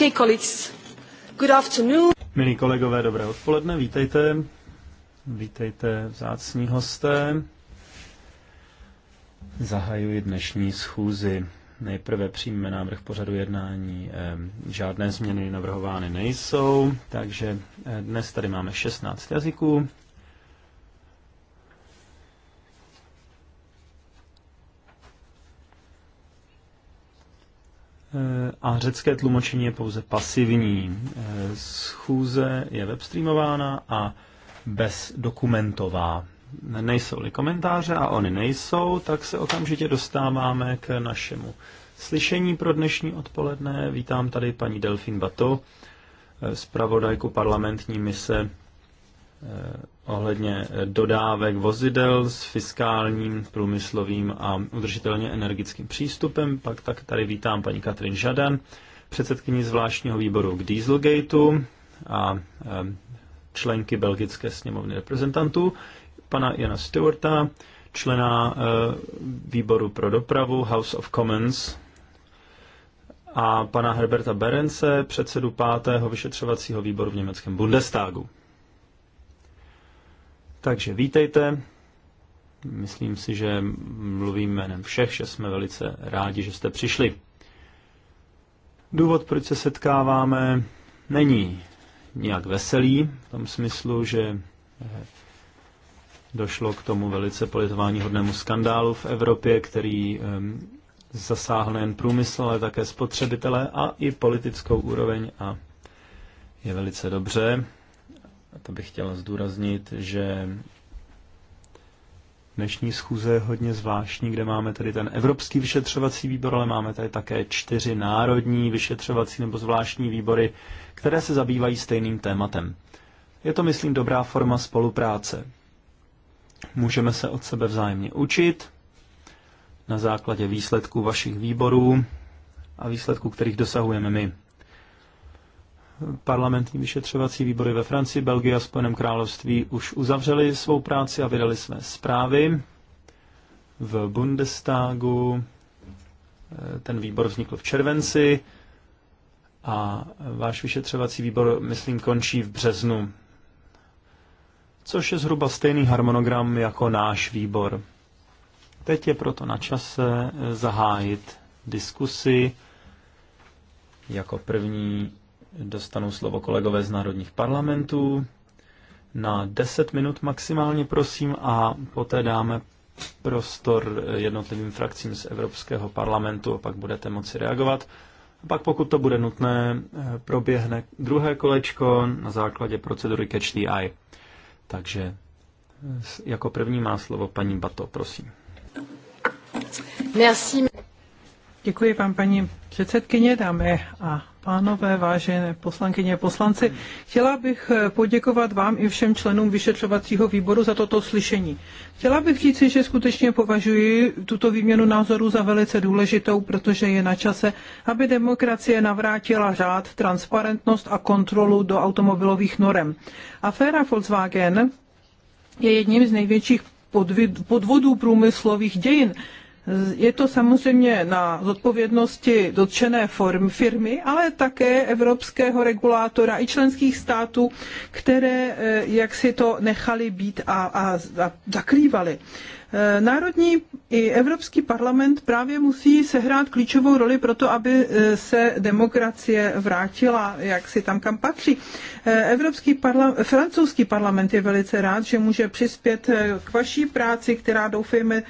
Okay, colleagues. Good afternoon. Milí kolegové, dobré odpoledne, vítejte. Vítejte vzácní hosté. Zahajuji dnešní schůzi. Nejprve přijmeme návrh pořadu jednání. Ehm, žádné změny navrhovány nejsou, takže eh, dnes tady máme 16 jazyků. Eh, a řecké tlumočení je pouze pasivní. Eh, schůze je webstreamována a bezdokumentová. Nejsou-li komentáře a oni nejsou, tak se okamžitě dostáváme k našemu slyšení pro dnešní odpoledne. Vítám tady paní Delfín Bato, eh, zpravodajku parlamentní mise Eh, ohledně eh, dodávek vozidel s fiskálním, průmyslovým a udržitelně energickým přístupem. Pak tak tady vítám paní Katrin Žadan, předsedkyni zvláštního výboru k Dieselgateu a eh, členky Belgické sněmovny reprezentantů, pana Jana Stewarta, člena výboru pro dopravu House of Commons a pana Herberta Berence, předsedu pátého vyšetřovacího výboru v německém Bundestagu. Takže vítejte. Myslím si, že mluvím jménem všech, že jsme velice rádi, že jste přišli. Důvod, proč se setkáváme, není nijak veselý, v tom smyslu, že došlo k tomu velice politování hodnému skandálu v Evropě, který zasáhl nejen průmysl, ale také spotřebitele a i politickou úroveň a je velice dobře, a to bych chtěl zdůraznit, že dnešní schůze je hodně zvláštní, kde máme tady ten Evropský vyšetřovací výbor, ale máme tady také čtyři národní vyšetřovací nebo zvláštní výbory, které se zabývají stejným tématem. Je to, myslím, dobrá forma spolupráce. Můžeme se od sebe vzájemně učit na základě výsledků vašich výborů a výsledků, kterých dosahujeme my parlamentní vyšetřovací výbory ve Francii, Belgii a Spojeném království už uzavřeli svou práci a vydali své zprávy. V Bundestagu eh, ten výbor vznikl v červenci a váš vyšetřovací výbor, myslím, končí v březnu, což je zhruba stejný harmonogram jako náš výbor. Teď je proto na čase eh, zahájit diskusi. Jako první dostanou slovo kolegové z národních parlamentů na 10 minut maximálně, prosím, a poté dáme prostor jednotlivým frakcím z Evropského parlamentu a pak budete moci reagovat. A pak, pokud to bude nutné, proběhne druhé kolečko na základě procedury Catch the Eye. Takže jako první má slovo paní Bato, prosím. Merci. Děkuji vám, paní předsedkyně, dámy a pánové, vážené poslankyně, poslanci, chtěla bych eh, poděkovat vám i všem členům vyšetřovacího výboru za toto slyšení. Chtěla bych říci, že skutečně považuji tuto výměnu názorů za velice důležitou, protože je na čase, aby demokracie navrátila řád, transparentnost a kontrolu do automobilových norem. Aféra Volkswagen je jedním z největších podvodů průmyslových dějin je to samozřejmě na zodpovědnosti dotčené form, firmy, ale také evropského regulátora i členských států, které eh, jak si to nechali být a, a, a zakrývali. Eh, národní i Evropský parlament právě musí sehrát klíčovou roli pro to, aby eh, se demokracie vrátila, jak si tam kam patří. Evropský parla- francouzský parlament je velice rád, že může přispět k vaší práci, která doufejme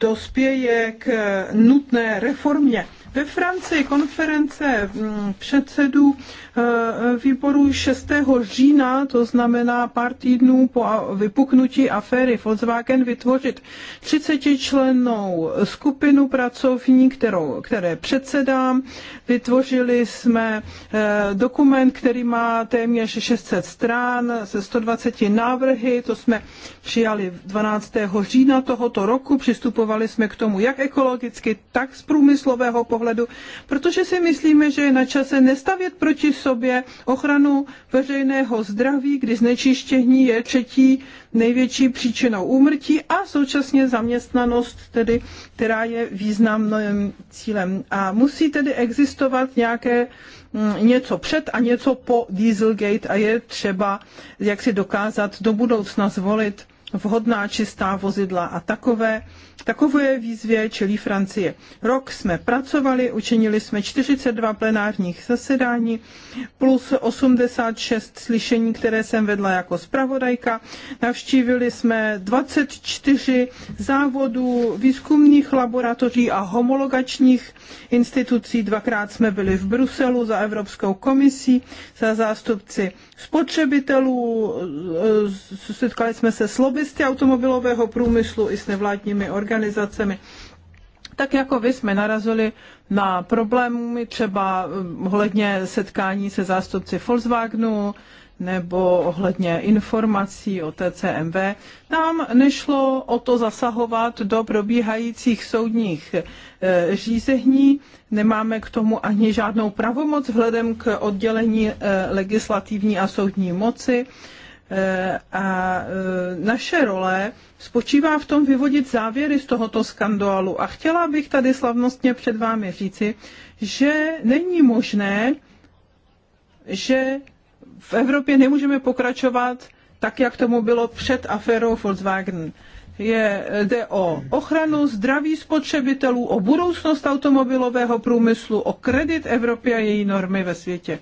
dospěje k nutné reformě. Ve Francii konference mm, předsedů e, výboru 6. října, to znamená pár týdnů po vypuknutí aféry Volkswagen, vytvořit 30 člennou skupinu pracovní, kterou, které předsedám. Vytvořili jsme e, dokument, který má téměř 600 strán se 120 návrhy, to jsme přijali 12. října tohoto roku, přistupovali jsme k tomu jak ekologicky, tak z průmyslového pohledu, pohledu, protože si myslíme, že je na čase nestavět proti sobě ochranu veřejného zdraví, kdy znečištění je třetí největší příčinou úmrtí a současně zaměstnanost, tedy, která je významným cílem. A musí tedy existovat nějaké mm, něco před a něco po Dieselgate a je třeba jak si dokázat do budoucna zvolit vhodná čistá vozidla a takové Takové výzvě čelí Francie. Rok jsme pracovali, učinili jsme 42 plenárních zasedání plus 86 slyšení, které jsem vedla jako zpravodajka. Navštívili jsme 24 závodů, výzkumných laboratoří a homologačních institucí. Dvakrát jsme byli v Bruselu za Evropskou komisí, za zástupci spotřebitelů, setkali jsme se s lobbysty automobilového průmyslu i s nevládními organizacemi organizacemi. Tak jako vy jsme narazili na problémy třeba eh, ohledně setkání se zástupci Volkswagenu, nebo ohledně informací o TCMV. Nám nešlo o to zasahovat do probíhajících soudních eh, řízení. Nemáme k tomu ani žádnou pravomoc vzhledem k oddělení eh, legislativní a soudní moci. A naše role spočívá v tom vyvodit závěry z tohoto skandálu. A chtěla bych tady slavnostně před vámi říci, že není možné, že v Evropě nemůžeme pokračovat tak, jak tomu bylo před aférou Volkswagen je, jde o ochranu zdraví spotřebitelů, o budoucnost automobilového průmyslu, o kredit Evropy a její normy ve světě.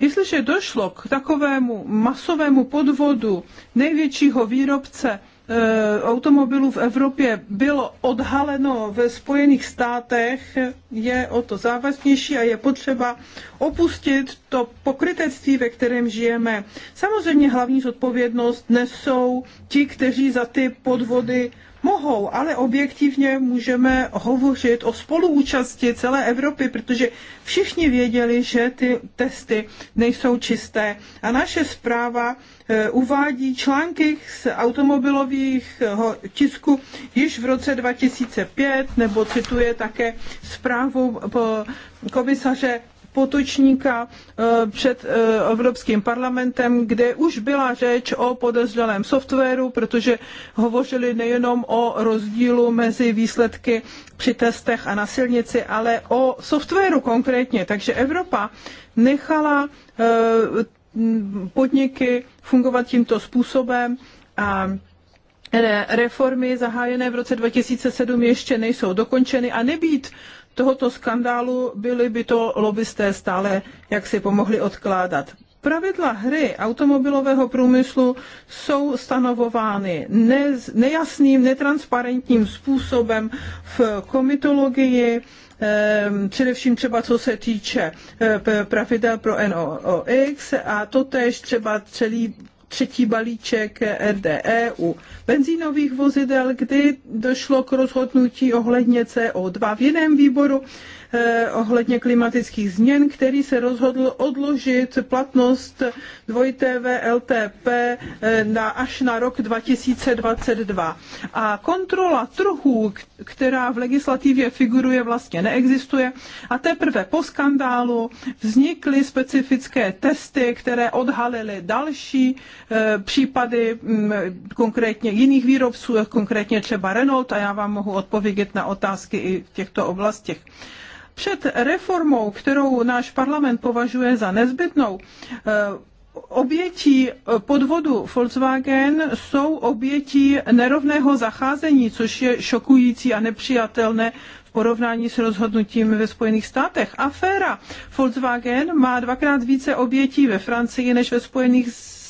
Jestliže došlo k takovému masovému podvodu největšího výrobce Eh, automobilů v Evropě bylo odhaleno ve Spojených státech, je o to závažnější a je potřeba opustit to pokrytectví, ve kterém žijeme. Samozřejmě hlavní zodpovědnost nesou ti, kteří za ty podvody mohou, ale objektivně můžeme hovořit o spoluúčasti celé Evropy, protože všichni věděli, že ty testy nejsou čisté. A naše zpráva Eh, uvádí články z automobilového tisku již v roce 2005, nebo cituje také zprávu eh, komisaře Potočníka eh, před Evropským parlamentem, kde už byla řeč o podezřelém softwaru, protože hovořili nejenom o rozdílu mezi výsledky při testech a na silnici, ale o softwaru konkrétně. Takže Evropa nechala podniky fungovat tímto způsobem a reformy zahájené v roce 2007 ještě nejsou dokončeny a nebýt tohoto skandálu byli by to lobbysté stále jak si pomohli odkládat. Pravidla hry automobilového průmyslu jsou stanovovány nejasným, netransparentním způsobem v komitologii, Ehm, především třeba co se týče eh, pravidel pro NOx a to tež třeba celý třetí balíček RDE u benzínových vozidel, kdy došlo k rozhodnutí ohledně CO2 v jiném výboru, Eh, ohledně klimatických změn, který se rozhodl odložit platnost dvojité VLTP eh, na, až na rok 2022. A kontrola trhů, která v legislativě figuruje, vlastně neexistuje. A teprve po skandálu vznikly specifické testy, které odhalily další eh, případy mm, konkrétně jiných výrobců, konkrétně třeba Renault, a já vám mohu odpovědět na otázky i v těchto oblastech. Před reformou, kterou náš parlament považuje za nezbytnou, eh, obětí eh, podvodu Volkswagen jsou obětí nerovného zacházení, což je šokující a nepřijatelné v porovnání s rozhodnutím ve Spojených státech. Aféra Volkswagen má dvakrát více obětí ve Francii než ve Spojených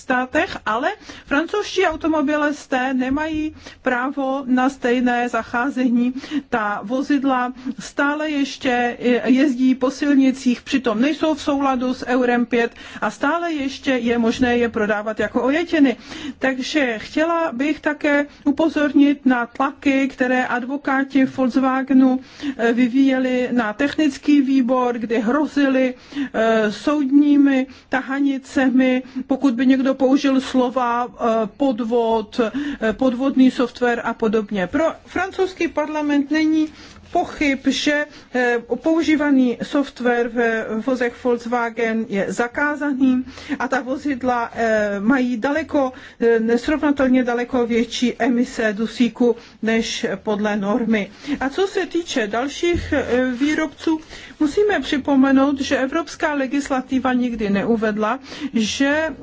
státech, ale francouzští automobilisté nemají právo na stejné zacházení. Ta vozidla stále ještě jezdí po silnicích, přitom nejsou v souladu s Eurem 5 a stále ještě je možné je prodávat jako ojetiny. Takže chtěla bych také upozornit na tlaky, které advokáti Volkswagenu eh, vyvíjeli na technický výbor, kdy hrozili eh, soudními tahanicemi, pokud by někdo použil slova eh, podvod, eh, podvodný software a podobně. Pro francouzský parlament není pochyb, že eh, používaný software ve vozech Volkswagen je zakázaný a ta vozidla eh, mají daleko, nesrovnatelně eh, daleko větší emise dusíku než podle normy. A co se týče dalších výrobců, musíme připomenout, že evropská legislativa nikdy neuvedla, že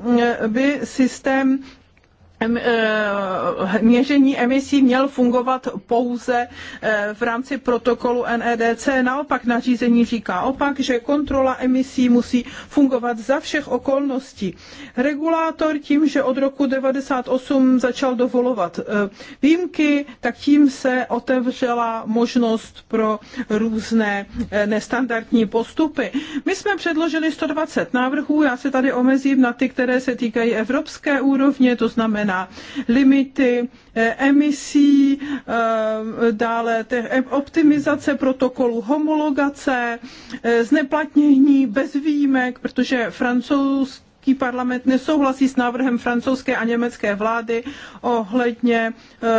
by systém Eh, měření emisí měl fungovat pouze eh, v rámci protokolu NEDC. Naopak nařízení říká opak, že kontrola emisí musí fungovat za všech okolností. Regulátor tím, že od roku 1998 začal dovolovat eh, výjimky, tak tím se otevřela možnost pro různé nestandardní postupy. My jsme předložili 120 návrhů, já se tady omezím na ty, které se týkají evropské úrovně, to znamená znamená limity eh, emisí, eh, dále eh, optimizace protokolu homologace, zneplatnění bez výjimek, protože francouz Evropský parlament nesouhlasí s návrhem francouzské a německé vlády ohledně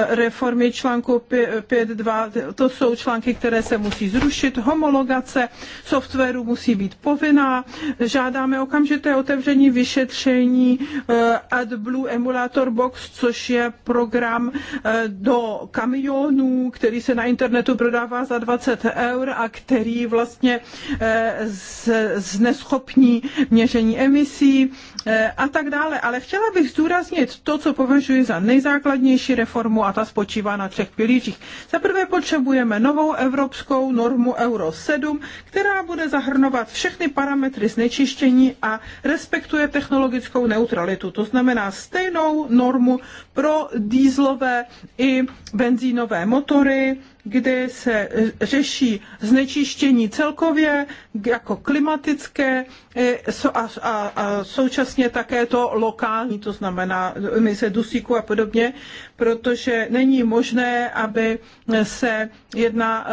e, reformy článku 5.2. To jsou články, které se musí zrušit. Homologace softwaru musí být povinná. Žádáme okamžité otevření vyšetření e, AdBlue Emulator Box, což je program e, do kamionů, který se na internetu prodává za 20 eur a který vlastně zneschopní měření emisí. Eh, a tak dále. Ale chtěla bych zdůraznit to, co považuji za nejzákladnější reformu a ta spočívá na třech pilířích. Za prvé potřebujeme novou evropskou normu Euro 7, která bude zahrnovat všechny parametry znečištění a respektuje technologickou neutralitu. To znamená stejnou normu pro dýzlové i benzínové motory, kdy se eh, řeší znečištění celkově jako klimatické eh, a, a, a současně také to lokální, to znamená emise dusíku a podobně, protože není možné, aby se jedna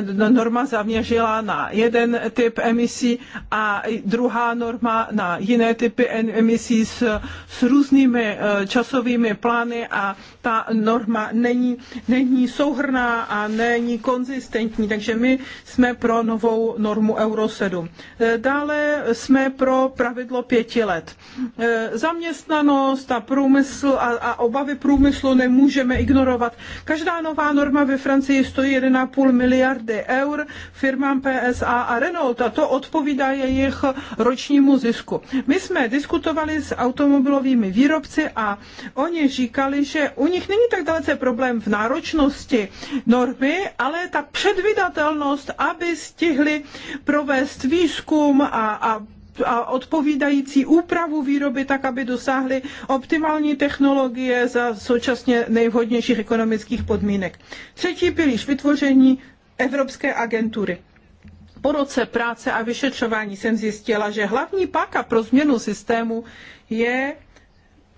eh, norma zaměřila na jeden typ emisí a druhá norma na jiné typy emisí s, s různými časovými plány a ta norma není, není souhrná a není konzistentní, takže my jsme pro novou normu Euro 7. E, dále jsme pro pravidlo pěti let. E, zaměstnanost a průmysl a, a obavy průmyslu nemůžeme ignorovat. Každá nová norma ve Francii stojí 1,5 miliardy eur firmám PSA a Renault a to odpovídá jejich ročnímu zisku. My jsme diskutovali s automobilovými výrobci a oni říkali, že u nich není tak dalece problém v náročnosti, no normy, ale ta předvydatelnost, aby stihli provést výzkum a, a a odpovídající úpravu výroby tak, aby dosáhly optimální technologie za současně nejvhodnějších ekonomických podmínek. Třetí pilíř vytvoření Evropské agentury. Po roce práce a vyšetřování jsem zjistila, že hlavní páka pro změnu systému je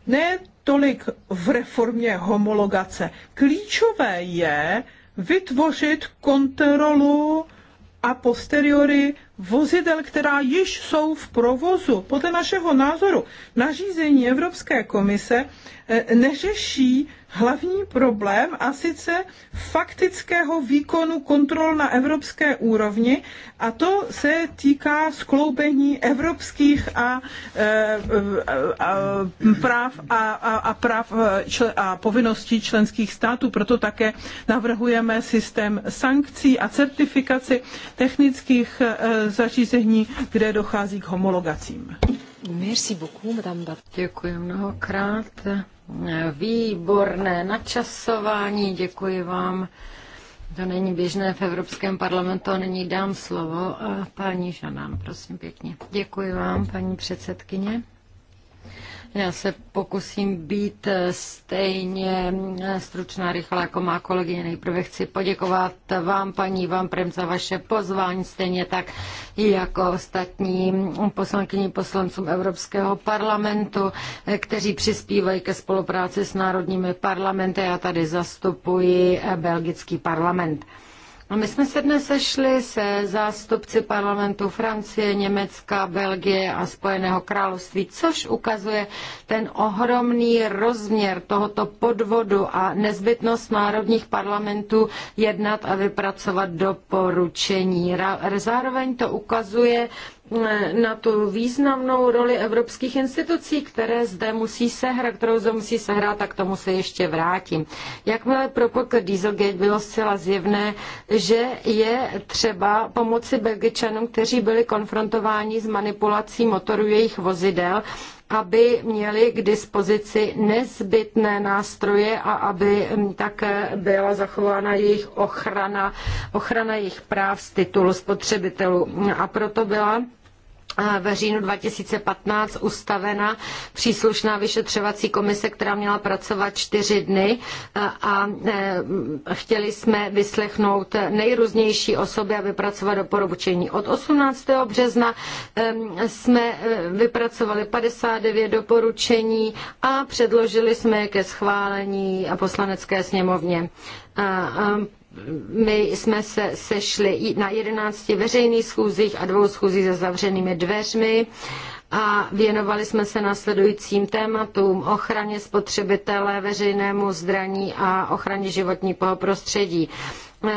ne tolik v reformě homologace. Klíčové je, vytvořit kontrolu a posteriori vozidel, která již jsou v provozu. Podle našeho názoru nařízení Evropské komise eh, neřeší hlavní problém a sice faktického výkonu kontrol na evropské úrovni a to se týká skloubení evropských a, eh, a, a práv a, a, a práv eh, čl, a povinností členských států. Proto také navrhujeme systém sankcí a certifikaci technických zařízení, kde dochází k homologacím. Merci beaucoup, madame Děkuji mnohokrát. Výborné načasování, děkuji vám. To není běžné v Evropském parlamentu, a nyní dám slovo eh, paní Žanám, prosím pěkně. Děkuji vám, paní předsedkyně. Já se pokusím být stejně stručná, rychlá jako má kolegyně. Nejprve chci poděkovat vám, paní vám Prem, za vaše pozvání, stejně tak i jako ostatním poslankyním poslancům Evropského parlamentu, kteří přispívají ke spolupráci s národními parlamenty. Já tady zastupuji belgický parlament. No, my jsme se dnes sešli se zástupci parlamentu Francie, Německa, Belgie a Spojeného království, což ukazuje ten ohromný rozměr tohoto podvodu a nezbytnost národních parlamentů jednat a vypracovat doporučení. Zároveň to ukazuje na tu významnou roli evropských institucí, které zde musí sehrát, kterou zde musí sehrát, tak tomu se ještě vrátím. Jakmile propukl Dieselgate, bylo zcela zjevné, že je třeba pomoci Belgičanům, kteří byli konfrontováni s manipulací motorů jejich vozidel, aby měli k dispozici nezbytné nástroje a aby také byla zachována jejich ochrana, ochrana jejich práv z titulu spotřebitelů. A proto byla v říjnu 2015 ustavena příslušná vyšetřovací komise, která měla pracovat čtyři dny a e, chtěli jsme vyslechnout nejrůznější osoby a vypracovat doporučení. Od 18. března jsme e, vypracovali 59 doporučení a předložili jsme je ke schválení a poslanecké sněmovně my jsme se sešli na 11 veřejných schůzích a dvou schůzí za zavřenými dveřmi a věnovali jsme se následujícím tématům ochraně spotřebitele, veřejnému zdraní a ochraně životního prostředí.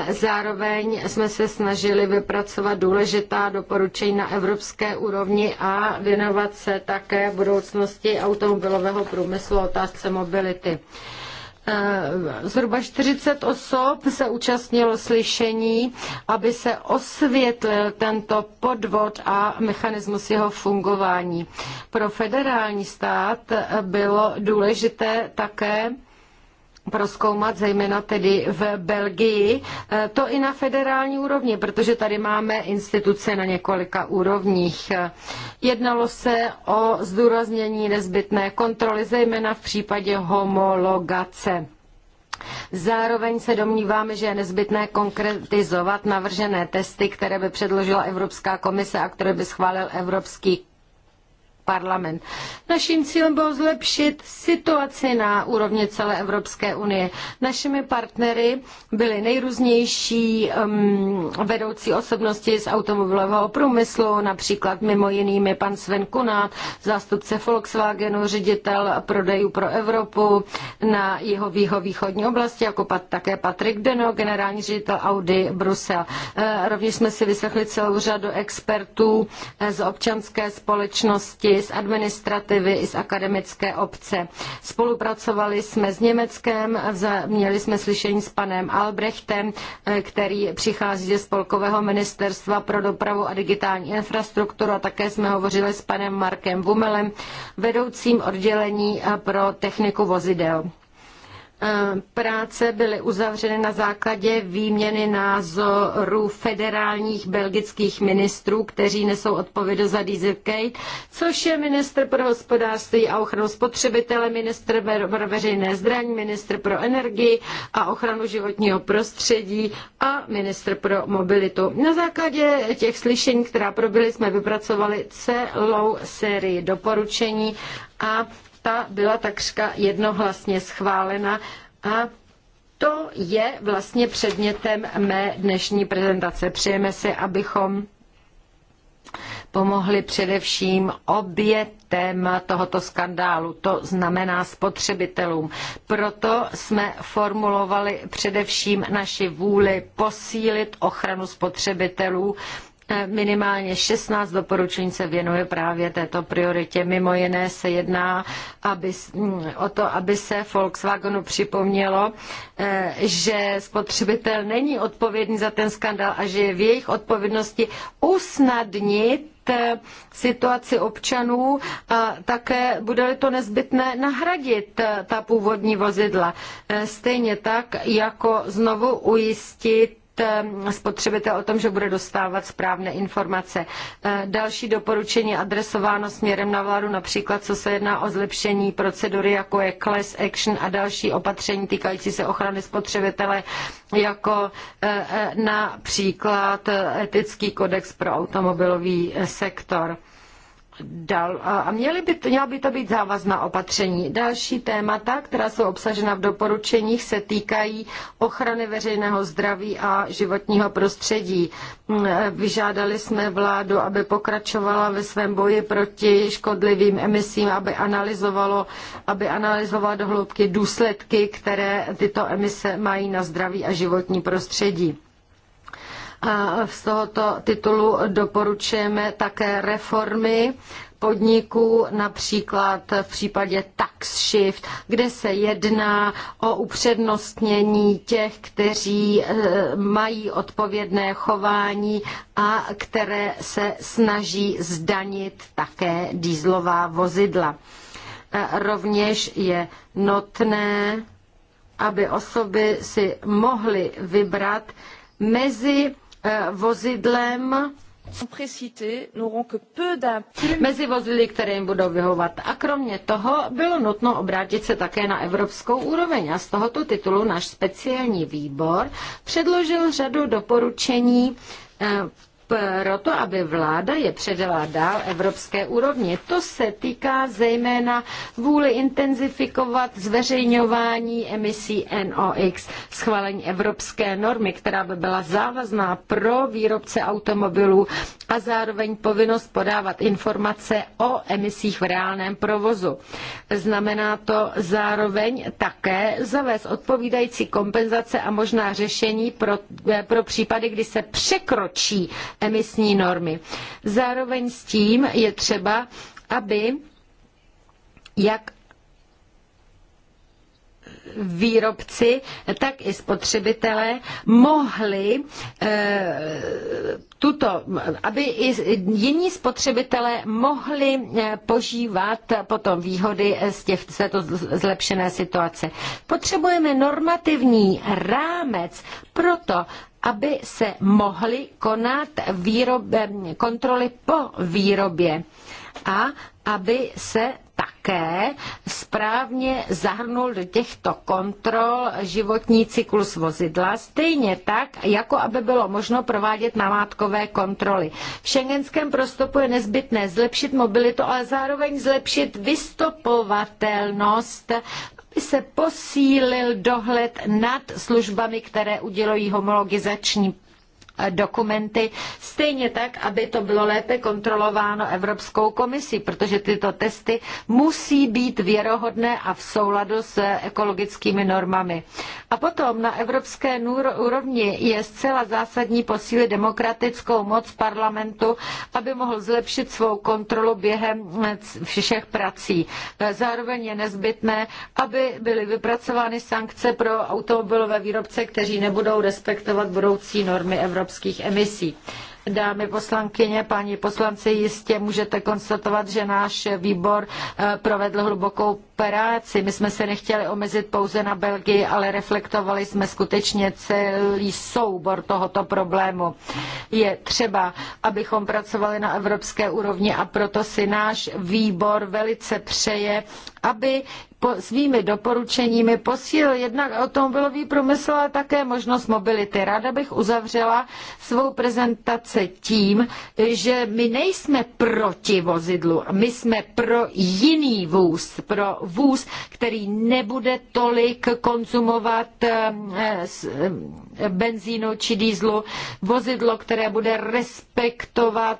Zároveň jsme se snažili vypracovat důležitá doporučení na evropské úrovni a věnovat se také budoucnosti automobilového průmyslu a otázce mobility. Eh, zhruba 40 osob se účastnilo slyšení, aby se osvětlil tento podvod a mechanismus jeho fungování. Pro federální stát bylo důležité také proskoumat, zejména tedy v Belgii, e, to i na federální úrovni, protože tady máme instituce na několika úrovních. E, jednalo se o zdůraznění nezbytné kontroly, zejména v případě homologace. Zároveň se domníváme, že je nezbytné konkretizovat navržené testy, které by předložila Evropská komise a které by schválil Evropský parlament. Naším cílem bylo zlepšit situaci na úrovni celé Evropské unie. Našimi partnery byly nejrůznější um, vedoucí osobnosti z automobilového průmyslu, například mimo jinými pan Sven Kunát, zástupce Volkswagenu, ředitel prodejů pro Evropu na jeho východní oblasti, jako pat, také Patrik Deno, generální ředitel Audi Brusel. E, rovněž jsme si vyslechli celou řadu expertů eh, z občanské společnosti, i z administrativy, i z akademické obce. Spolupracovali jsme s Německem, měli jsme slyšení s panem Albrechtem, eh, který přichází ze Spolkového ministerstva pro dopravu a digitální infrastrukturu a také jsme hovořili s panem Markem Vumelem, vedoucím oddělení eh, pro techniku vozidel. Eh, práce byly uzavřeny na základě výměny názorů federálních belgických ministrů, kteří nesou odpovědnost za Dieselgate, což je ministr pro hospodářství a ochranu spotřebitele, ministr pro veřejné zdraní, ministr pro energii a ochranu životního prostředí a ministr pro mobilitu. Na základě těch slyšení, která proběhly, jsme vypracovali celou sérii doporučení a ta byla takřka jednohlasně schválena a to je vlastně předmětem mé dnešní prezentace. Přejeme si, abychom pomohli především obětem tohoto skandálu, to znamená spotřebitelům. Proto jsme formulovali především naši vůli posílit ochranu spotřebitelů Eh, minimálně 16 doporučení se věnuje právě této prioritě. Mimo jiné se jedná aby, mm, o to, aby se Volkswagenu připomnělo, eh, že spotřebitel není odpovědný za ten skandal a že je v jejich odpovědnosti usnadnit eh, situaci občanů a také bude-li to nezbytné nahradit ta původní vozidla. Stejně tak jako znovu ujistit Eh, spotřebitel o tom, že bude dostávat správné informace. Eh, další doporučení adresováno směrem na vládu, například co se jedná o zlepšení procedury, jako je class action a další opatření týkající se ochrany spotřebitele, jako eh, například etický kodex pro automobilový sektor. Dal, a měly by, měla by to být závazná opatření. Další témata, která jsou obsažena v doporučeních, se týkají ochrany veřejného zdraví a životního prostředí. Mm, vyžádali jsme vládu, aby pokračovala ve svém boji proti škodlivým emisím, aby, analyzovalo, aby analyzovala hloubky důsledky, které tyto emise mají na zdraví a životní prostředí. A z tohoto titulu doporučujeme také reformy podniků, například v případě tax shift, kde se jedná o upřednostnění těch, kteří eh, mají odpovědné chování a které se snaží zdanit také dýzlová vozidla. Eh, rovněž je notné, aby osoby si mohly vybrat mezi Eh, vozidlem mezi vozidly, které jim budou vyhovat. A kromě toho bylo nutno obrátit se také na evropskou úroveň a z tohoto titulu náš speciální výbor předložil řadu doporučení eh, proto, aby vláda je předala dál evropské úrovni. To se týká zejména vůli intenzifikovat zveřejňování emisí NOx, schválení evropské normy, která by byla závazná pro výrobce automobilů a zároveň povinnost podávat informace o emisích v reálném provozu. Znamená to zároveň také zavést odpovídající kompenzace a možná řešení pro, eh, pro případy, kdy se překročí emisní normy. Zároveň s tím je třeba, aby jak výrobci, tak i spotřebitelé mohli eh, tuto, aby i jiní spotřebitelé mohli eh, požívat potom výhody z, těch, této zlepšené situace. Potřebujeme normativní rámec proto, aby se mohly konat výrobe, kontroly po výrobě a aby se také správně zahrnul do těchto kontrol životní cyklus vozidla, stejně tak, jako aby bylo možno provádět namátkové kontroly. V šengenském prostoru je nezbytné zlepšit mobilitu, ale zároveň zlepšit vystopovatelnost se posílil dohled nad službami, které udělují homologizační dokumenty, stejně tak, aby to bylo lépe kontrolováno Evropskou komisí, protože tyto testy musí být věrohodné a v souladu s ekologickými normami. A potom na evropské úrovni je zcela zásadní posílit demokratickou moc parlamentu, aby mohl zlepšit svou kontrolu během všech prací. Zároveň je nezbytné, aby byly vypracovány sankce pro automobilové výrobce, kteří nebudou respektovat budoucí normy Evropské evropských emisí. Dámy poslankyně, páni poslanci, jistě můžete konstatovat, že náš výbor eh, provedl hlubokou práci. My jsme se nechtěli omezit pouze na Belgii, ale reflektovali jsme skutečně celý soubor tohoto problému. Je třeba, abychom pracovali na evropské úrovni a proto si náš výbor velice přeje, aby po, svými doporučeními posílil jednak automobilový průmysl, ale také možnost mobility. Ráda bych uzavřela svou prezentaci tím, že my nejsme proti vozidlu, my jsme pro jiný vůz, pro vůz, který nebude tolik konzumovat eh, eh, benzínu či dýzlu, vozidlo, které bude respektovat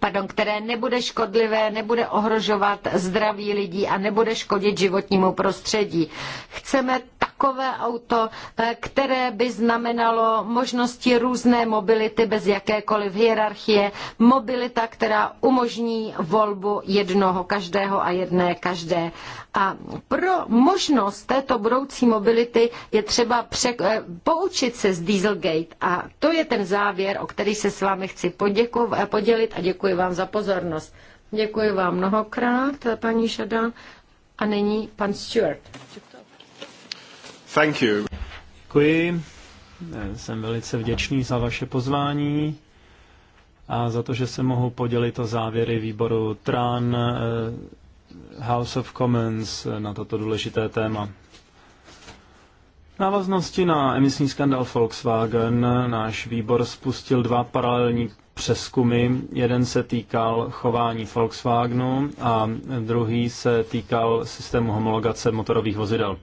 pardon, které nebude škodlivé, nebude ohrožovat zdraví lidí a nebude škodit životnímu prostředí. Chceme takové auto, eh, které by znamenalo možnosti různé mobility bez jakékoliv hierarchie, mobilita, která umožní volbu jednoho každého a jedné každé. A pro možnost této budoucí mobility je třeba přek- eh, poučit se z Dieselgate a to je ten závěr, o který se s vámi chci poděku- eh, podělit a děkuji Děkuji vám za pozornost. Děkuji vám mnohokrát, paní Šada. A nyní pan Stewart. Thank you. Děkuji. Jsem velice vděčný za vaše pozvání a za to, že se mohu podělit o závěry výboru TRAN eh, House of Commons eh, na toto důležité téma. V návaznosti na emisní skandal Volkswagen eh, náš výbor spustil dva paralelní přeskumy. Jeden se týkal chování Volkswagenu a druhý se týkal systému homologace motorových vozidel.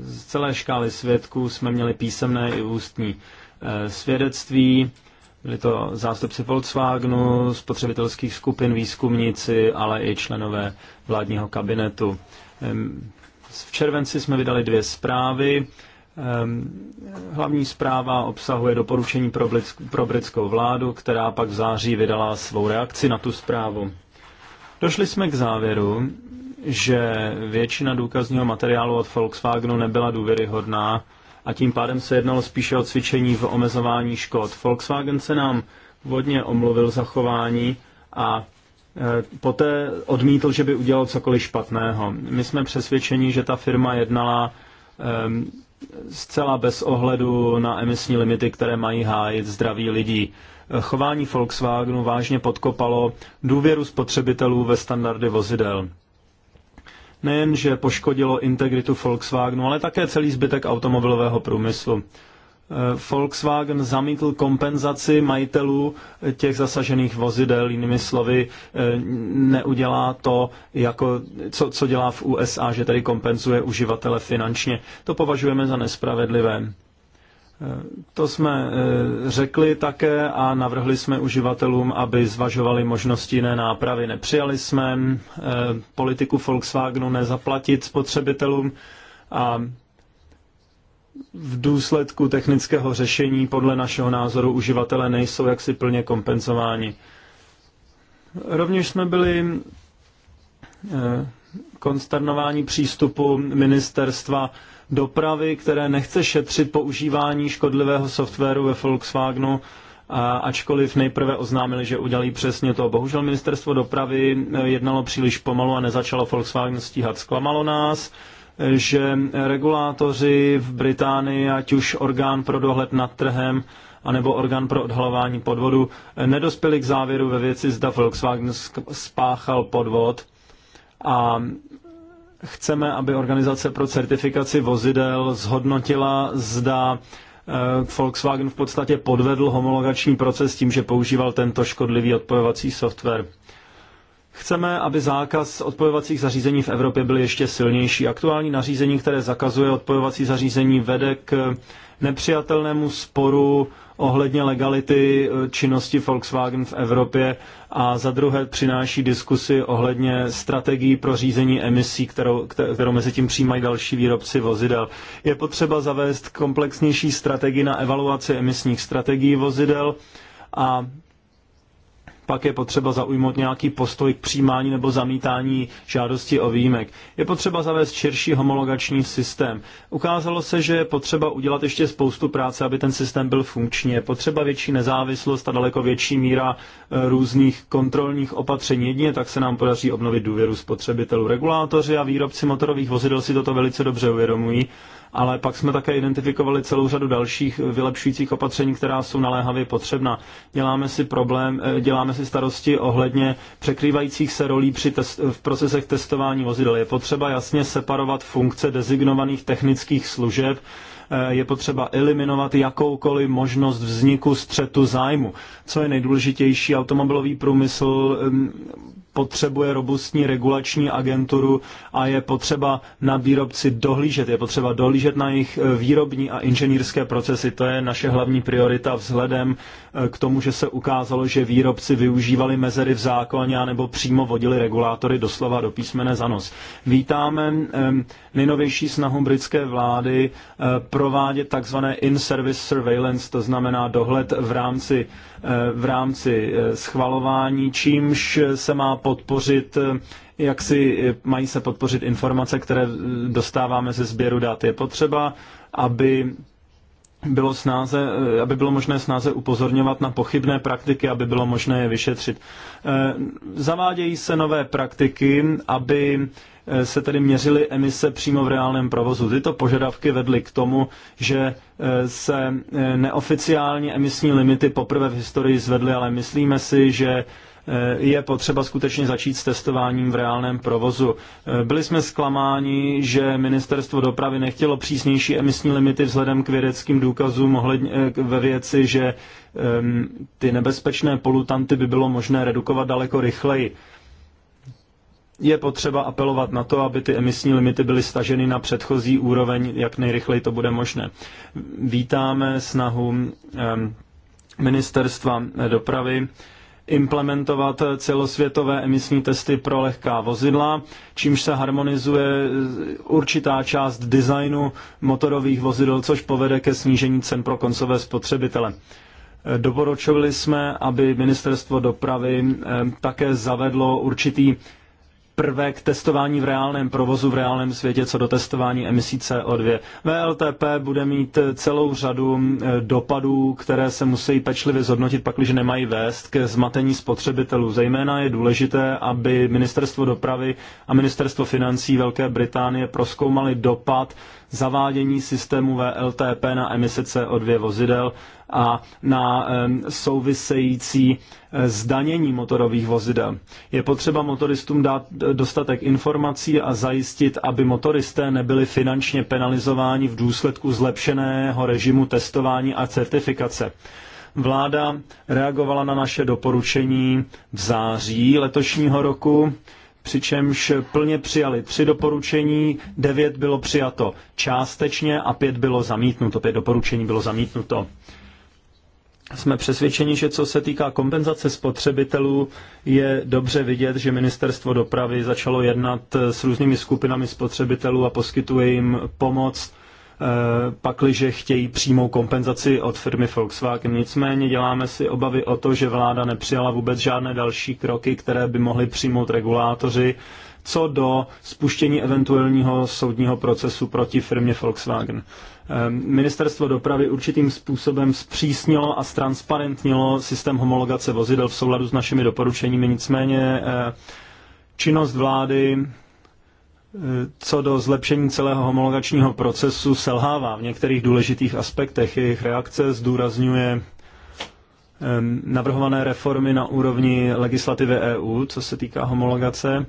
Z celé škály svědků jsme měli písemné i ústní eh, svědectví. Byli to zástupci Volkswagenu, spotřebitelských skupin, výzkumníci, ale i členové vládního kabinetu. V červenci jsme vydali dvě zprávy. Ehm, hlavní zpráva obsahuje doporučení pro, blitsk, pro britskou vládu, která pak v září vydala svou reakci na tu zprávu. Došli jsme k závěru, že většina důkazního materiálu od Volkswagenu nebyla důvěryhodná a tím pádem se jednalo spíše o cvičení v omezování škod. Volkswagen se nám vodně omluvil za chování a e, poté odmítl, že by udělal cokoliv špatného. My jsme přesvědčeni, že ta firma jednala ehm, zcela bez ohledu na emisní limity, které mají hájit zdraví lidí. Chování Volkswagenu vážně podkopalo důvěru spotřebitelů ve standardy vozidel. Nejenže poškodilo integritu Volkswagenu, ale také celý zbytek automobilového průmyslu. Eh, Volkswagen zamítl kompenzaci majitelů eh, těch zasažených vozidel, jinými slovy, eh, neudělá to, jako, co, co dělá v USA, že tady kompenzuje uživatele finančně. To považujeme za nespravedlivé. To jsme řekli také a navrhli jsme uživatelům, aby zvažovali možnosti jiné nápravy. Nepřijali jsme politiku Volkswagenu nezaplatit spotřebitelům a v důsledku technického řešení podle našeho názoru uživatele nejsou jaksi plně kompenzováni. Rovněž jsme byli eh, konsternování přístupu ministerstva dopravy, které nechce šetřit používání škodlivého softwaru ve Volkswagenu, ačkoliv nejprve oznámili, že udělají přesně to. Bohužel ministerstvo dopravy eh, jednalo příliš pomalu a nezačalo Volkswagen stíhat. Zklamalo nás, že regulátoři v Británii, ať už orgán pro dohled nad trhem, anebo orgán pro odhalování podvodu, nedospěli k závěru ve věci, zda Volkswagen spáchal podvod a chceme, aby organizace pro certifikaci vozidel zhodnotila, zda eh, Volkswagen v podstatě podvedl homologační proces tím, že používal tento škodlivý odpojovací software. Chceme, aby zákaz odpojovacích zařízení v Evropě byl ještě silnější. Aktuální nařízení, které zakazuje odpojovací zařízení, vede k nepřijatelnému sporu ohledně legality eh, činnosti Volkswagen v Evropě a za druhé přináší diskusy ohledně strategií pro řízení emisí, kterou, kterou mezi tím přijímají další výrobci vozidel. Je potřeba zavést komplexnější strategii na evaluaci emisních strategií vozidel a pak je potřeba zaujmout nějaký postoj k přijímání nebo zamítání žádosti o výjimek. Je potřeba zavést širší homologační systém. Ukázalo se, že je potřeba udělat ještě spoustu práce, aby ten systém byl funkční. Je potřeba větší nezávislost a daleko větší míra e, různých kontrolních opatření. Jedině tak se nám podaří obnovit důvěru spotřebitelů. Regulátoři a výrobci motorových vozidel si toto velice dobře uvědomují ale pak jsme také identifikovali celou řadu dalších vylepšujících opatření, která jsou naléhavě potřebna. Děláme si problém, eh, děláme si starosti ohledně překrývajících se rolí při test, v procesech testování vozidel. Je potřeba jasně separovat funkce designovaných technických služeb eh, je potřeba eliminovat jakoukoliv možnost vzniku střetu zájmu. Co je nejdůležitější, automobilový průmysl eh, potřebuje robustní regulační agenturu a je potřeba na výrobci dohlížet. Je potřeba dohlížet na jejich eh, výrobní a inženýrské procesy. To je naše hlavní priorita vzhledem eh, k tomu, že se ukázalo, že výrobci využívali mezery v zákoně nebo přímo vodili regulátory doslova do písmene za nos. Vítáme nejnovější snahu britské vlády eh, provádět takzvané in-service surveillance, to znamená dohled v rámci Eh, v rámci eh, schvalování, čímž se má podpořit eh, jak si mají se podpořit informace, které dostáváme ze sběru dat. Je potřeba, aby bylo, snáze, aby bylo možné snáze upozorňovat na pochybné praktiky, aby bylo možné je vyšetřit. Zavádějí se nové praktiky, aby Eh, se tedy měřily emise přímo v reálném provozu. Tyto požadavky vedly k tomu, že eh, se eh, neoficiálně emisní limity poprvé v historii zvedly, ale myslíme si, že je potřeba skutečně začít s testováním v reálném provozu. Byli jsme zklamáni, že ministerstvo dopravy nechtělo přísnější emisní limity vzhledem k vědeckým důkazům ve věci, že ehm, ty nebezpečné polutanty by bylo možné redukovat daleko rychleji je potřeba apelovat na to, aby ty emisní limity byly staženy na předchozí úroveň, jak nejrychleji to bude možné. Vítáme snahu ehm, ministerstva dopravy implementovat celosvětové emisní testy pro lehká vozidla, čímž se harmonizuje určitá část designu motorových vozidel, což povede ke snížení cen pro koncové spotřebitele. Doporučovali jsme, aby ministerstvo dopravy ehm, také zavedlo určitý prvek testování v reálném provozu, v reálném světě, co do testování emisí CO2. VLTP bude mít celou řadu dopadů, které se musí pečlivě zhodnotit, pakliže nemají vést ke zmatení spotřebitelů. Zejména je důležité, aby Ministerstvo dopravy a Ministerstvo financí Velké Británie proskoumali dopad zavádění systému VLTP na emise CO2 vozidel a na související eh, zdanění motorových vozidel. Je potřeba motoristům dát eh, dostatek informací a zajistit, aby motoristé nebyli finančně penalizováni v důsledku zlepšeného režimu testování a certifikace. Vláda reagovala na naše doporučení v září letošního roku, přičemž plně přijali tři doporučení, devět bylo přijato částečně a pět bylo zamítnuto, pět doporučení bylo zamítnuto jsme přesvědčeni, že co se týká kompenzace spotřebitelů, je dobře vidět, že ministerstvo dopravy začalo jednat eh, s různými skupinami spotřebitelů a poskytuje jim pomoc, eh, pakliže chtějí přímou kompenzaci od firmy Volkswagen. Nicméně děláme si obavy o to, že vláda nepřijala vůbec žádné další kroky, které by mohly přijmout regulátoři co do spuštění eventuálního soudního procesu proti firmě Volkswagen. Ehm, ministerstvo dopravy určitým způsobem zpřísnilo a ztransparentnilo systém homologace vozidel v souladu s našimi doporučeními, nicméně eh, činnost vlády eh, co do zlepšení celého homologačního procesu selhává v některých důležitých aspektech. Jejich reakce zdůrazňuje ehm, navrhované reformy na úrovni legislativy EU, co se týká homologace.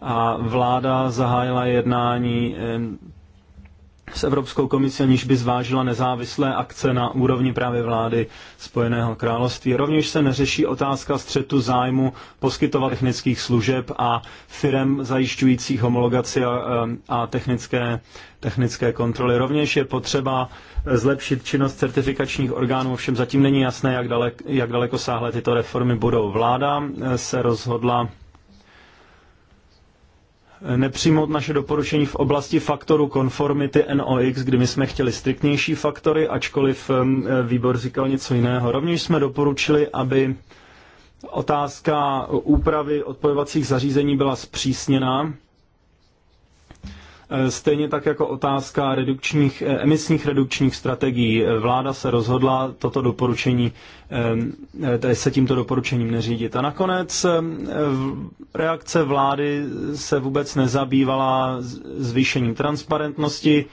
A vláda zahájila jednání ehm, s Evropskou komisí, aniž by zvážila nezávislé akce na úrovni právě vlády Spojeného království. Rovněž se neřeší otázka střetu zájmu poskytovat technických služeb a firm zajišťujících homologaci a, a technické, technické kontroly. Rovněž je potřeba zlepšit činnost certifikačních orgánů, ovšem zatím není jasné, jak, dalek, jak daleko sáhle tyto reformy budou. Vláda se rozhodla nepřijmout naše doporučení v oblasti faktoru konformity NOx, kdy my jsme chtěli striktnější faktory, ačkoliv výbor říkal něco jiného. Rovněž jsme doporučili, aby otázka úpravy odpojovacích zařízení byla zpřísněna Eh, stejně tak jako otázka redukčních, eh, emisních redukčních strategií. Eh, vláda se rozhodla toto doporučení, tedy se tímto doporučením neřídit. A nakonec reakce vlády se vůbec nezabývala zvýšením transparentnosti,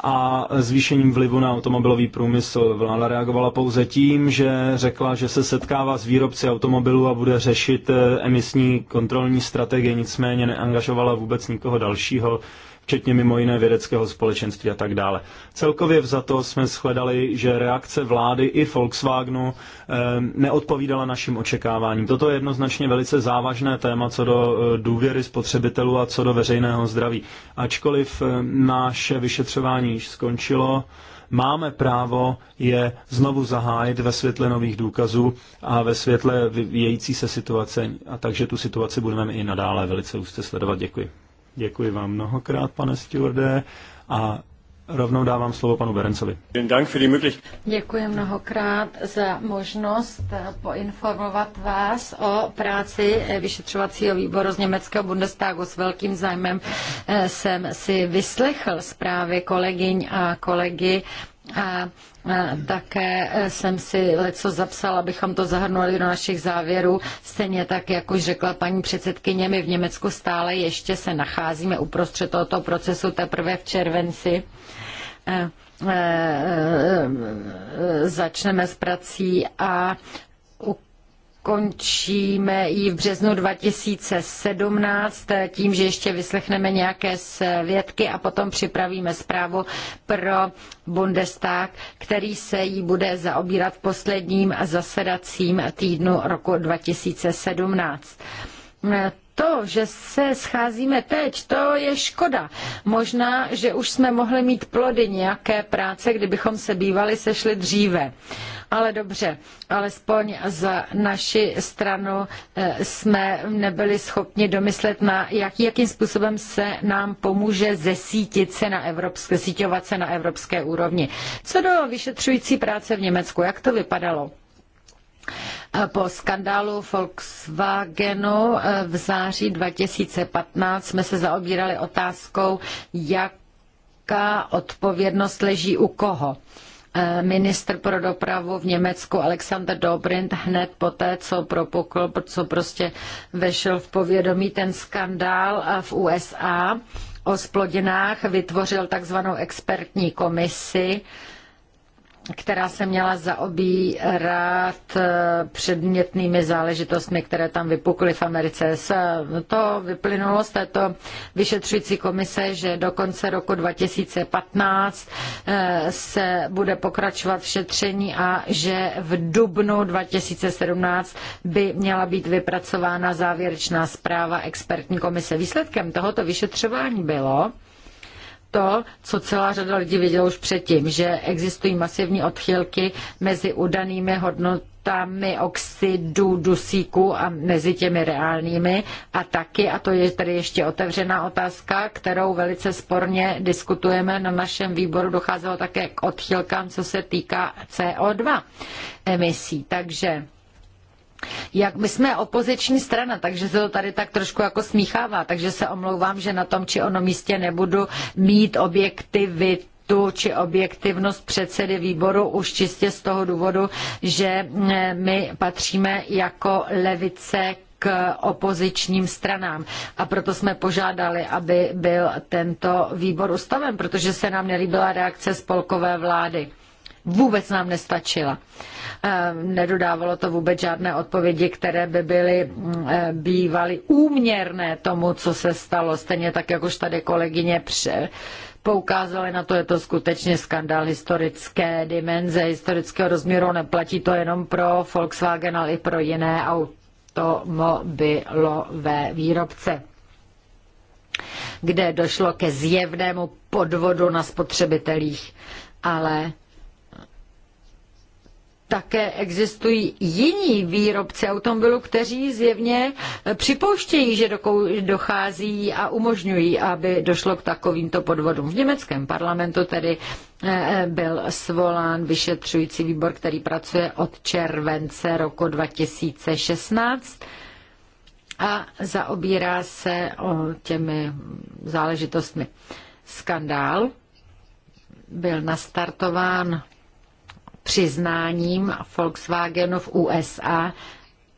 a zvýšením vlivu na automobilový průmysl. Vláda reagovala pouze tím, že řekla, že se setkává s výrobci automobilů a bude řešit eh, emisní kontrolní strategie, nicméně neangažovala vůbec nikoho dalšího včetně mimo jiné vědeckého společenství a tak dále. Celkově za to jsme shledali, že reakce vlády i Volkswagenu eh, neodpovídala našim očekáváním. Toto je jednoznačně velice závažné téma co do eh, důvěry spotřebitelů a co do veřejného zdraví. Ačkoliv eh, naše vyšetřování již skončilo, máme právo je znovu zahájit ve světle nových důkazů a ve světle vyvíjející se situace. A takže tu situaci budeme i nadále velice úzce sledovat. Děkuji. Děkuji vám mnohokrát, pane Stewarde, a rovnou dávám slovo panu Berencovi. Děkuji mnohokrát za možnost poinformovat vás o práci vyšetřovacího výboru z německého Bundestagu. S velkým zájmem eh, jsem si vyslechl zprávy kolegyň a kolegy a také eh, jsem si leco zapsala, abychom to zahrnuli do našich závěrů. Stejně tak, jak už řekla paní předsedkyně, my v Německu stále ještě se nacházíme uprostřed tohoto procesu teprve v červenci eh, eh, začneme s prací a Končíme ji v březnu 2017 tím, že ještě vyslechneme nějaké svědky a potom připravíme zprávu pro Bundestag, který se jí bude zaobírat v posledním zasedacím týdnu roku 2017 to, že se scházíme teď, to je škoda. Možná, že už jsme mohli mít plody nějaké práce, kdybychom se bývali sešli dříve. Ale dobře, alespoň za naši stranu eh, jsme nebyli schopni domyslet, na jak, jakým způsobem se nám pomůže zesítit se na evropské, síťovat se na evropské úrovni. Co do vyšetřující práce v Německu, jak to vypadalo? Po skandálu Volkswagenu eh, v září 2015 jsme se zaobírali otázkou, jaká odpovědnost leží u koho eh, ministr pro dopravu v Německu Alexander Dobrindt hned poté, co propukl, co prostě vešel v povědomí ten skandál eh, v USA o splodinách, vytvořil takzvanou expertní komisi, která se měla zaobírat eh, předmětnými záležitostmi, které tam vypukly v Americe. to vyplynulo z této vyšetřující komise, že do konce roku 2015 eh, se bude pokračovat v šetření a že v dubnu 2017 by měla být vypracována závěrečná zpráva expertní komise. Výsledkem tohoto vyšetřování bylo, to, co celá řada lidí věděla už předtím, že existují masivní odchylky mezi udanými hodnotami oxidu dusíku a mezi těmi reálnými a taky, a to je tady ještě otevřená otázka, kterou velice sporně diskutujeme na našem výboru, docházelo také k odchylkám, co se týká CO2 emisí. Takže jak my jsme opoziční strana, takže se to tady tak trošku jako smíchává, takže se omlouvám, že na tom či ono místě nebudu mít objektivitu či objektivnost předsedy výboru už čistě z toho důvodu, že eh, my patříme jako levice k opozičním stranám. A proto jsme požádali, aby byl tento výbor ustaven, protože se nám nelíbila reakce spolkové vlády vůbec nám nestačila. Ehm, nedodávalo to vůbec žádné odpovědi, které by byly mm, eh, bývaly úměrné tomu, co se stalo. Stejně tak, jak už tady kolegyně pře poukázali na to, je to skutečně skandál historické dimenze, historického rozměru, neplatí to jenom pro Volkswagen, ale i pro jiné automobilové výrobce kde došlo ke zjevnému podvodu na spotřebitelích. Ale také existují jiní výrobci automobilů, kteří zjevně eh, připouštějí, že dochází a umožňují, aby došlo k takovýmto podvodům. V německém parlamentu tedy eh, eh, byl svolán vyšetřující výbor, který pracuje od července roku 2016 a zaobírá se o těmi záležitostmi. Skandál byl nastartován přiznáním Volkswagenu v USA,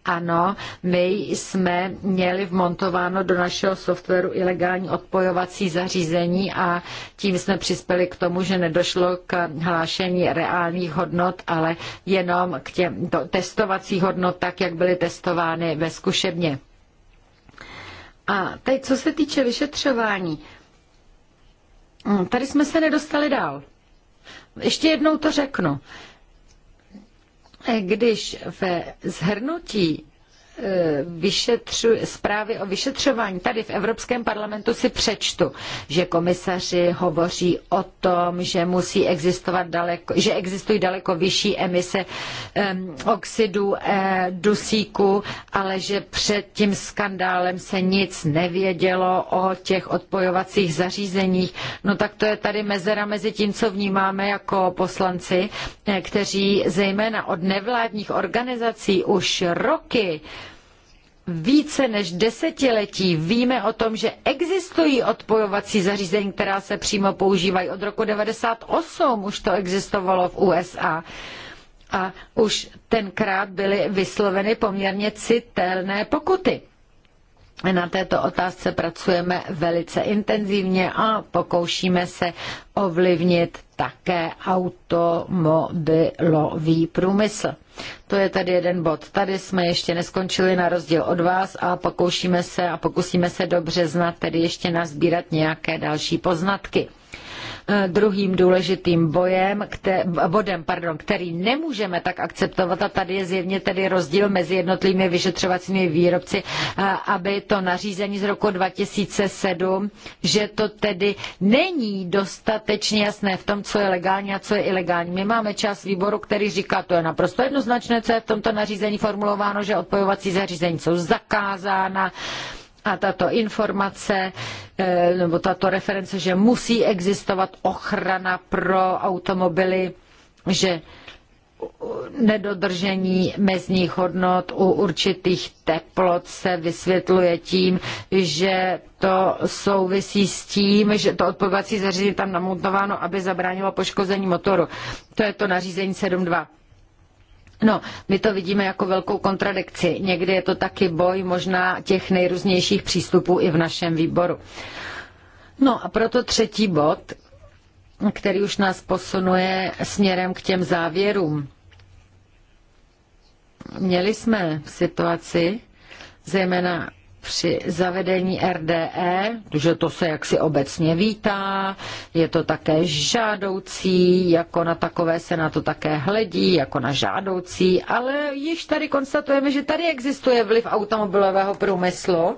ano, my jsme měli vmontováno do našeho softwaru ilegální odpojovací zařízení a tím jsme přispěli k tomu, že nedošlo k hlášení reálných hodnot, ale jenom k těm to, hodnot, tak jak byly testovány ve zkušebně. A teď, co se týče vyšetřování, hm, tady jsme se nedostali dál. Ještě jednou to řeknu. Eh, když ve zhrnutí Eh, vyšetřu, zprávy o vyšetřování tady v Evropském parlamentu si přečtu, že komisaři hovoří o tom, že musí existovat daleko, že existují daleko vyšší emise um, oxidu eh, dusíku, ale že před tím skandálem se nic nevědělo o těch odpojovacích zařízeních. No tak to je tady mezera mezi tím, co vnímáme jako poslanci, eh, kteří zejména od nevládních organizací už roky více než desetiletí víme o tom, že existují odpojovací zařízení, která se přímo používají. Od roku 98 už to existovalo v USA. A už tenkrát byly vysloveny poměrně citelné pokuty. Na této otázce pracujeme velice intenzivně a pokoušíme se ovlivnit také automobilový průmysl. To je tady jeden bod. Tady jsme ještě neskončili na rozdíl od vás a pokoušíme se a pokusíme se dobře znat, tedy ještě nazbírat nějaké další poznatky. Eh, druhým důležitým bojem, kte, bodem, pardon, který nemůžeme tak akceptovat, a tady je zjevně tedy rozdíl mezi jednotlivými vyšetřovacími výrobci, eh, aby to nařízení z roku 2007, že to tedy není dostatečně jasné v tom, co je legální a co je ilegální. My máme čas výboru, který říká, to je naprosto jednoznačné, co je v tomto nařízení formulováno, že odpojovací zařízení jsou zakázána, a tato informace eh, nebo tato reference, že musí existovat ochrana pro automobily, že nedodržení mezních hodnot u určitých teplot se vysvětluje tím, že to souvisí s tím, že to odpovací zařízení tam namontováno, aby zabránilo poškození motoru. To je to nařízení 7.2. No, my to vidíme jako velkou kontradikci. Někdy je to taky boj možná těch nejrůznějších přístupů i v našem výboru. No a proto třetí bod, který už nás posunuje směrem k těm závěrům. Měli jsme situaci, zejména při zavedení RDE, že to se jaksi obecně vítá, je to také žádoucí, jako na takové se na to také hledí, jako na žádoucí, ale již tady konstatujeme, že tady existuje vliv automobilového průmyslu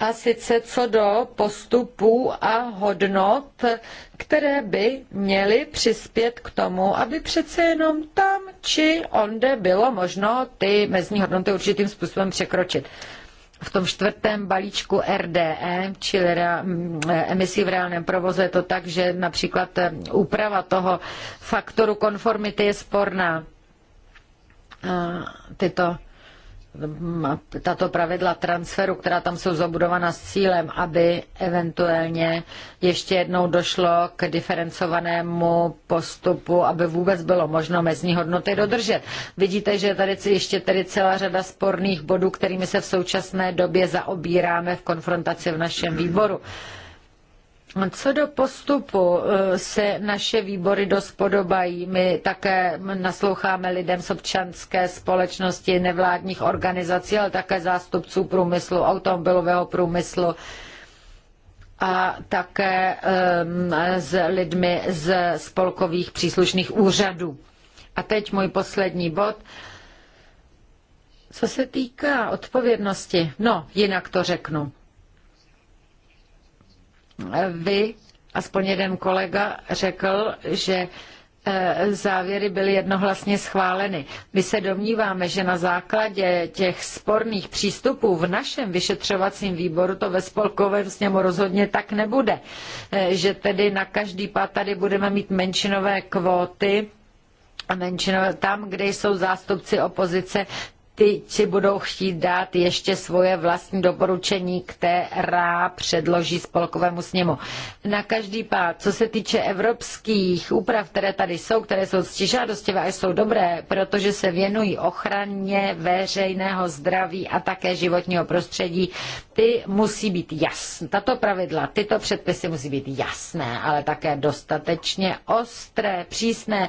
a sice co do postupů a hodnot, které by měly přispět k tomu, aby přece jenom tam či onde bylo možno ty mezní hodnoty určitým způsobem překročit. V tom čtvrtém balíčku RDE, čili emisí v reálném provozu, je to tak, že například eh, úprava toho faktoru konformity je sporná. Tyto tato pravidla transferu, která tam jsou zabudována s cílem, aby eventuálně ještě jednou došlo k diferencovanému postupu, aby vůbec bylo možno mezní hodnoty dodržet. Vidíte, že je tady ještě tedy celá řada sporných bodů, kterými se v současné době zaobíráme v konfrontaci v našem výboru. Co do postupu eh, se naše výbory podobají. My také nasloucháme lidem z občanské společnosti, nevládních organizací, ale také zástupců průmyslu, automobilového průmyslu a také eh, s lidmi z spolkových příslušných úřadů. A teď můj poslední bod. Co se týká odpovědnosti, no, jinak to řeknu vy, aspoň jeden kolega, řekl, že e, závěry byly jednohlasně schváleny. My se domníváme, že na základě těch sporných přístupů v našem vyšetřovacím výboru to ve spolkovém sněmu rozhodně tak nebude. E, že tedy na každý pát tady budeme mít menšinové kvóty menšinové, tam, kde jsou zástupci opozice, ty si budou chtít dát ještě svoje vlastní doporučení, která předloží spolkovému sněmu. Na každý pád, co se týče evropských úprav, které tady jsou, které jsou stižádostivé a jsou dobré, protože se věnují ochraně veřejného zdraví a také životního prostředí, ty musí být jasné. Tato pravidla, tyto předpisy musí být jasné, ale také dostatečně ostré, přísné,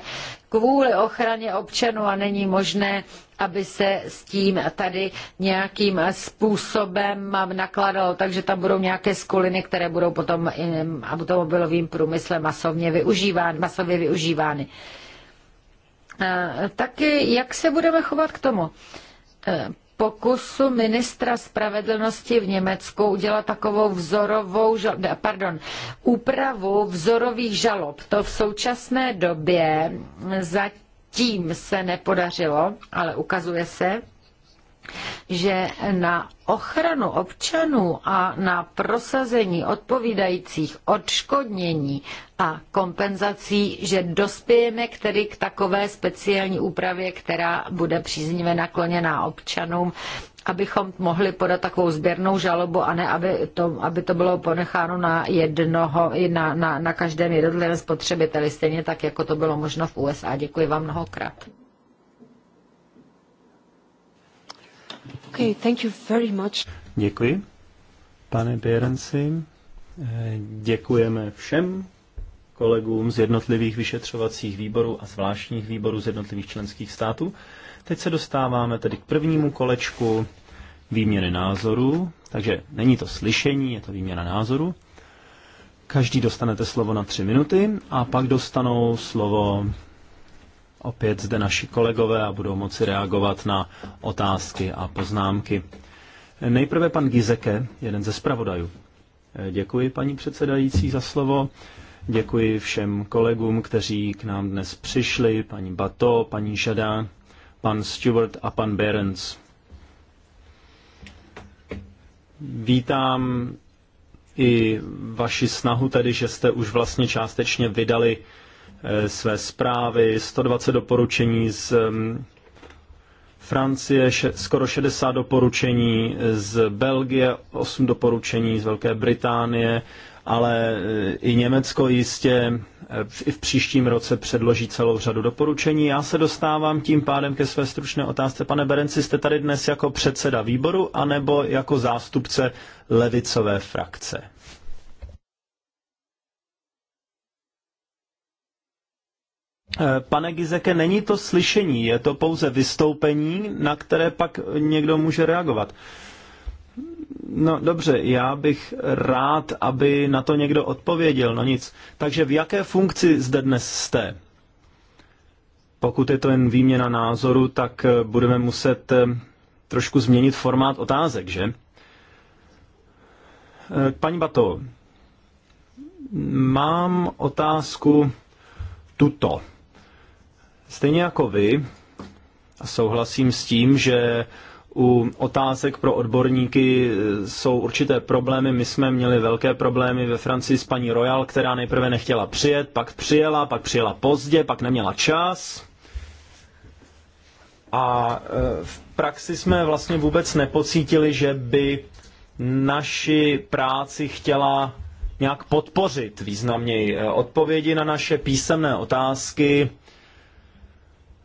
kvůli ochraně občanů a není možné aby se s tím tady nějakým způsobem nakladalo, takže tam budou nějaké skuliny, které budou potom automobilovým průmyslem masovně využívány, masově využívány. Taky jak se budeme chovat k tomu? E, pokusu ministra spravedlnosti v Německu udělat takovou vzorovou, pardon, úpravu vzorových žalob. To v současné době zatím zatím se nepodařilo, ale ukazuje se, že na ochranu občanů a na prosazení odpovídajících odškodnění a kompenzací, že dospějeme k tedy k takové speciální úpravě, která bude příznivě nakloněná občanům abychom mohli podat takovou sběrnou žalobu a ne, aby to, aby to bylo ponecháno na jednoho, na, na, na každém jednotlivém spotřebiteli, stejně tak, jako to bylo možno v USA. Děkuji vám mnohokrát. Okay, thank you very much. Děkuji. Pane Běrenci, děkujeme všem kolegům z jednotlivých vyšetřovacích výborů a zvláštních výborů z jednotlivých členských států. Teď se dostáváme tedy k prvnímu kolečku výměny názorů, takže není to slyšení, je to výměna názorů. Každý dostanete slovo na tři minuty a pak dostanou slovo opět zde naši kolegové a budou moci reagovat na otázky a poznámky. Nejprve pan Gizeke, jeden ze zpravodajů. Děkuji paní předsedající za slovo. Děkuji všem kolegům, kteří k nám dnes přišli, paní Bato, paní Žada, pan Stewart a pan Berens. Vítám i vaši snahu tedy, že jste už vlastně částečně vydali eh, své zprávy, 120 doporučení z mm, Francie, skoro 60 doporučení z Belgie, 8 doporučení z Velké Británie ale eh, i Německo jistě eh, i v příštím roce předloží celou řadu doporučení. Já se dostávám tím pádem ke své stručné otázce. Pane Berenci, jste tady dnes jako předseda výboru anebo jako zástupce levicové frakce? Eh, pane Gizeke, není to slyšení, je to pouze vystoupení, na které pak někdo může reagovat. No dobře, já bych rád, aby na to někdo odpověděl, no nic. Takže v jaké funkci zde dnes jste? Pokud je to jen výměna názoru, tak eh, budeme muset eh, trošku změnit formát otázek, že? Eh, paní Bato, mám otázku tuto. Stejně jako vy, a souhlasím s tím, že u otázek pro odborníky e, jsou určité problémy. My jsme měli velké problémy ve Francii s paní Royal, která nejprve nechtěla přijet, pak přijela, pak přijela pozdě, pak neměla čas. A e, v praxi jsme vlastně vůbec nepocítili, že by naši práci chtěla nějak podpořit významněji. E, odpovědi na naše písemné otázky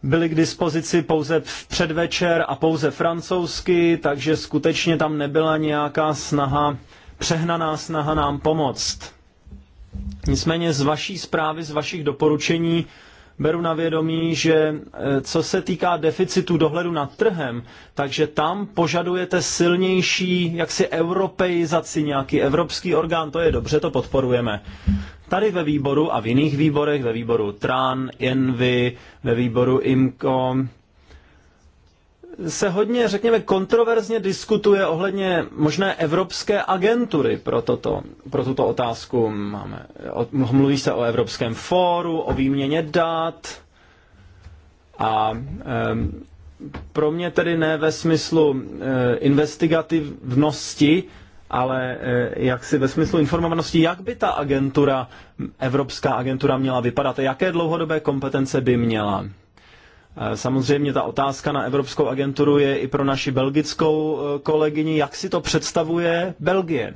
byly k dispozici pouze v předvečer a pouze francouzsky, takže skutečně tam nebyla nějaká snaha, přehnaná snaha nám pomoct. Nicméně z vaší zprávy, z vašich doporučení beru na vědomí, že e, co se týká deficitu dohledu nad trhem, takže tam požadujete silnější jaksi europeizaci, nějaký evropský orgán, to je dobře, to podporujeme. Tady ve výboru a v jiných výborech, ve výboru TRAN, ENVY, ve výboru IMCO, se hodně, řekněme, kontroverzně diskutuje ohledně možné evropské agentury pro, toto, pro tuto otázku. Máme, mluví se o Evropském fóru, o výměně dat a e, pro mě tedy ne ve smyslu e, investigativnosti, ale eh, jak si ve smyslu informovanosti, jak by ta agentura, Evropská agentura měla vypadat a jaké dlouhodobé kompetence by měla? Eh, samozřejmě ta otázka na Evropskou agenturu je i pro naši belgickou eh, kolegyni, jak si to představuje Belgie.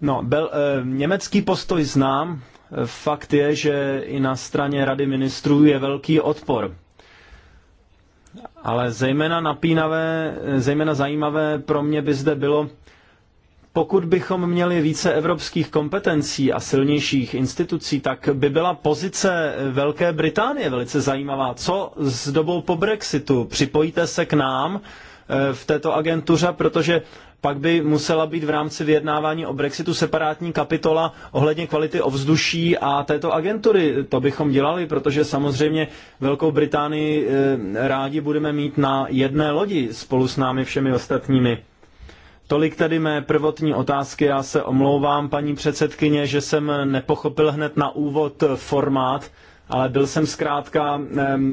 No, bel, německý postoj znám. Fakt je, že i na straně Rady ministrů je velký odpor. Ale zejména napínavé, zejména zajímavé pro mě by zde bylo, pokud bychom měli více evropských kompetencí a silnějších institucí, tak by byla pozice Velké Británie velice zajímavá. Co s dobou po Brexitu? Připojíte se k nám eh, v této agentuře, protože pak by musela být v rámci vyjednávání o Brexitu separátní kapitola ohledně kvality ovzduší a této agentury. To bychom dělali, protože samozřejmě Velkou Británii eh, rádi budeme mít na jedné lodi spolu s námi všemi ostatními. Tolik tedy mé prvotní otázky. Já se omlouvám, paní předsedkyně, že jsem nepochopil hned na úvod formát, ale byl jsem zkrátka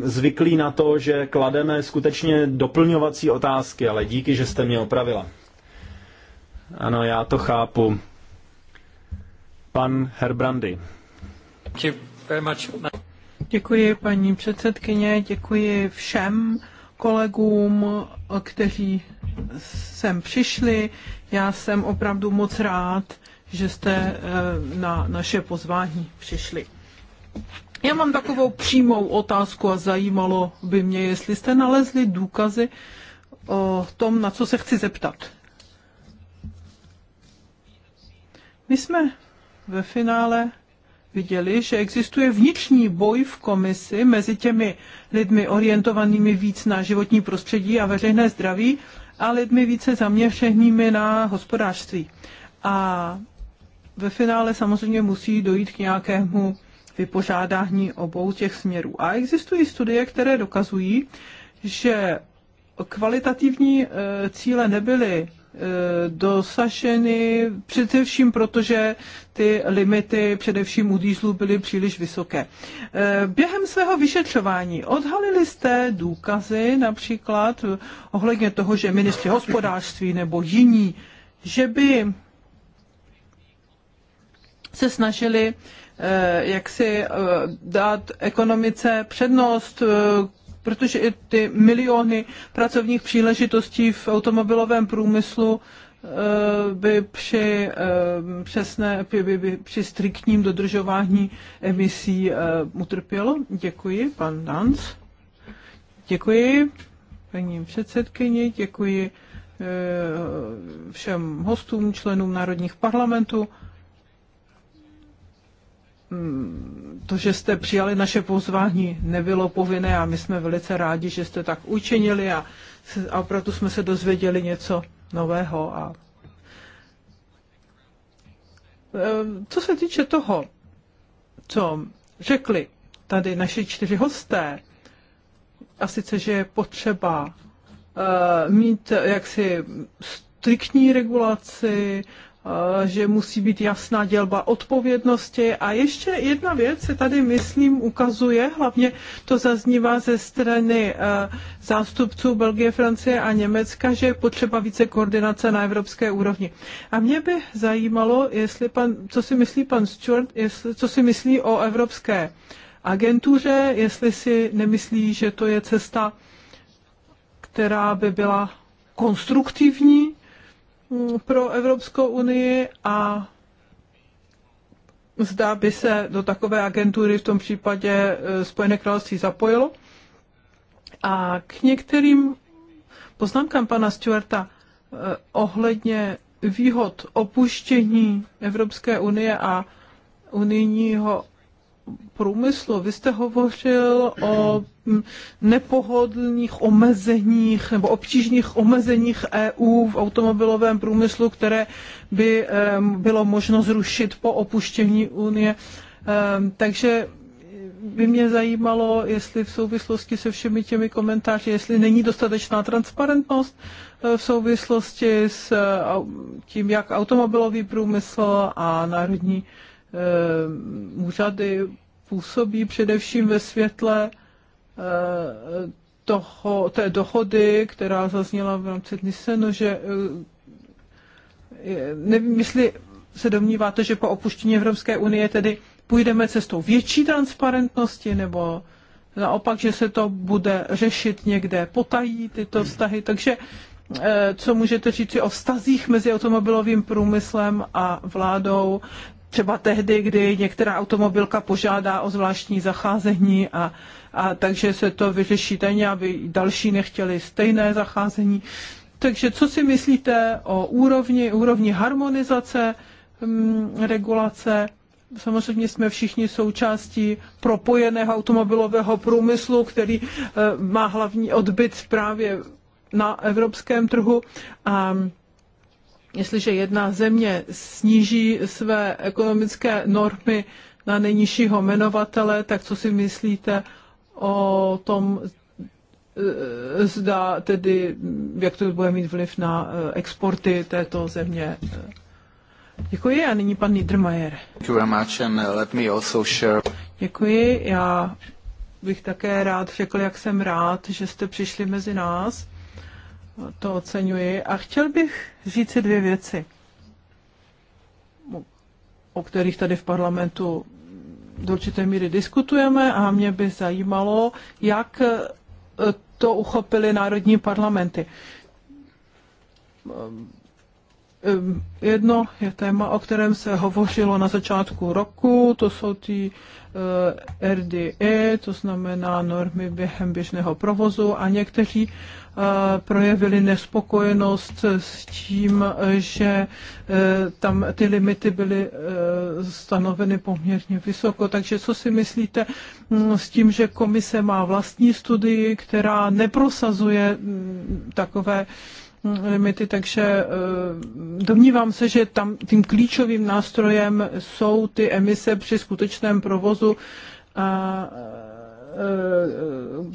zvyklý na to, že klademe skutečně doplňovací otázky, ale díky, že jste mě opravila. Ano, já to chápu. Pan Herbrandy. Děkuji paní předsedkyně, děkuji všem kolegům, kteří sem přišli. Já jsem opravdu moc rád, že jste eh, na naše pozvání přišli. Já mám takovou přímou otázku a zajímalo by mě, jestli jste nalezli důkazy o tom, na co se chci zeptat. My jsme ve finále viděli, že existuje vnitřní boj v komisi mezi těmi lidmi orientovanými víc na životní prostředí a veřejné zdraví a lidmi více zaměřenými na hospodářství. A ve finále samozřejmě musí dojít k nějakému vypořádání obou těch směrů. A existují studie, které dokazují, že kvalitativní eh, cíle nebyly Eh, dosaženy především protože ty limity především u dýzlu byly příliš vysoké. Eh, během svého vyšetřování odhalili jste důkazy například ohledně toho, že ministři hospodářství nebo jiní, že by se snažili eh, jak si dát ekonomice přednost protože ty miliony pracovních příležitostí v automobilovém průmyslu eh, by při eh, přesné, by, by, při striktním dodržování emisí eh, utrpělo. Děkuji, pan Danc. Děkuji, paní předsedkyni, děkuji všem hostům, členům národních parlamentů to, že jste přijali naše pozvání, nebylo povinné a my jsme velice rádi, že jste tak učinili a, a opravdu jsme se dozvěděli něco nového. A... Ehm, co se týče toho, co řekli tady naši čtyři hosté, a sice, že je potřeba uh, mít jaksi striktní regulaci, Eh, že musí být jasná dělba odpovědnosti. A ještě jedna věc se tady, myslím, ukazuje, hlavně to zaznívá ze strany eh, zástupců Belgie, Francie a Německa, že je potřeba více koordinace na evropské úrovni. A mě by zajímalo, jestli pan, co si myslí pan Stuart, jestli, co si myslí o evropské agentuře, jestli si nemyslí, že to je cesta, která by byla konstruktivní Mm, pro Evropskou unii a zda by se do takové agentury v tom případě e, Spojené království zapojilo. A k některým poznámkám pana Stuarta e, ohledně výhod opuštění Evropské unie a unijního průmyslu. Vy jste hovořil o nepohodlných omezeních nebo obtížných omezeních EU v automobilovém průmyslu, které by bylo možno zrušit po opuštění Unie. Takže by mě zajímalo, jestli v souvislosti se všemi těmi komentáři, jestli není dostatečná transparentnost e, v souvislosti s e, tím, jak automobilový průmysl a národní Eh, úřady působí především ve světle eh, toho, té dohody, která zazněla v rámci Nisenu, že eh, nevím, jestli se domníváte, že po opuštění Evropské unie tedy půjdeme cestou větší transparentnosti, nebo naopak, že se to bude řešit někde potají tyto vztahy. Takže co můžete říct o vztazích mezi automobilovým průmyslem a vládou, třeba tehdy, kdy některá automobilka požádá o zvláštní zacházení a, a takže se to vyřeší ten aby další nechtěli stejné zacházení. Takže co si myslíte o úrovni, úrovni harmonizace m, mm, regulace? Samozřejmě jsme všichni součástí propojeného automobilového průmyslu, který e, má hlavní odbyt právě na evropském trhu. A jestliže jedna země sníží své ekonomické normy na nejnižšího jmenovatele, tak co si myslíte o tom, eh, zda tedy, jak to bude mít vliv na eh, exporty této země? Děkuji a nyní pan Niedermayer. Eh, Děkuji, já bych také rád řekl, jak jsem rád, že jste přišli mezi nás to oceňuji. A chtěl bych říct si dvě věci, o kterých tady v parlamentu do určité míry diskutujeme a mě by zajímalo, jak e, to uchopili národní parlamenty Ehm, jedno je téma, o kterém se hovořilo na začátku roku, to jsou ty eh, RDE, to znamená normy během běžného provozu a někteří eh, projevili nespokojenost s tím, že eh, tam ty limity byly stanoveny poměrně vysoko. Takže co si myslíte hm, s tím, že komise má vlastní studii, která neprosazuje hm, takové limity, takže eh, domnívám se, že tam tím klíčovým nástrojem jsou ty emise při skutečném provozu a eh,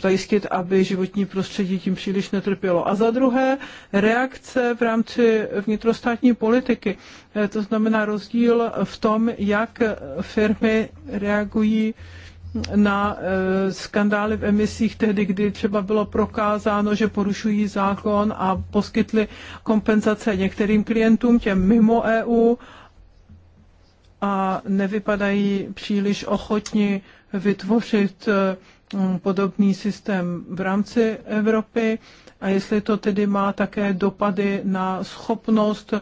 zajistit, aby životní prostředí tím příliš netrpělo. A za druhé, reakce v rámci vnitrostátní politiky. Eh, to znamená rozdíl v tom, jak firmy reagují na eh, skandály v emisích tehdy, kdy třeba bylo prokázáno, že porušují zákon a poskytli kompenzace některým klientům, těm mimo EU a nevypadají příliš ochotni vytvořit eh, podobný systém v rámci Evropy a jestli to tedy má také dopady na schopnost e,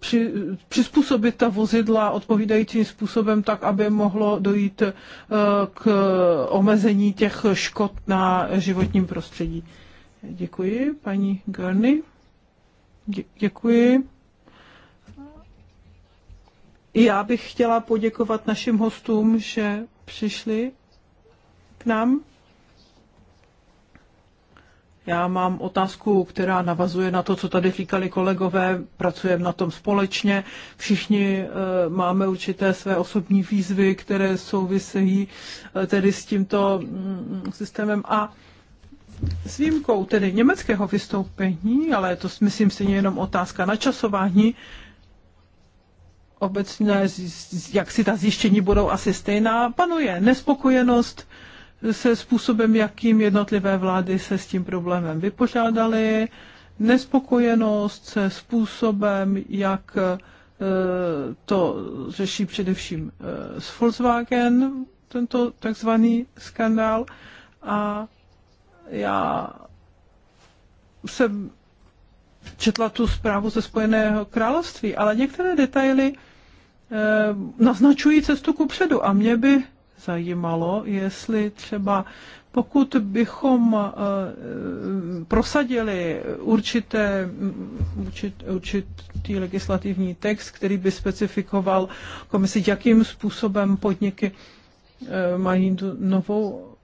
při, přizpůsobit ta vozidla odpovídajícím způsobem tak, aby mohlo dojít e, k omezení těch škod na životním prostředí. Děkuji, paní Gurney. Děkuji. Já bych chtěla poděkovat našim hostům, že přišli k nám. Já mám otázku, která navazuje na to, co tady říkali kolegové, pracujeme na tom společně, všichni eh, máme určité své osobní výzvy, které souvisejí eh, tedy s tímto mm, systémem a s výjimkou tedy německého vystoupení, ale to myslím si je jenom otázka načasování, obecně, jak si ta zjištění budou asi stejná, panuje nespokojenost se způsobem, jakým jednotlivé vlády se s tím problémem vypořádaly, nespokojenost se způsobem, jak e, to řeší především e, s Volkswagen, tento takzvaný skandál. A já jsem četla tu zprávu ze Spojeného království, ale některé detaily e, naznačují cestu ku předu a mě by zajímalo, jestli třeba pokud bychom eh, prosadili určité, určit, určitý legislativní text, který by specifikoval komisi, jakým způsobem podniky eh, mají tu novou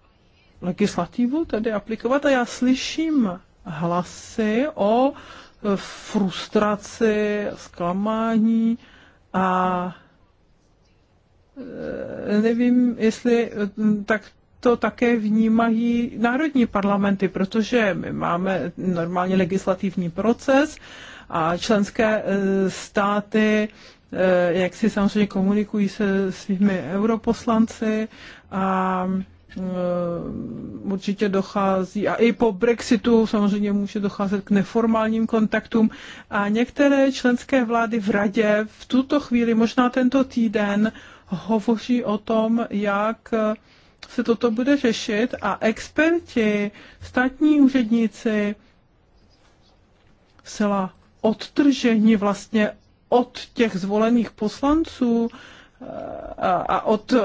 legislativu tady aplikovat. A já slyším hlasy o frustraci, zklamání a Eh, nevím, jestli hm, tak to také vnímají národní parlamenty, protože my máme normálně legislativní proces a členské eh, státy eh, jak si samozřejmě komunikují se svými europoslanci a hm, určitě dochází, a i po Brexitu samozřejmě může docházet k neformálním kontaktům a některé členské vlády v radě v tuto chvíli, možná tento týden, hovoří o tom, jak se toto bude řešit a experti, státní úředníci, zcela odtržení vlastně od těch zvolených poslanců eh, a od eh,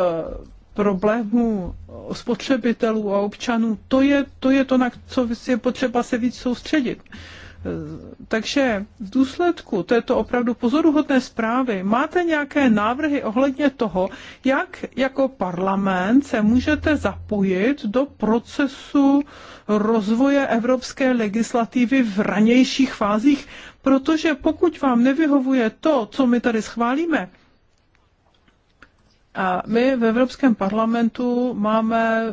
problémů spotřebitelů a občanů, to je to, je to na co je potřeba se víc soustředit. Eh, takže v důsledku této opravdu pozoruhodné zprávy máte nějaké návrhy ohledně toho, jak jako parlament se můžete zapojit do procesu rozvoje evropské legislativy v ranějších fázích, protože pokud vám nevyhovuje to, co my tady schválíme, a my v Evropském parlamentu máme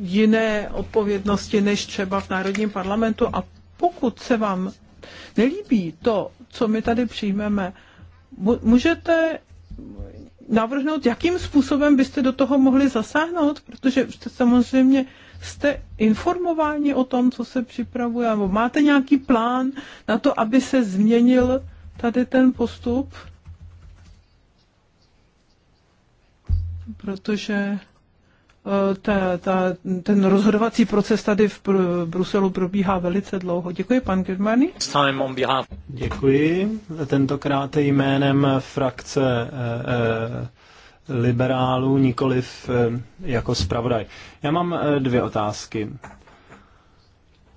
jiné odpovědnosti než třeba v Národním parlamentu a pokud se vám nelíbí to, co my tady přijmeme, můžete navrhnout, jakým způsobem byste do toho mohli zasáhnout, protože jste samozřejmě jste informováni o tom, co se připravuje, nebo máte nějaký plán na to, aby se změnil tady ten postup? Protože ta, ta, ten rozhodovací proces tady v Bruselu probíhá velice dlouho. Děkuji, pan Germany. Děkuji. Tentokrát jménem frakce eh, eh, liberálů, nikoliv eh, jako zpravodaj. Já mám eh, dvě otázky.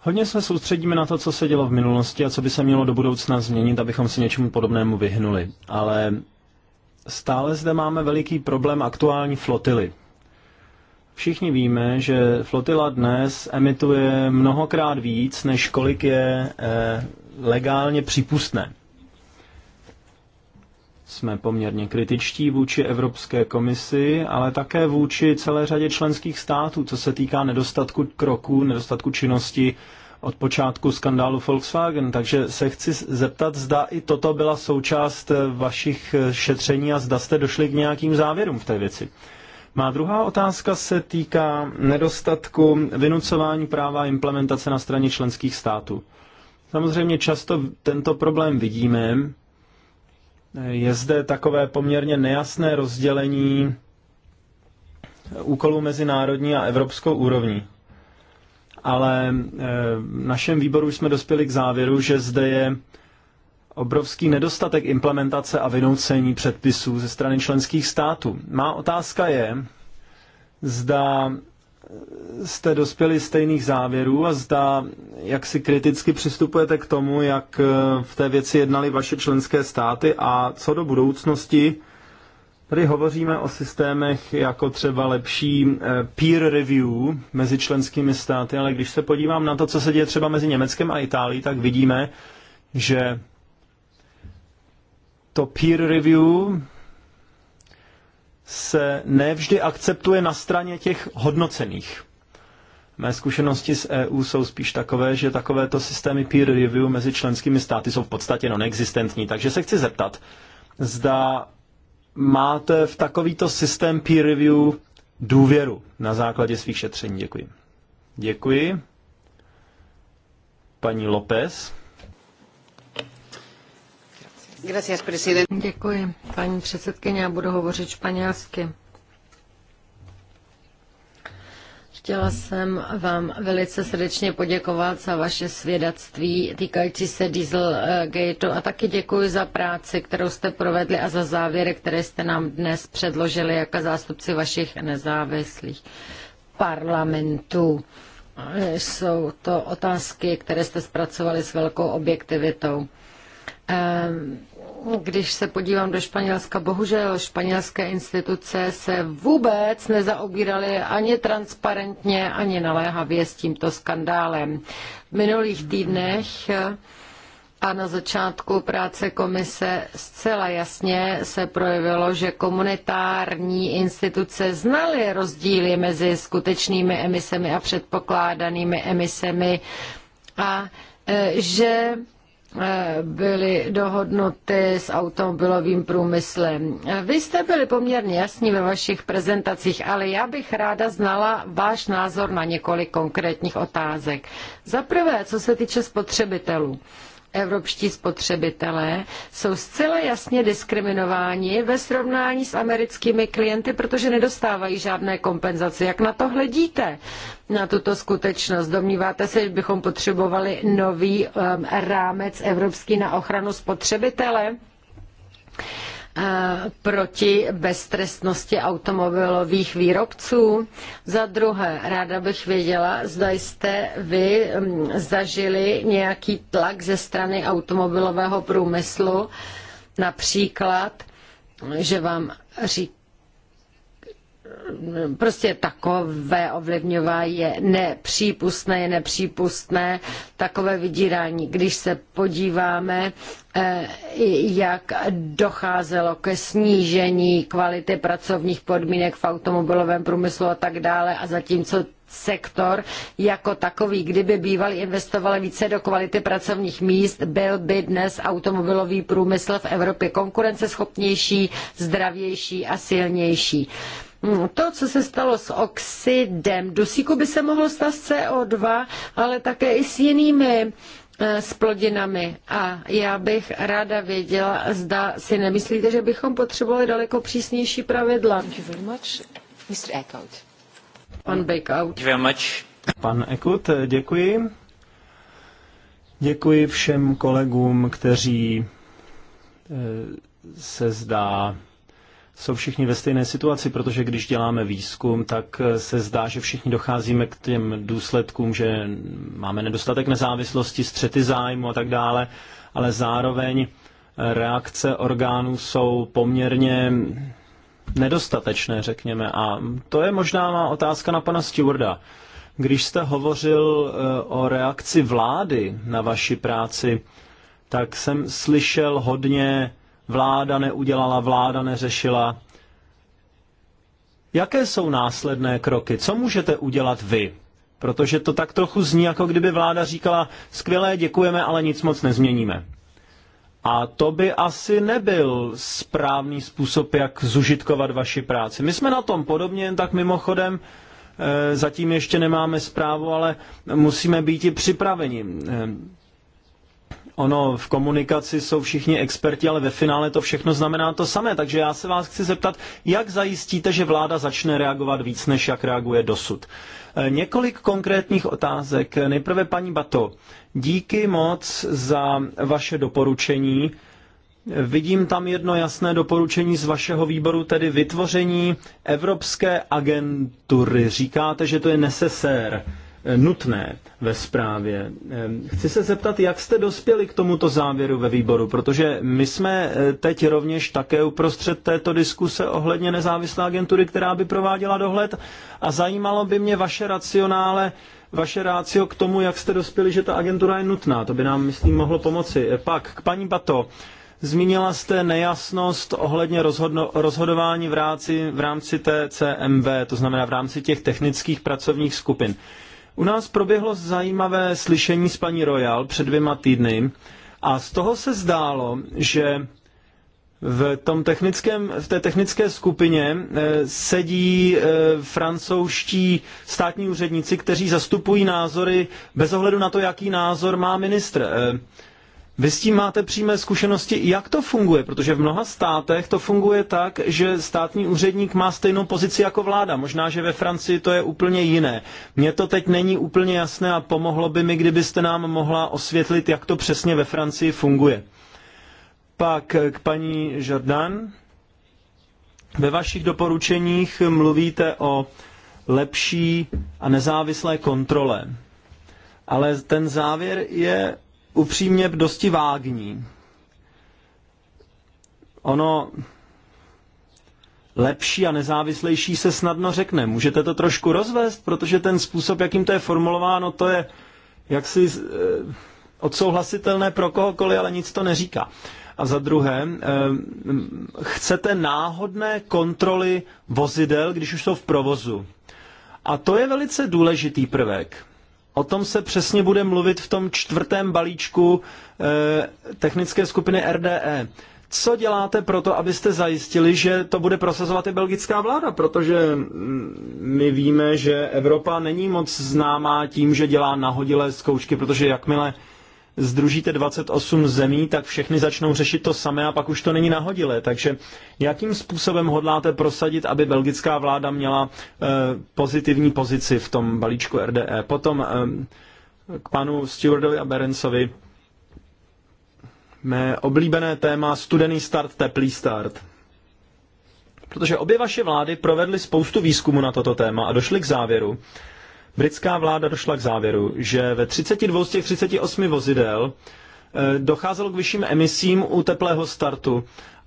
Hodně se soustředíme na to, co se dělo v minulosti a co by se mělo do budoucna změnit, abychom se něčemu podobnému vyhnuli. Ale stále zde máme veliký problém aktuální flotily Všichni víme, že flotila dnes emituje mnohokrát víc, než kolik je eh, legálně přípustné. Jsme poměrně kritičtí vůči Evropské komisi, ale také vůči celé řadě členských států, co se týká nedostatku kroků, nedostatku činnosti od počátku skandálu Volkswagen. Takže se chci zeptat, zda i toto byla součást vašich šetření a zda jste došli k nějakým závěrům v té věci. Má druhá otázka se týká nedostatku vynucování práva a implementace na straně členských států. Samozřejmě často tento problém vidíme. Je zde takové poměrně nejasné rozdělení úkolů mezi národní a evropskou úrovní. Ale eh, v našem výboru jsme dospěli k závěru, že zde je obrovský nedostatek implementace a vynoucení předpisů ze strany členských států. Má otázka je, zda jste dospěli stejných závěrů a zda, jak si kriticky přistupujete k tomu, jak eh, v té věci jednali vaše členské státy a co do budoucnosti. Tady hovoříme o systémech jako třeba lepší eh, peer review mezi členskými státy, ale když se podívám na to, co se děje třeba mezi Německem a Itálií, tak vidíme, že to peer review se nevždy akceptuje na straně těch hodnocených. Mé zkušenosti z EU jsou spíš takové, že takovéto systémy peer review mezi členskými státy jsou v podstatě no neexistentní. Takže se chci zeptat, zda máte v takovýto systém peer review důvěru na základě svých šetření. Děkuji. Děkuji. Paní López. Děkuji. Paní předsedkyně, já budu hovořit španělsky. Chtěla jsem vám velice srdečně poděkovat za vaše svědectví týkající se Dieselgate a taky děkuji za práci, kterou jste provedli a za závěry, které jste nám dnes předložili jako zástupci vašich nezávislých parlamentů. Jsou to otázky, které jste zpracovali s velkou objektivitou. Ehm, když se podívám do Španělska, bohužel španělské instituce se vůbec nezaobíraly ani transparentně, ani naléhavě s tímto skandálem. V minulých týdnech a na začátku práce komise zcela jasně se projevilo, že komunitární instituce znaly rozdíly mezi skutečnými emisemi a předpokládanými emisemi a e, že Eh, byly dohodnuty s automobilovým průmyslem. Eh, vy jste byli poměrně jasní ve vašich prezentacích, ale já bych ráda znala váš názor na několik konkrétních otázek. Za prvé, co se týče spotřebitelů evropští spotřebitelé jsou zcela jasně diskriminováni ve srovnání s americkými klienty, protože nedostávají žádné kompenzace. Jak na to hledíte, na tuto skutečnost? Domníváte se, že bychom potřebovali nový um, rámec evropský na ochranu spotřebitele? proti beztrestnosti automobilových výrobců. Za druhé, ráda bych věděla, zda jste vy mm, zažili nějaký tlak ze strany automobilového průmyslu, například, že vám říká, prostě takové ovlivňování je nepřípustné, je nepřípustné takové vydírání. Když se podíváme, eh, jak docházelo ke snížení kvality pracovních podmínek v automobilovém průmyslu a tak dále a zatímco sektor jako takový, kdyby býval investoval více do kvality pracovních míst, byl by dnes automobilový průmysl v Evropě konkurenceschopnější, zdravější a silnější. To, co se stalo s oxidem dusíku, by se mohlo stát s CO2, ale také i s jinými eh, s plodinami a já bych ráda věděla, zda si nemyslíte, že bychom potřebovali daleko přísnější pravidla. Thank you very much. Mr. Pan Bakeout. Very much. Pan Eckhout, eh, děkuji. Děkuji všem kolegům, kteří eh, se zdá jsou všichni ve stejné situaci, protože když děláme výzkum, tak eh, se zdá, že všichni docházíme k těm důsledkům, že máme nedostatek nezávislosti, střety zájmu a tak dále, ale zároveň eh, reakce orgánů jsou poměrně nedostatečné, řekněme. A to je možná má otázka na pana Stewarda. Když jste hovořil eh, o reakci vlády na vaši práci, tak jsem slyšel hodně vláda neudělala, vláda neřešila. Jaké jsou následné kroky? Co můžete udělat vy? Protože to tak trochu zní, jako kdyby vláda říkala, skvělé, děkujeme, ale nic moc nezměníme. A to by asi nebyl správný způsob, jak zužitkovat vaši práci. My jsme na tom podobně, jen tak mimochodem, eh, zatím ještě nemáme zprávu, ale musíme být i připraveni. Eh, ono v komunikaci jsou všichni experti, ale ve finále to všechno znamená to samé. Takže já se vás chci zeptat, jak zajistíte, že vláda začne reagovat víc, než jak reaguje dosud? E, několik konkrétních otázek. Nejprve paní Bato, díky moc za vaše doporučení. Vidím tam jedno jasné doporučení z vašeho výboru, tedy vytvoření Evropské agentury. Říkáte, že to je nesesér. Eh, nutné ve zprávě. Eh, chci se zeptat, jak jste dospěli k tomuto závěru ve výboru, protože my jsme eh, teď rovněž také uprostřed této diskuse ohledně nezávislé agentury, která by prováděla dohled a zajímalo by mě vaše racionále, vaše rácio k tomu, jak jste dospěli, že ta agentura je nutná. To by nám, myslím, mohlo pomoci. Pak k paní Bato. Zmínila jste nejasnost ohledně rozhodno, rozhodování v rámci, v rámci té CMV, to znamená v rámci těch technických pracovních skupin. U nás proběhlo zajímavé slyšení s paní Royal před dvěma týdny a z toho se zdálo, že v, tom technickém, v té technické skupině eh, sedí eh, francouzští státní úředníci, kteří zastupují názory bez ohledu na to, jaký názor má ministr. Eh, vy s tím máte přímé zkušenosti, jak to funguje, protože v mnoha státech to funguje tak, že státní úředník má stejnou pozici jako vláda. Možná, že ve Francii to je úplně jiné. Mně to teď není úplně jasné a pomohlo by mi, kdybyste nám mohla osvětlit, jak to přesně ve Francii funguje. Pak k paní Jordan. Ve vašich doporučeních mluvíte o lepší a nezávislé kontrole. Ale ten závěr je upřímně dosti vágní. Ono lepší a nezávislejší se snadno řekne. Můžete to trošku rozvést, protože ten způsob, jakým to je formulováno, to je jaksi eh, odsouhlasitelné pro kohokoliv, ale nic to neříká. A za druhé, eh, chcete náhodné kontroly vozidel, když už jsou v provozu. A to je velice důležitý prvek. O tom se přesně bude mluvit v tom čtvrtém balíčku e, technické skupiny RDE. Co děláte pro to, abyste zajistili, že to bude prosazovat i belgická vláda? Protože mm, my víme, že Evropa není moc známá tím, že dělá nahodilé zkoušky, protože jakmile združíte 28 zemí, tak všechny začnou řešit to samé a pak už to není nahodilé. Takže jakým způsobem hodláte prosadit, aby belgická vláda měla eh, pozitivní pozici v tom balíčku RDE? Potom eh, k panu Stewardovi a Berencovi. Mé oblíbené téma studený start, teplý start. Protože obě vaše vlády provedly spoustu výzkumu na toto téma a došly k závěru, Britská vláda došla k závěru, že ve 32 z těch 38 vozidel eh, docházelo k vyšším emisím u teplého startu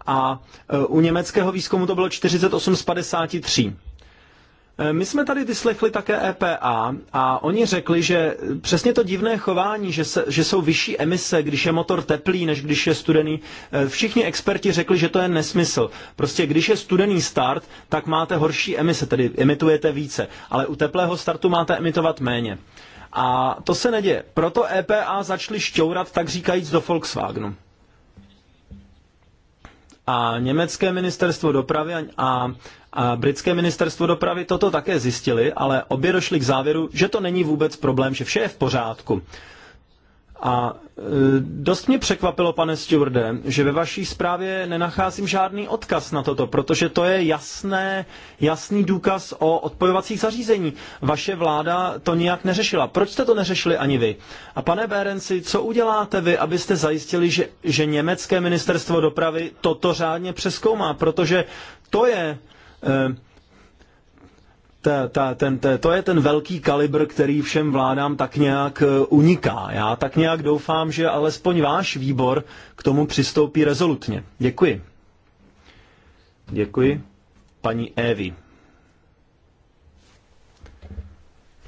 a eh, u německého výzkumu to bylo 48 z 53. Eh, my jsme tady vyslechli také EPA a oni řekli, že přesně to divné chování, že, se, že jsou vyšší emise, když je motor teplý, než když je studený, eh, všichni experti řekli, že to je nesmysl. Prostě když je studený start, tak máte horší emise, tedy emitujete více, ale u teplého startu máte emitovat méně. A to se neděje. Proto EPA začali šťourat, tak říkajíc, do Volkswagenu. A německé ministerstvo dopravy a, a britské ministerstvo dopravy toto také zjistili, ale obě došli k závěru, že to není vůbec problém, že vše je v pořádku. A e, dost mě překvapilo, pane Stewarde, že ve vaší zprávě nenacházím žádný odkaz na toto, protože to je jasné, jasný důkaz o odpojovacích zařízení. Vaše vláda to nijak neřešila. Proč jste to neřešili ani vy? A pane Bérenci, co uděláte vy, abyste zajistili, že, že německé ministerstvo dopravy toto řádně přeskoumá? Protože to je... Eh, ta, ta, ten, ta, to je ten velký kalibr, který všem vládám tak nějak eh, uniká. Já tak nějak doufám, že alespoň váš výbor k tomu přistoupí rezolutně. Děkuji. Děkuji. Paní Evi.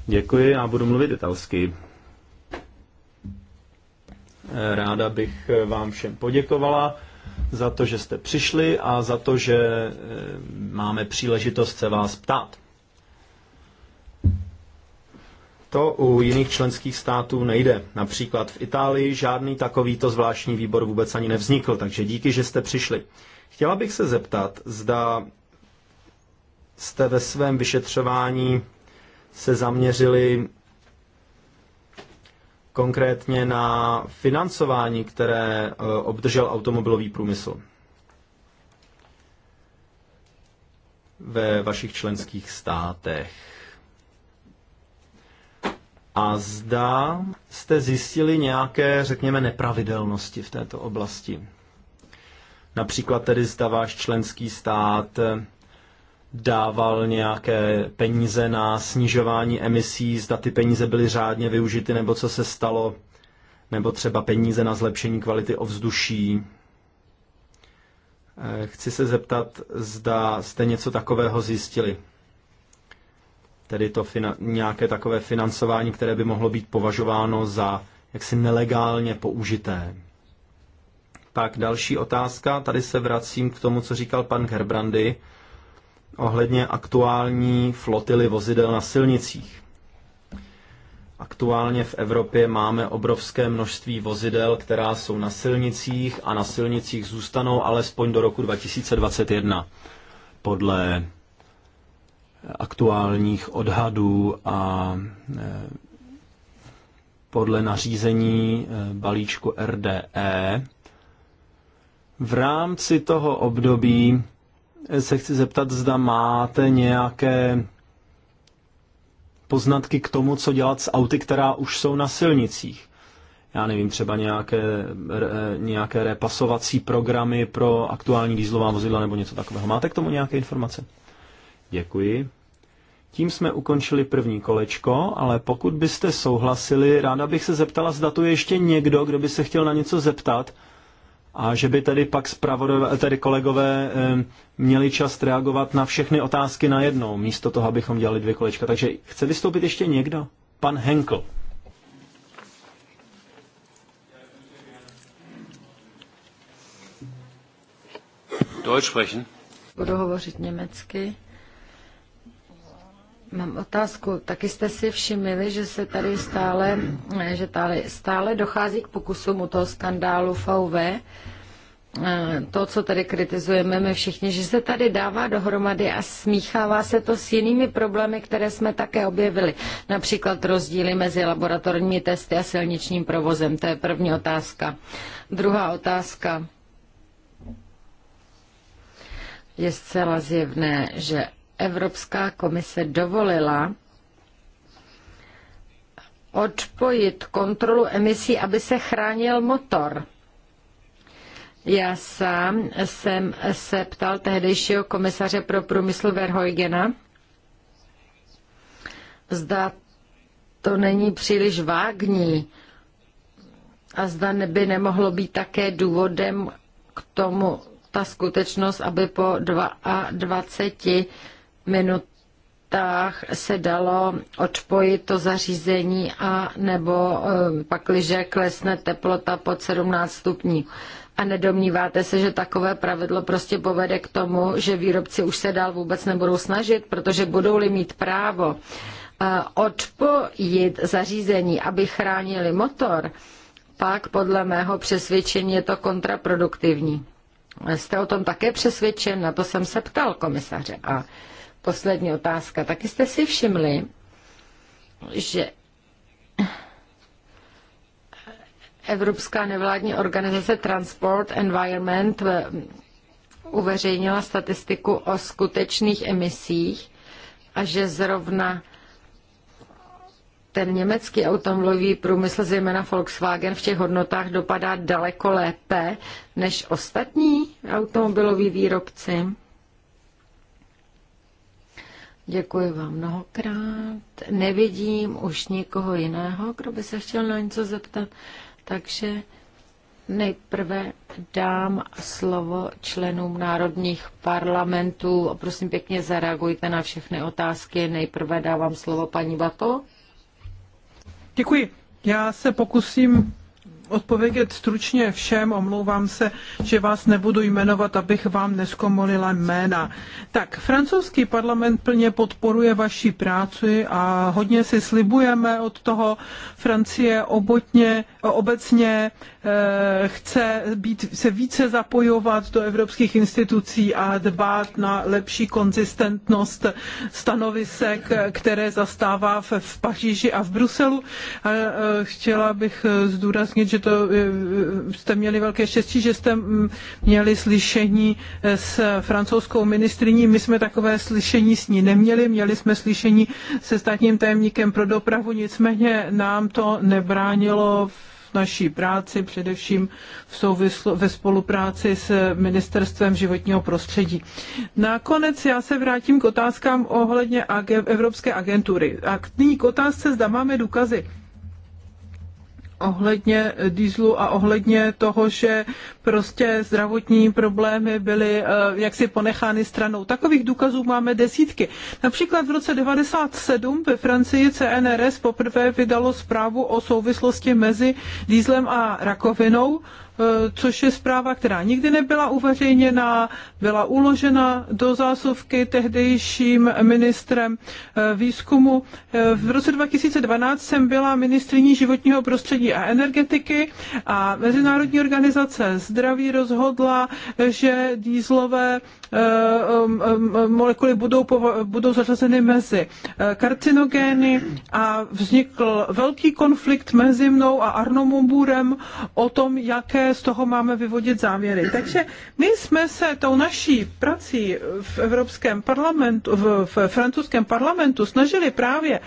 Děkuji, já budu mluvit italsky. Eh, ráda bych eh, vám všem poděkovala za to, že jste přišli a za to, že máme příležitost se vás ptát. To u jiných členských států nejde. Například v Itálii žádný takovýto zvláštní výbor vůbec ani nevznikl, takže díky, že jste přišli. Chtěla bych se zeptat, zda jste ve svém vyšetřování se zaměřili konkrétně na financování, které eh, obdržel automobilový průmysl ve vašich členských státech a zda jste zjistili nějaké, řekněme, nepravidelnosti v této oblasti. Například tedy zda váš členský stát eh, dával nějaké peníze na snižování emisí, zda ty peníze byly řádně využity, nebo co se stalo, nebo třeba peníze na zlepšení kvality ovzduší. Eh, chci se zeptat, zda jste něco takového zjistili tedy to nějaké takové financování, které by mohlo být považováno za jaksi nelegálně použité. Pak další otázka, tady se vracím k tomu, co říkal pan Gerbrandy ohledně aktuální flotily vozidel na silnicích. Aktuálně v Evropě máme obrovské množství vozidel, která jsou na silnicích a na silnicích zůstanou alespoň do roku 2021. Podle aktuálních odhadů a eh, podle nařízení eh, balíčku RDE. V rámci toho období eh, se chci zeptat, zda máte nějaké poznatky k tomu, co dělat s auty, která už jsou na silnicích. Já nevím, třeba nějaké, nějaké repasovací programy pro aktuální dýzlová vozidla nebo něco takového. Máte k tomu nějaké informace? Děkuji. Tím jsme ukončili první kolečko, ale pokud byste souhlasili, ráda bych se zeptala, zda tu ještě někdo, kdo by se chtěl na něco zeptat a že by tedy pak tedy kolegové eh, měli čas reagovat na všechny otázky najednou, místo toho, abychom dělali dvě kolečka. Takže chce vystoupit ještě někdo? Pan Henkel. Deutsch sprechen. Budu hovořit německy. Mám otázku. Taky jste si všimli, že se tady stále, že tady stále dochází k pokusům u toho skandálu VV. Eh, to, co tady kritizujeme my všichni, že se tady dává dohromady a smíchává se to s jinými problémy, které jsme také objevili. Například rozdíly mezi laboratorními testy a silničním provozem. To je první otázka. Druhá otázka. Je zcela zjevné, že Evropská komise dovolila odpojit kontrolu emisí, aby se chránil motor. Já sám jsem se ptal tehdejšího komisaře pro průmysl Verhoigena, zda to není příliš vágní a zda by nemohlo být také důvodem k tomu ta skutečnost, aby po 22 minutách se dalo odpojit to zařízení a nebo eh, pakliže klesne teplota pod 17 stupňů. A nedomníváte se, že takové pravidlo prostě povede k tomu, že výrobci už se dál vůbec nebudou snažit, protože budou-li mít právo eh, odpojit zařízení, aby chránili motor, pak podle mého přesvědčení je to kontraproduktivní. Jste o tom také přesvědčen? Na to jsem se ptal komisaře. A poslední otázka. Taky jste si všimli, že Evropská nevládní organizace Transport Environment uveřejnila statistiku o skutečných emisích a že zrovna ten německý automobilový průmysl, zejména Volkswagen, v těch hodnotách dopadá daleko lépe než ostatní automobiloví výrobci. Děkuji vám mnohokrát. Nevidím už nikoho jiného, kdo by se chtěl na něco zeptat, takže nejprve dám slovo členům národních parlamentů. Prosím pěkně zareagujte na všechny otázky. Nejprve dávám slovo paní Bato. Děkuji. Já se pokusím odpovědět stručně všem, omlouvám se, že vás nebudu jmenovat, abych vám neskomolila jména. Tak, francouzský parlament plně podporuje vaši práci a hodně si slibujeme od toho. Francie obotně, obecně Eh, chce být, se více zapojovat do evropských institucí a dbát na lepší konzistentnost stanovisek, které zastává v, v Paříži a v Bruselu. A eh, chtěla bych eh, zdůraznit, že to jste měli velké štěstí, že jste mm, měli slyšení s francouzskou ministriní. My jsme takové slyšení s ní neměli, měli jsme slyšení se státním tajemníkem pro dopravu, nicméně nám to nebránilo v naší práci, především v souvislu, ve spolupráci s Ministerstvem životního prostředí. Nakonec já se vrátím k otázkám ohledně Evropské agentury. A k k otázce, zda máme důkazy ohledně dýzlu a ohledně toho, že prostě zdravotní problémy byly eh, jaksi ponechány stranou. Takových důkazů máme desítky. Například v roce 1997 ve Francii CNRS poprvé vydalo zprávu o souvislosti mezi dýzlem a rakovinou Eh, což je zpráva, která nikdy nebyla uveřejněna, byla uložena do zásuvky tehdejším ministrem eh, výzkumu. Eh, v roce 2012 jsem byla ministriní životního prostředí a energetiky a Mezinárodní organizace zdraví rozhodla, že dýzlové um, um, um, molekuly budou, budou zařazeny mezi karcinogény a vznikl velký konflikt mezi mnou a Arno o tom, jaké z toho máme vyvodit závěry. Takže my jsme se tou naší prací v Evropském parlamentu, v, v francouzském parlamentu snažili právě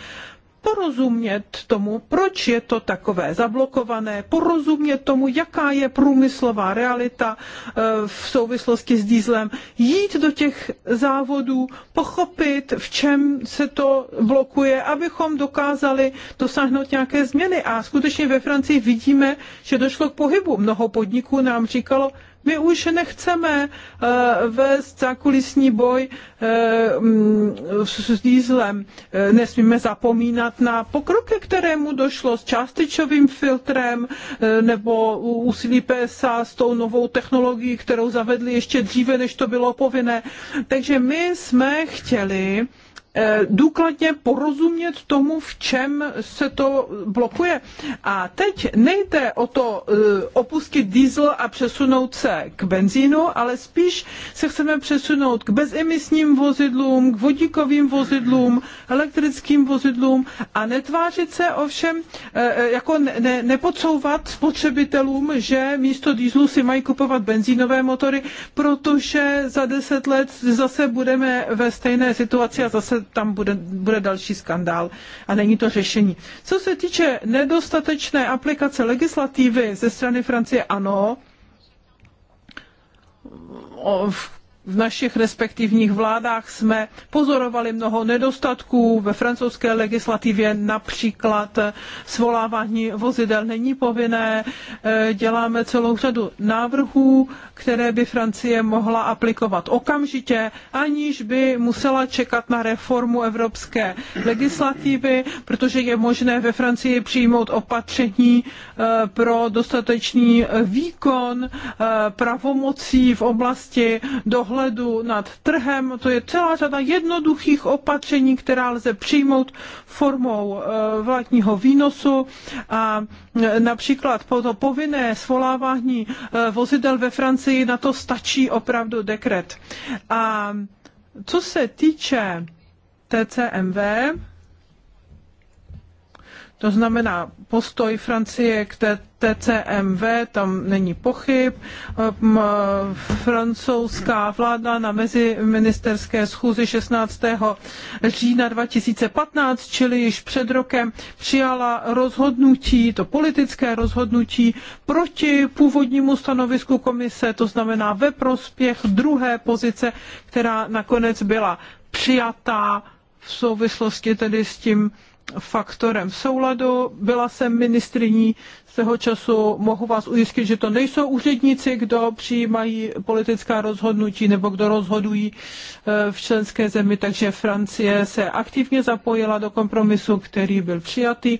porozumět tomu, proč je to takové zablokované, porozumět tomu, jaká je průmyslová realita eh, v souvislosti s dýzlem, jít do těch závodů, pochopit, v čem se to blokuje, abychom dokázali dosáhnout nějaké změny. A skutečně ve Francii vidíme, že došlo k pohybu. Mnoho podniků nám říkalo, my už nechceme eh, vést zákulisní boj eh, mm, s dýzlem. Eh, nesmíme zapomínat na pokroky, kterému došlo s částičovým filtrem nebo úsilí PSA s tou novou technologií, kterou zavedli ještě dříve, než to bylo povinné. Takže my jsme chtěli, Eh, důkladně porozumět tomu, v čem se to blokuje. A teď nejde o to eh, opustit diesel a přesunout se k benzínu, ale spíš se chceme přesunout k bezemisním vozidlům, k vodíkovým vozidlům, elektrickým vozidlům a netvářit se ovšem, eh, jako ne, ne, nepodsouvat spotřebitelům, že místo dieslu si mají kupovat benzínové motory, protože za deset let zase budeme ve stejné situaci a zase tam bude, bude další skandál a není to řešení. Co se týče nedostatečné aplikace legislativy ze strany Francie, ano, v v našich respektivních vládách jsme pozorovali mnoho nedostatků ve francouzské legislativě, například svolávání vozidel není povinné. E, děláme celou řadu návrhů, které by Francie mohla aplikovat okamžitě, aniž by musela čekat na reformu evropské legislativy, protože je možné ve Francii přijmout opatření e, pro dostatečný výkon e, pravomocí v oblasti dohledu dohledu nad trhem. To je celá řada jednoduchých opatření, která lze přijmout formou eh, vládního výnosu a eh, například po to povinné svolávání eh, vozidel ve Francii na to stačí opravdu dekret. A co se týče TCMV, to znamená postoj Francie k TCMV, tam není pochyb. Ehm, e, francouzská vláda na meziministerské schůzi 16. října 2015, čili již před rokem, přijala rozhodnutí, to politické rozhodnutí proti původnímu stanovisku komise, to znamená ve prospěch druhé pozice, která nakonec byla přijatá v souvislosti tedy s tím faktorem v souladu. Byla jsem ministriní svého času, mohu vás ujistit, že to nejsou úředníci, kdo přijímají politická rozhodnutí nebo kdo rozhodují eh, v členské zemi, takže Francie se aktivně zapojila do kompromisu, který byl přijatý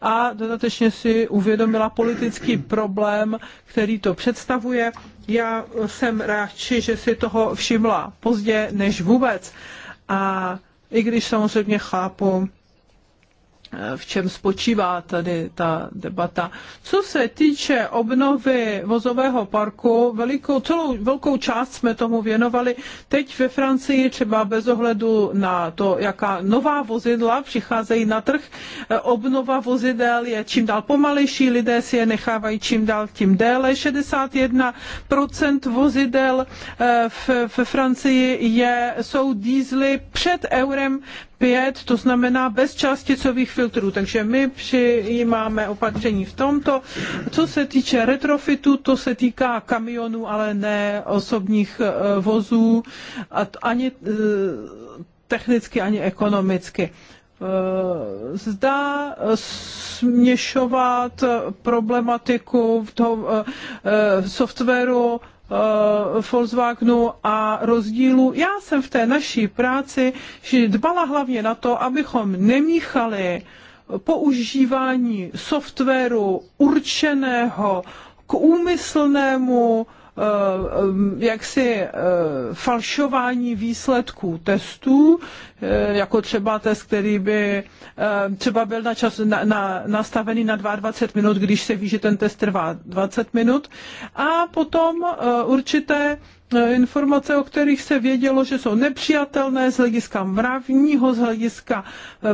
a dodatečně si uvědomila politický problém, který to představuje. Já jsem radši, že si toho všimla pozdě než vůbec. A i když samozřejmě chápu, v čem spočívá tady ta debata. Co se týče obnovy vozového parku, velikou, celou velkou část jsme tomu věnovali. Teď ve Francii třeba bez ohledu na to, jaká nová vozidla přicházejí na trh, obnova vozidel je čím dál pomalejší, lidé si je nechávají čím dál tím déle. 61% vozidel eh, ve Francii je, jsou dízly před eurem 5, to znamená bez částicových filtrů. Takže my přijímáme opatření v tomto. Co se týče retrofitu, to se týká kamionů, ale ne osobních eh, vozů, a ani eh, technicky, ani ekonomicky. Eh, zda směšovat problematiku v tom softwaru Eh, Volkswagenu a rozdílu. Já jsem v té naší práci že dbala hlavně na to, abychom nemíchali používání softwaru určeného k úmyslnému Eh, jaksi eh, falšování výsledků testů, eh, jako třeba test, který by třeba byl na čas, na, na, nastavený na 22 minut, když se ví, že ten test trvá 20 minut. A potom určité informace, o kterých se vědělo, že jsou nepřijatelné z hlediska mravního, z hlediska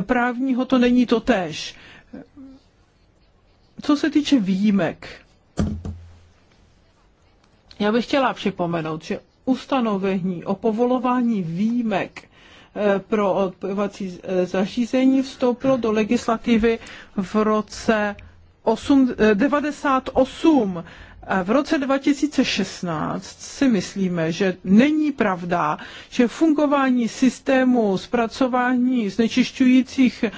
právního, to není to též. Co se týče výjimek, já bych chtěla připomenout, že ustanovení o povolování výjimek eh, pro odpojovací eh, zařízení vstoupilo do legislativy v roce 98 v roce 2016 si myslíme, že není pravda, že fungování systému zpracování znečišťujících eh,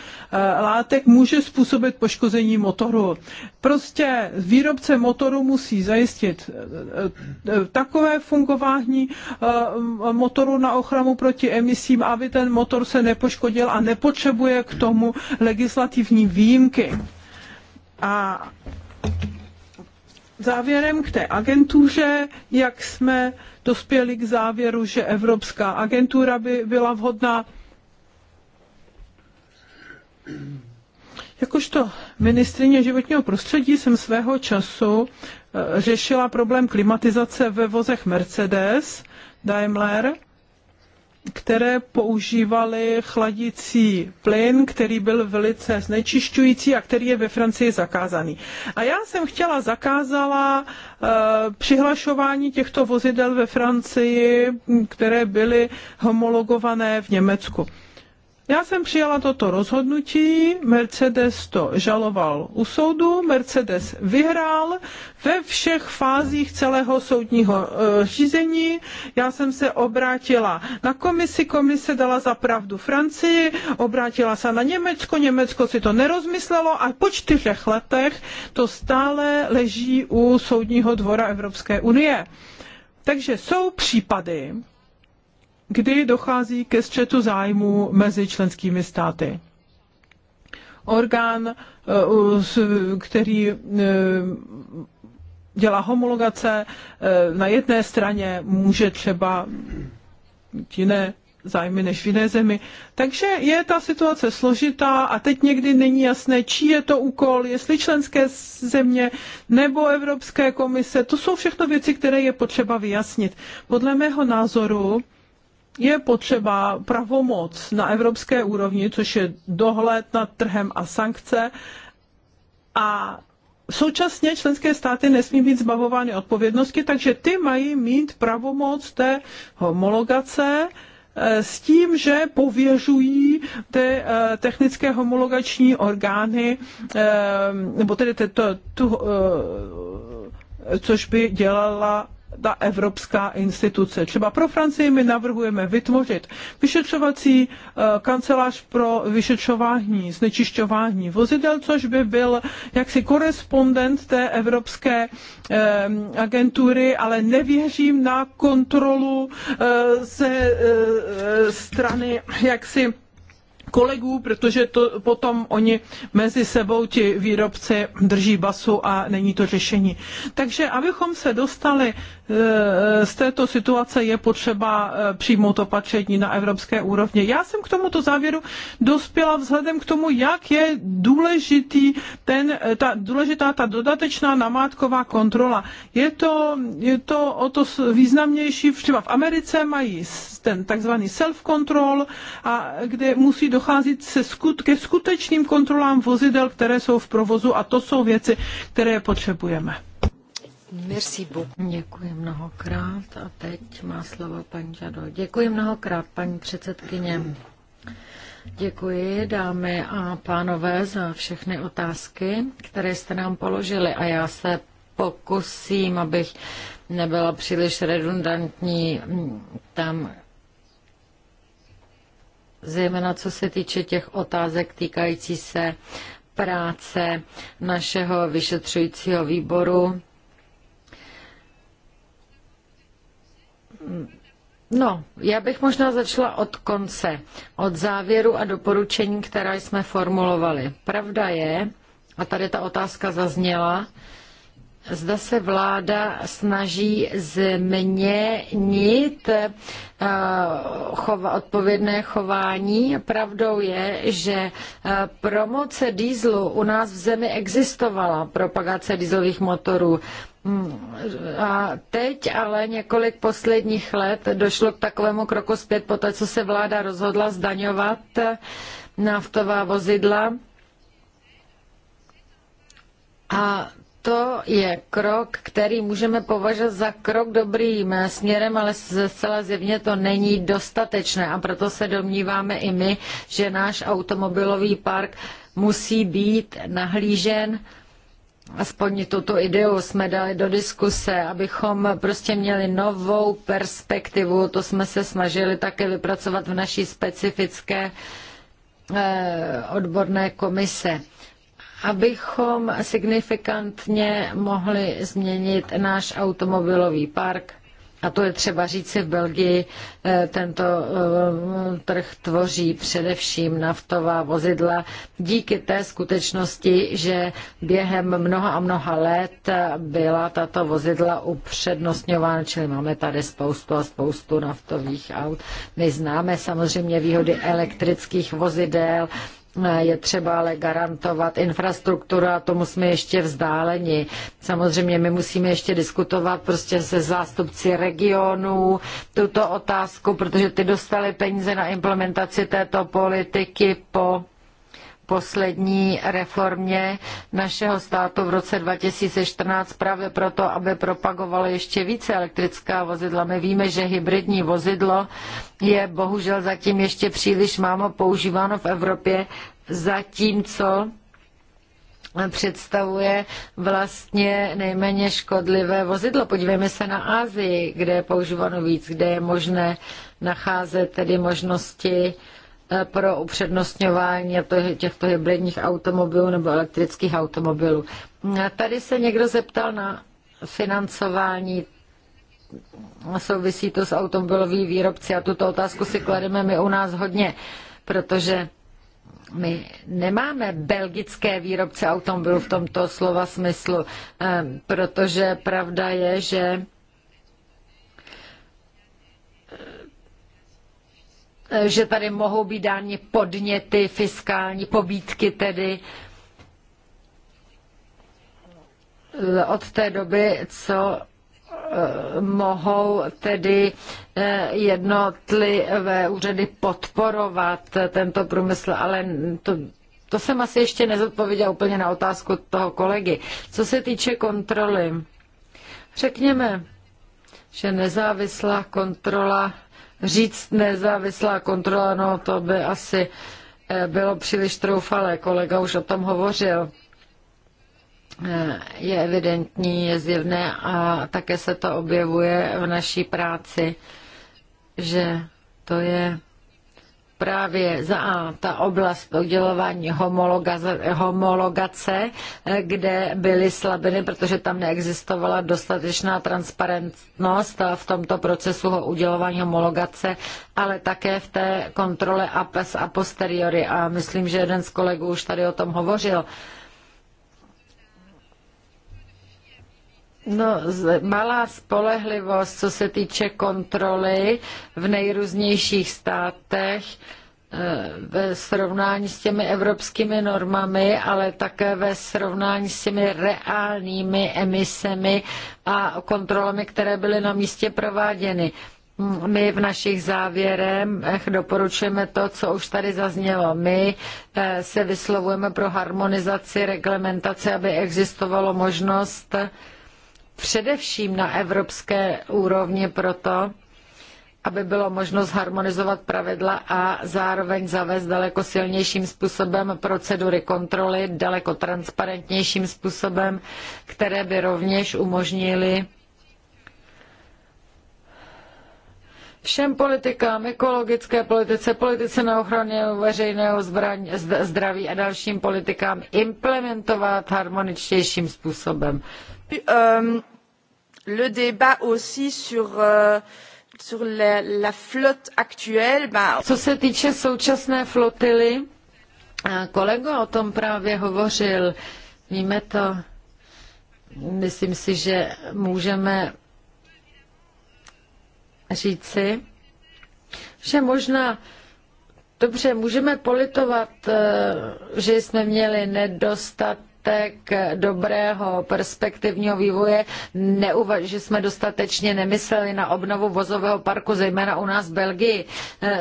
látek může způsobit poškození motoru. Prostě výrobce motoru musí zajistit eh, eh, takové fungování motoru na ochranu proti emisím, aby ten motor se nepoškodil a nepotřebuje k tomu legislativní výjimky. A závěrem k té agentuře, jak jsme dospěli k závěru, že Evropská agentura by byla vhodná. Jakožto ministrině životního prostředí jsem svého času eh, řešila problém klimatizace ve vozech Mercedes Daimler které používaly chladicí plyn, který byl velice znečišťující a který je ve Francii zakázaný. A já jsem chtěla zakázala e, přihlašování těchto vozidel ve Francii, které byly homologované v Německu. Já jsem přijala toto rozhodnutí, Mercedes to žaloval u soudu, Mercedes vyhrál ve všech fázích celého soudního e, řízení. Já jsem se obrátila na komisi, komise dala za pravdu Francii, obrátila se na Německo, Německo si to nerozmyslelo a po čtyřech letech to stále leží u Soudního dvora Evropské unie. Takže jsou případy, kdy dochází ke střetu zájmu mezi členskými státy. Orgán, eh, který eh, dělá homologace, eh, na jedné straně může třeba jiné zájmy než v jiné zemi. Takže je ta situace složitá a teď někdy není jasné, čí je to úkol, jestli členské země nebo Evropské komise. To jsou všechno věci, které je potřeba vyjasnit. Podle mého názoru je potřeba pravomoc na evropské úrovni, což je dohled nad trhem a sankce. A Současně členské státy nesmí být zbavovány odpovědnosti, takže ty mají mít pravomoc té homologace eh, s tím, že pověřují ty eh, technické homologační orgány, eh, nebo tedy to, tu, což by dělala ta evropská instituce. Třeba pro Francii my navrhujeme vytvořit vyšetřovací eh, kancelář pro vyšetřování, znečišťování vozidel, což by byl jaksi korespondent té evropské eh, agentury, ale nevěřím na kontrolu eh, ze strany jaksi kolegů, protože to potom oni mezi sebou ti výrobci drží basu a není to řešení. Takže abychom se dostali Eh, z této situace je potřeba eh, přijmout opatření na evropské úrovni. Já jsem k tomuto závěru dospěla vzhledem k tomu, jak je důležitý ten, eh, ta, důležitá ta dodatečná namátková kontrola. Je to, je to o to významnější, třeba v Americe mají ten takzvaný self-control, a kde musí docházet se skut, ke skutečným kontrolám vozidel, které jsou v provozu a to jsou věci, které potřebujeme. Merci beaucoup. Děkuji mnohokrát a teď má slovo paní Žado. Děkuji mnohokrát, paní předsedkyně. Děkuji, dámy a pánové, za všechny otázky, které jste nám položili a já se pokusím, abych nebyla příliš redundantní mm, tam, zejména co se týče těch otázek týkající se práce našeho vyšetřujícího výboru No, já bych možná začala od konce, od závěru a doporučení, která jsme formulovali. Pravda je, a tady ta otázka zazněla, Zda se vláda snaží změnit eh, chova, odpovědné chování. Pravdou je, že eh, promoce dýzlu u nás v zemi existovala, propagace dýzlových motorů. Hmm, a teď ale několik posledních let došlo k takovému kroku zpět po té, co se vláda rozhodla zdaňovat eh, naftová vozidla. A to je krok, který můžeme považovat za krok dobrým směrem, ale zcela zjevně to není dostatečné a proto se domníváme i my, že náš automobilový park musí být nahlížen aspoň tuto ideu jsme dali do diskuse, abychom prostě měli novou perspektivu, to jsme se snažili také vypracovat v naší specifické eh, odborné komise abychom signifikantně mohli změnit náš automobilový park. A to je třeba říci v Belgii, eh, tento eh, trh tvoří především naftová vozidla díky té skutečnosti, že během mnoha a mnoha let byla tato vozidla upřednostňována, čili máme tady spoustu a spoustu naftových aut. My známe samozřejmě výhody elektrických vozidel, je třeba ale garantovat infrastrukturu a tomu jsme ještě vzdáleni. Samozřejmě my musíme ještě diskutovat prostě se zástupci regionů tuto otázku, protože ty dostali peníze na implementaci této politiky po poslední reformě našeho státu v roce 2014 právě proto, aby propagovalo ještě více elektrická vozidla. My víme, že hybridní vozidlo je bohužel zatím ještě příliš málo používáno v Evropě, zatímco představuje vlastně nejméně škodlivé vozidlo. Podívejme se na Asii, kde je používáno víc, kde je možné nacházet tedy možnosti Eh, pro upřednostňování těchto hybridních automobilů nebo elektrických automobilů. Eh, tady se někdo zeptal na financování souvisí to s automobilový výrobci a tuto otázku si klademe my u nás hodně, protože my nemáme belgické výrobce automobilů v tomto slova smyslu, eh, protože pravda je, že Eh, že tady mohou být dány podněty, fiskální pobídky tedy, eh, od té doby, co eh, mohou tedy jednotlivé úřady podporovat tento průmysl, ale to, to jsem asi ještě nezodpověděla úplně na otázku toho kolegy. Co se týče kontroly, řekněme, že nezávislá kontrola říct nezávislá kontrola, no to by asi eh, bylo příliš troufalé, kolega už o tom hovořil. Eh, je evidentní, je zjevné a také se to objevuje v naší práci, že to je právě za A ta oblast udělování homologace, eh, kde byly slabiny, protože tam neexistovala dostatečná transparentnost v tomto procesu ho udělování homologace, ale také v té kontrole APES a posteriori. A myslím, že jeden z kolegů už tady o tom hovořil. Uh, No, malá spolehlivost, co se týče kontroly v nejrůznějších státech eh, ve srovnání s těmi evropskými normami, ale také ve srovnání s těmi reálnými emisemi a kontrolami, které byly na místě prováděny. My v našich závěrech doporučujeme to, co už tady zaznělo. My eh, se vyslovujeme pro harmonizaci reglementace, aby existovalo možnost především na evropské úrovni proto, aby bylo možno zharmonizovat pravidla a zároveň zavést daleko silnějším způsobem procedury kontroly, daleko transparentnějším způsobem, které by rovněž umožnily všem politikám, ekologické politice, politice na ochranu veřejného zdraví a dalším politikám implementovat harmoničtějším způsobem. Euh, le débat aussi sur, euh, sur la, la flotte actuelle. Bah... Co se týče současné flotily, kolego o tom právě hovořil, víme to, myslím si, že můžeme říci, že možná Dobře, můžeme politovat, eh, že jsme měli nedostat dostatek dobrého perspektivního vývoje, neuva- že jsme dostatečně nemysleli na obnovu vozového parku, zejména u nás v Belgii. Eh,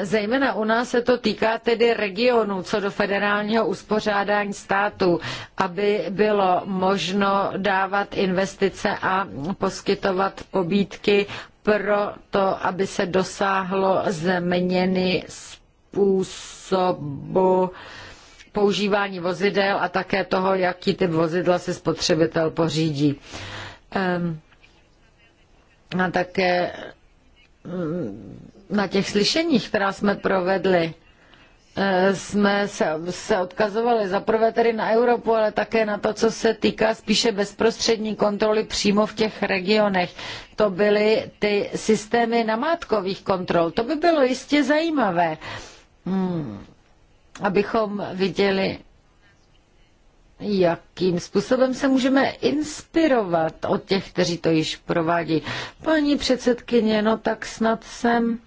zejména u nás se to týká tedy regionů, co do federálního uspořádání státu, aby bylo možno dávat investice a poskytovat pobídky pro to, aby se dosáhlo změny způsobu používání vozidel a také toho, jaký typ vozidla si spotřebitel pořídí. Ehm, a také mm, na těch slyšeních, která jsme provedli, eh, jsme se, se odkazovali zaprvé tedy na Evropu, ale také na to, co se týká spíše bezprostřední kontroly přímo v těch regionech. To byly ty systémy namátkových kontrol. To by bylo jistě zajímavé. Hmm abychom viděli, jakým způsobem se můžeme inspirovat od těch, kteří to již provádí. Paní předsedkyně, no tak snad jsem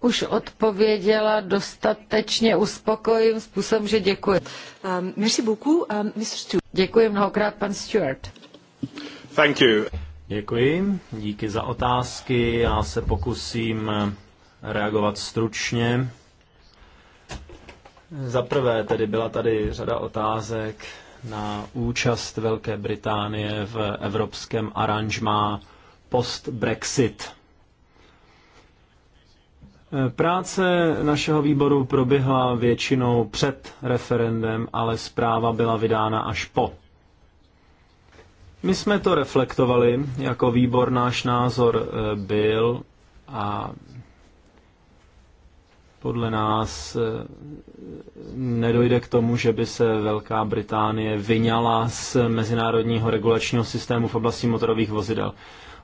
už odpověděla dostatečně uspokojivým způsobem, že děkuji. Um, merci beaucoup, um, Mr. Stewart. Děkuji mnohokrát, pan Stewart. Thank you. Děkuji, díky za otázky. Já se pokusím reagovat stručně za prvé tedy byla tady řada otázek na účast Velké Británie v evropském aranžmá post-Brexit. Práce našeho výboru proběhla většinou před referendem, ale zpráva byla vydána až po. My jsme to reflektovali, jako výbor náš názor eh, byl a podle nás eh, nedojde k tomu, že by se Velká Británie vyňala z mezinárodního regulačního systému v oblasti motorových vozidel.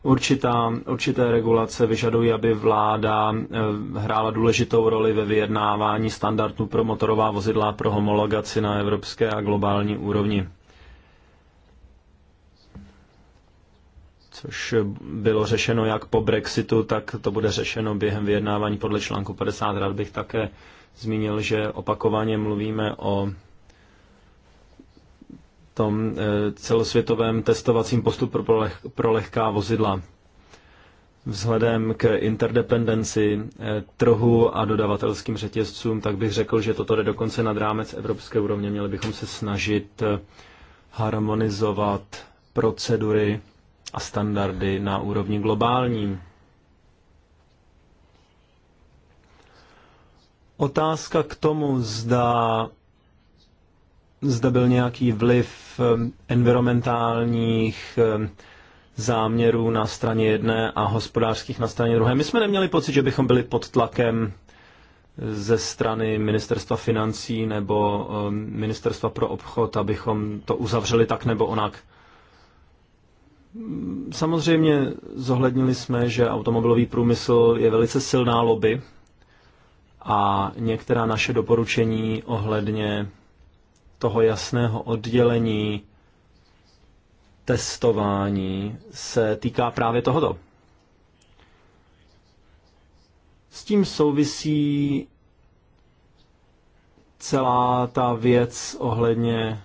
Určitá, určité regulace vyžadují, aby vláda eh, hrála důležitou roli ve vyjednávání standardů pro motorová vozidla pro homologaci na evropské a globální úrovni. což bylo řešeno jak po Brexitu, tak to bude řešeno během vyjednávání podle článku 50. Rád bych také zmínil, že opakovaně mluvíme o tom eh, celosvětovém testovacím postupu pro, leh, pro lehká vozidla. Vzhledem k interdependenci eh, trhu a dodavatelským řetězcům, tak bych řekl, že toto jde dokonce nad rámec evropské úrovně. Měli bychom se snažit eh, harmonizovat procedury a standardy na úrovni globálním. Otázka k tomu, zda, zda byl nějaký vliv um, environmentálních um, záměrů na straně jedné a hospodářských na straně druhé. My jsme neměli pocit, že bychom byli pod tlakem ze strany ministerstva financí nebo um, ministerstva pro obchod, abychom to uzavřeli tak nebo onak. Samozřejmě zohlednili jsme, že automobilový průmysl je velice silná lobby a některá naše doporučení ohledně toho jasného oddělení testování se týká právě tohoto. S tím souvisí celá ta věc ohledně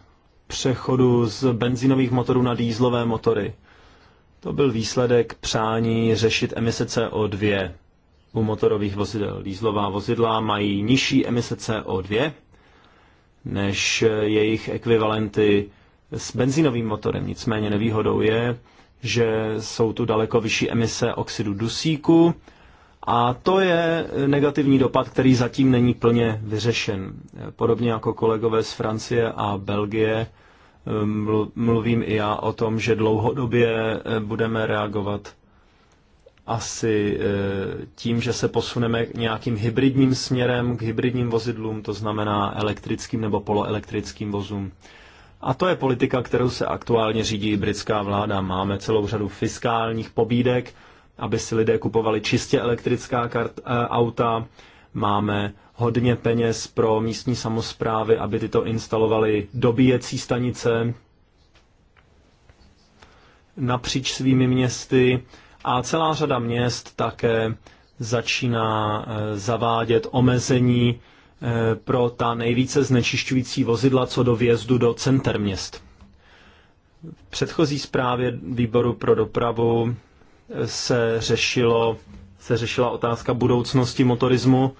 přechodu z benzínových motorů na dýzlové motory. To byl výsledek přání řešit emise CO2 u motorových vozidel. Dýzlová vozidla mají nižší emise CO2 než jejich ekvivalenty s benzínovým motorem. Nicméně nevýhodou je, že jsou tu daleko vyšší emise oxidu dusíku a to je negativní dopad, který zatím není plně vyřešen. Podobně jako kolegové z Francie a Belgie, Ehm, mluvím i já o tom, že dlouhodobě eh, budeme reagovat asi eh, tím, že se posuneme k nějakým hybridním směrem, k hybridním vozidlům, to znamená elektrickým nebo poloelektrickým vozům. A to je politika, kterou se aktuálně řídí britská vláda. Máme celou řadu fiskálních pobídek, aby si lidé kupovali čistě elektrická kart, eh, auta, Máme hodně peněz pro místní samozprávy, aby tyto instalovaly dobíjecí stanice napříč svými městy a celá řada měst také začíná eh, zavádět omezení eh, pro ta nejvíce znečišťující vozidla co do vjezdu do center měst. V předchozí zprávě výboru pro dopravu eh, se, řešilo, se řešila otázka budoucnosti motorismu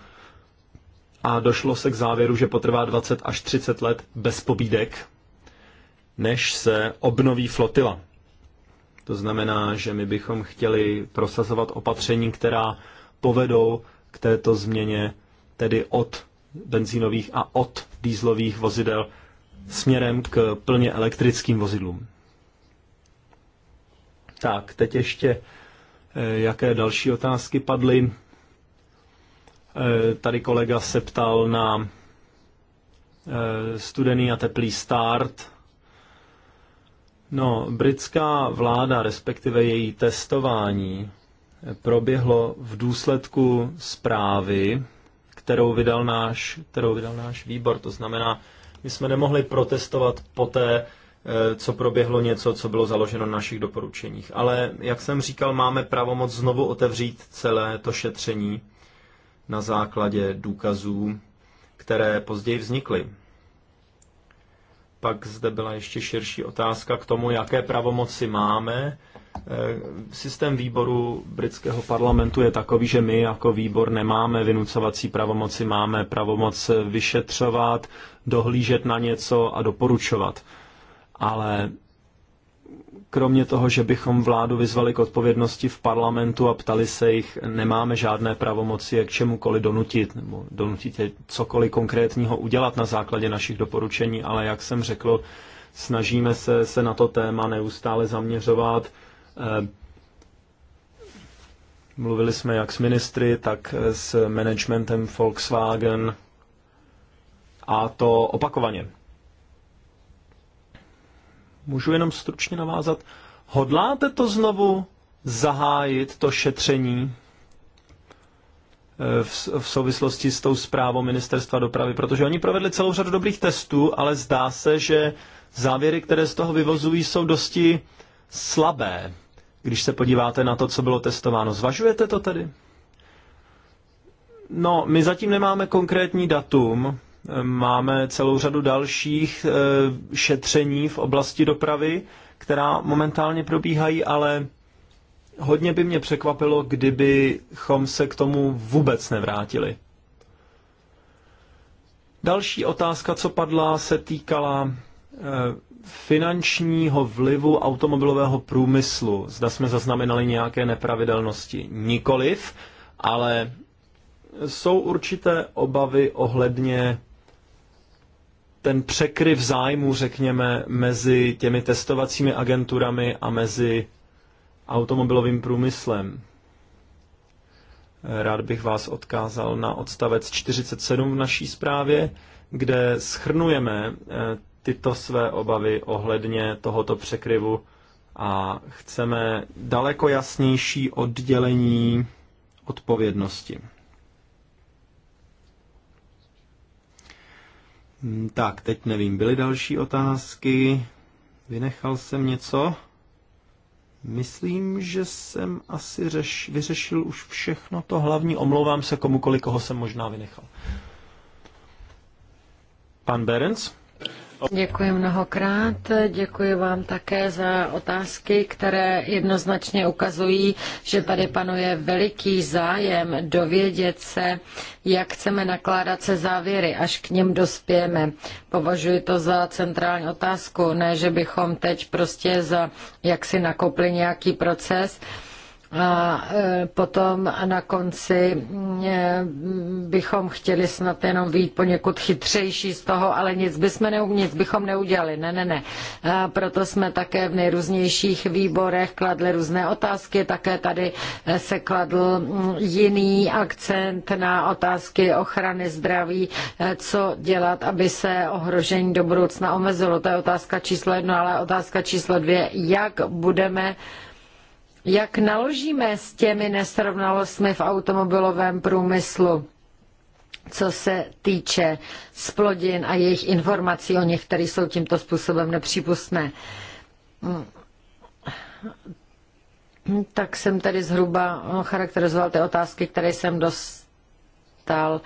a došlo se k závěru, že potrvá 20 až 30 let bez pobídek, než se obnoví flotila. To znamená, že my bychom chtěli prosazovat opatření, která povedou k této změně, tedy od benzínových a od dýzlových vozidel směrem k plně elektrickým vozidlům. Tak, teď ještě eh, jaké další otázky padly. Eh, tady kolega se ptal na eh, studený a teplý start. No, britská vláda, respektive její testování, eh, proběhlo v důsledku zprávy, kterou vydal náš, kterou vydal náš výbor. To znamená, my jsme nemohli protestovat poté, co proběhlo něco, co bylo založeno na našich doporučeních. Ale, jak jsem říkal, máme pravomoc znovu otevřít celé to šetření na základě důkazů, které později vznikly. Pak zde byla ještě širší otázka k tomu, jaké pravomoci máme. Eh, systém výboru britského parlamentu je takový, že my jako výbor nemáme vynucovací pravomoci, máme pravomoc vyšetřovat, dohlížet na něco a doporučovat. Ale kromě toho, že bychom vládu vyzvali k odpovědnosti v parlamentu a ptali se jich, nemáme žádné pravomoci, jak čemukoliv donutit, nebo donutit je cokoliv konkrétního udělat na základě našich doporučení, ale jak jsem řekl, snažíme se, se na to téma neustále zaměřovat. Eh, mluvili jsme jak s ministry, tak s managementem Volkswagen a to opakovaně. Můžu jenom stručně navázat. Hodláte to znovu zahájit, to šetření? Eh, v souvislosti s tou zprávou ministerstva dopravy, protože oni provedli celou řadu dobrých testů, ale zdá se, že závěry, které z toho vyvozují, jsou dosti slabé, když se podíváte na to, co bylo testováno. Zvažujete to tedy? No, my zatím nemáme konkrétní datum, Máme celou řadu dalších eh, šetření v oblasti dopravy, která momentálně probíhají, ale hodně by mě překvapilo, kdybychom se k tomu vůbec nevrátili. Další otázka, co padla, se týkala eh, finančního vlivu automobilového průmyslu. Zda jsme zaznamenali nějaké nepravidelnosti. Nikoliv, ale jsou určité obavy ohledně ten překryv zájmu, řekněme, mezi těmi testovacími agenturami a mezi automobilovým průmyslem. Rád bych vás odkázal na odstavec 47 v naší zprávě, kde schrnujeme eh, tyto své obavy ohledně tohoto překryvu a chceme daleko jasnější oddělení odpovědnosti. Hmm, tak, teď nevím, byly další otázky? Vynechal jsem něco? Myslím, že jsem asi řeš, vyřešil už všechno to hlavní. Omlouvám se komukoliv, koho jsem možná vynechal. Pan Berens? Děkuji mnohokrát, děkuji vám také za otázky, které jednoznačně ukazují, že tady panuje veliký zájem dovědět se, jak chceme nakládat se závěry, až k něm dospějeme. Považuji to za centrální otázku, ne, že bychom teď prostě za, jak si nakopli nějaký proces, a e, potom na konci e, bychom chtěli snad jenom být poněkud chytřejší z toho, ale nic bychom, ne, nic bychom neudělali. Ne, ne, ne. A proto jsme také v nejrůznějších výborech kladli různé otázky. Také tady e, se kladl jiný akcent na otázky ochrany zdraví, co dělat, aby se ohrožení do budoucna omezilo. To je otázka číslo jedno, ale otázka číslo dvě, jak budeme jak naložíme s těmi nesrovnalostmi v automobilovém průmyslu, co se týče splodin a jejich informací o nich, které jsou tímto způsobem nepřípustné. Tak jsem tady zhruba charakterizoval ty otázky, které jsem dostal.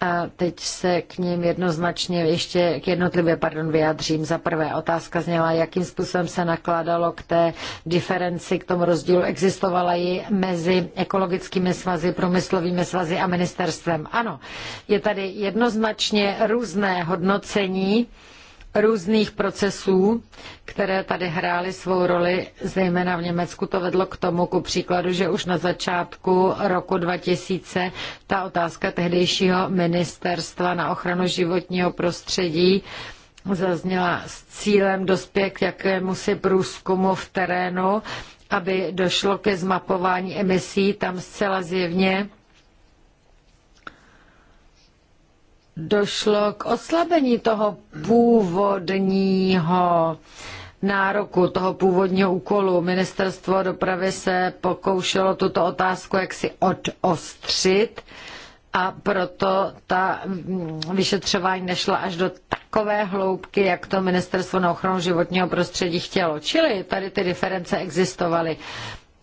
A teď se k ním jednoznačně ještě k jednotlivě pardon, vyjadřím. Za prvé otázka zněla, jakým způsobem se nakládalo k té diferenci, k tomu rozdílu. Existovala ji mezi ekologickými svazy, průmyslovými svazy a ministerstvem. Ano, je tady jednoznačně různé hodnocení různých procesů, které tady hrály svou roli, zejména v Německu to vedlo k tomu, ku příkladu, že už na začátku roku 2000 ta otázka tehdejšího ministerstva na ochranu životního prostředí zazněla s cílem dospět k jakému si průzkumu v terénu, aby došlo ke zmapování emisí. Tam zcela zjevně došlo k oslabení toho původního nároku, toho původního úkolu. Ministerstvo dopravy se pokoušelo tuto otázku jaksi odostřit a proto ta mm, vyšetřování nešla až do takové hloubky, jak to Ministerstvo na ochranu životního prostředí chtělo. Čili tady ty diference existovaly.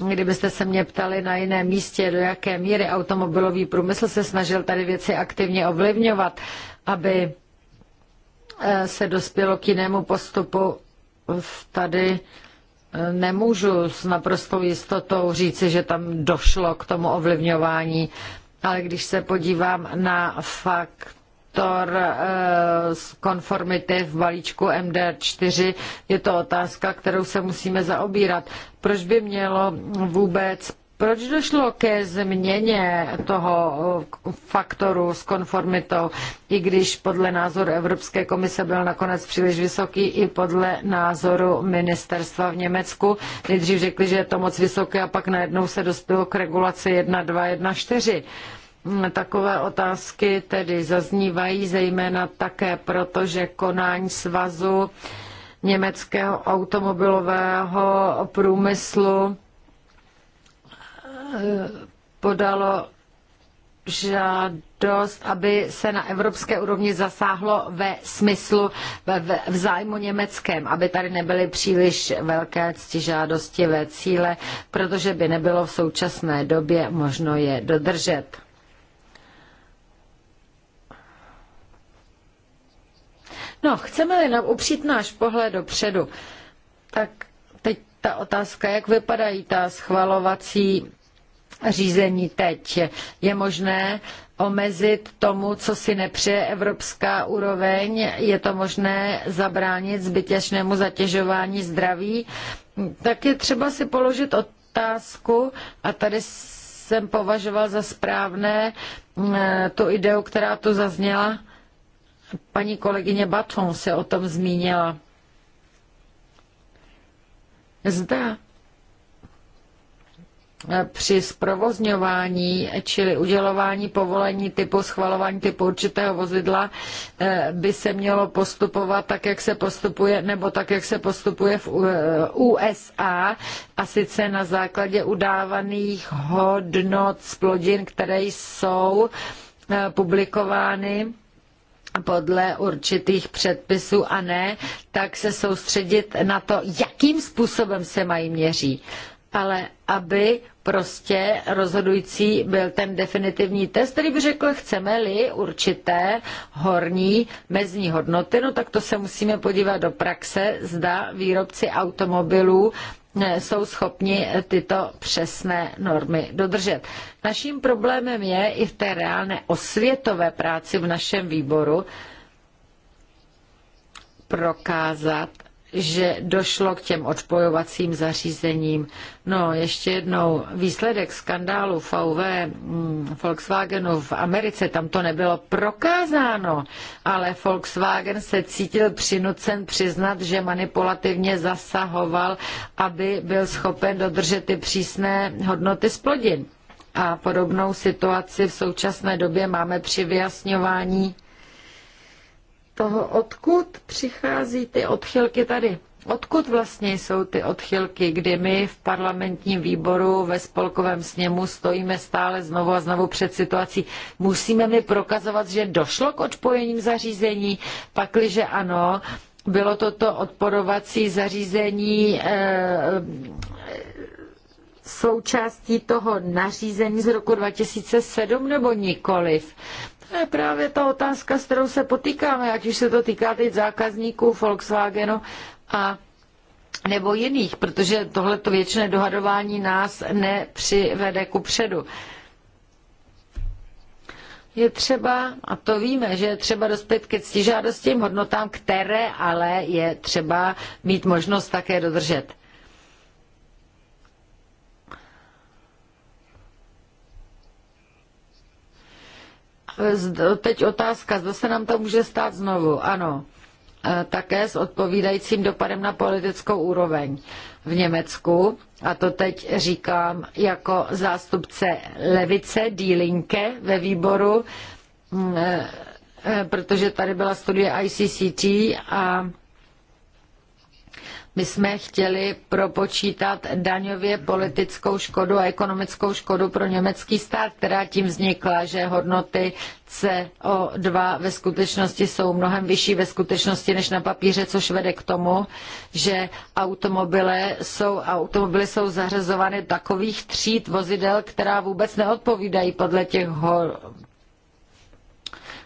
Kdybyste se mě ptali na jiném místě, do jaké míry automobilový průmysl se snažil tady věci aktivně ovlivňovat, aby eh, se dospělo k jinému postupu, tady eh, nemůžu s naprostou jistotou říci, že tam došlo k tomu ovlivňování, ale když se podívám na fakt, faktor eh, z konformity v balíčku MDR4. Je to otázka, kterou se musíme zaobírat. Proč by mělo vůbec proč došlo ke změně toho eh, faktoru s konformitou, i když podle názoru Evropské komise byl nakonec příliš vysoký, i podle názoru ministerstva v Německu. Nejdřív řekli, že je to moc vysoké a pak najednou se dospělo k regulaci 1.2.1.4. Takové otázky tedy zaznívají zejména také proto, že konání svazu německého automobilového průmyslu eh, podalo žádost, aby se na evropské úrovni zasáhlo ve smyslu v, v, v zájmu německém, aby tady nebyly příliš velké ve cíle, protože by nebylo v současné době možno je dodržet. No, chceme-li upřít náš pohled dopředu, tak teď ta otázka, jak vypadají ta schvalovací řízení teď. Je možné omezit tomu, co si nepřeje evropská úroveň? Je to možné zabránit zbytečnému zatěžování zdraví? Tak je třeba si položit otázku, a tady jsem považoval za správné eh, tu ideu, která tu zazněla, Paní kolegyně Baton se o tom zmínila. Zda při zprovozňování, čili udělování povolení typu, schvalování typu určitého vozidla, eh, by se mělo postupovat tak, jak se postupuje, nebo tak, jak se postupuje v USA, eh, a sice na základě udávaných hodnot splodin, které jsou eh, publikovány podle určitých předpisů a ne, tak se soustředit na to, jakým způsobem se mají měří. Ale aby prostě rozhodující byl ten definitivní test, který by řekl, chceme-li určité horní mezní hodnoty, no tak to se musíme podívat do praxe, zda výrobci automobilů jsou schopni tyto přesné normy dodržet. Naším problémem je i v té reálné osvětové práci v našem výboru prokázat, že došlo k těm odpojovacím zařízením. No, ještě jednou, výsledek skandálu VW hmm, Volkswagenu v Americe, tam to nebylo prokázáno, ale Volkswagen se cítil přinucen přiznat, že manipulativně zasahoval, aby byl schopen dodržet ty přísné hodnoty splodin. A podobnou situaci v současné době máme při vyjasňování toho, odkud přichází ty odchylky tady. Odkud vlastně jsou ty odchylky, kdy my v parlamentním výboru ve spolkovém sněmu stojíme stále znovu a znovu před situací? Musíme mi prokazovat, že došlo k odpojením zařízení? Pakliže ano, bylo toto odporovací zařízení eh, součástí toho nařízení z roku 2007 nebo nikoliv? To je právě ta otázka, s kterou se potýkáme, ať už se to týká teď zákazníků Volkswagenu a nebo jiných, protože tohleto věčné dohadování nás nepřivede ku předu. Je třeba, a to víme, že je třeba dospět ke ctižádostím hodnotám, které ale je třeba mít možnost také dodržet. Teď otázka, zda se nám to může stát znovu. Ano, e, také s odpovídajícím dopadem na politickou úroveň v Německu. A to teď říkám jako zástupce levice Dílinke ve výboru, e, e, protože tady byla studie ICCT a my jsme chtěli propočítat daňově politickou škodu a ekonomickou škodu pro německý stát, která tím vznikla, že hodnoty CO2 ve skutečnosti jsou mnohem vyšší ve skutečnosti než na papíře, což vede k tomu, že automobily jsou, automobily jsou zařazovány takových tříd vozidel, která vůbec neodpovídají podle těch ho,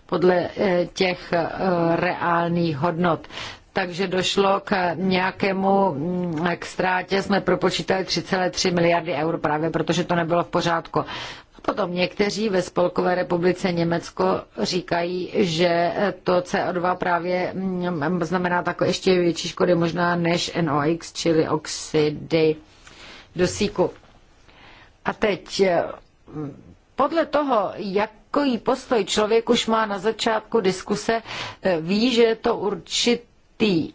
podle eh, těch eh, reálných hodnot takže došlo k nějakému mm, k ztrátě, jsme propočítali 3,3 miliardy eur právě, protože to nebylo v pořádku. Potom někteří ve Spolkové republice Německo říkají, že to CO2 právě mm, znamená takové ještě větší škody možná než NOx, čili oxidy dusíku. A teď mm, podle toho, jak postoj člověk už má na začátku diskuse, eh, ví, že je to určitý určitý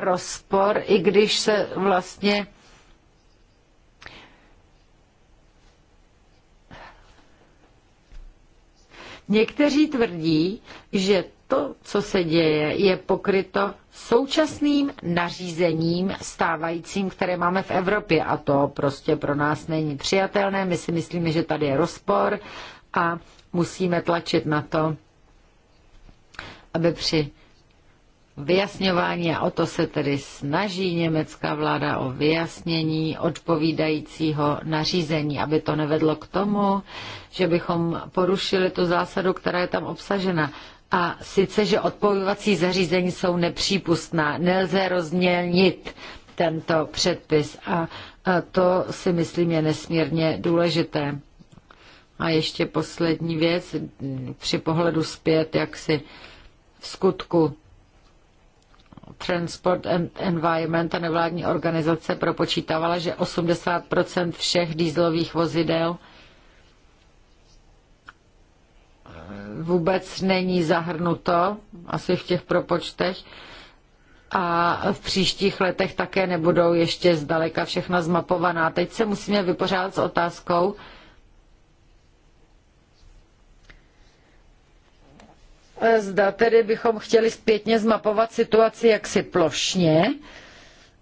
rozpor, i když se vlastně Někteří tvrdí, že to, co se děje, je pokryto současným nařízením stávajícím, které máme v Evropě. A to prostě pro nás není přijatelné. My si myslíme, že tady je rozpor a musíme tlačit na to, aby při vyjasňování a o to se tedy snaží německá vláda o vyjasnění odpovídajícího nařízení, aby to nevedlo k tomu, že bychom porušili tu zásadu, která je tam obsažena. A sice, že odpojovací zařízení jsou nepřípustná, nelze rozmělnit tento předpis a, a to si myslím je nesmírně důležité. A ještě poslední věc, při pohledu zpět, jak si v skutku Transport and Environment a nevládní organizace propočítávala, že 80 všech dýzlových vozidel vůbec není zahrnuto, asi v těch propočtech, a v příštích letech také nebudou ještě zdaleka všechna zmapovaná. Teď se musíme vypořádat s otázkou, Eh, zda tedy bychom chtěli zpětně zmapovat situaci jaksi plošně,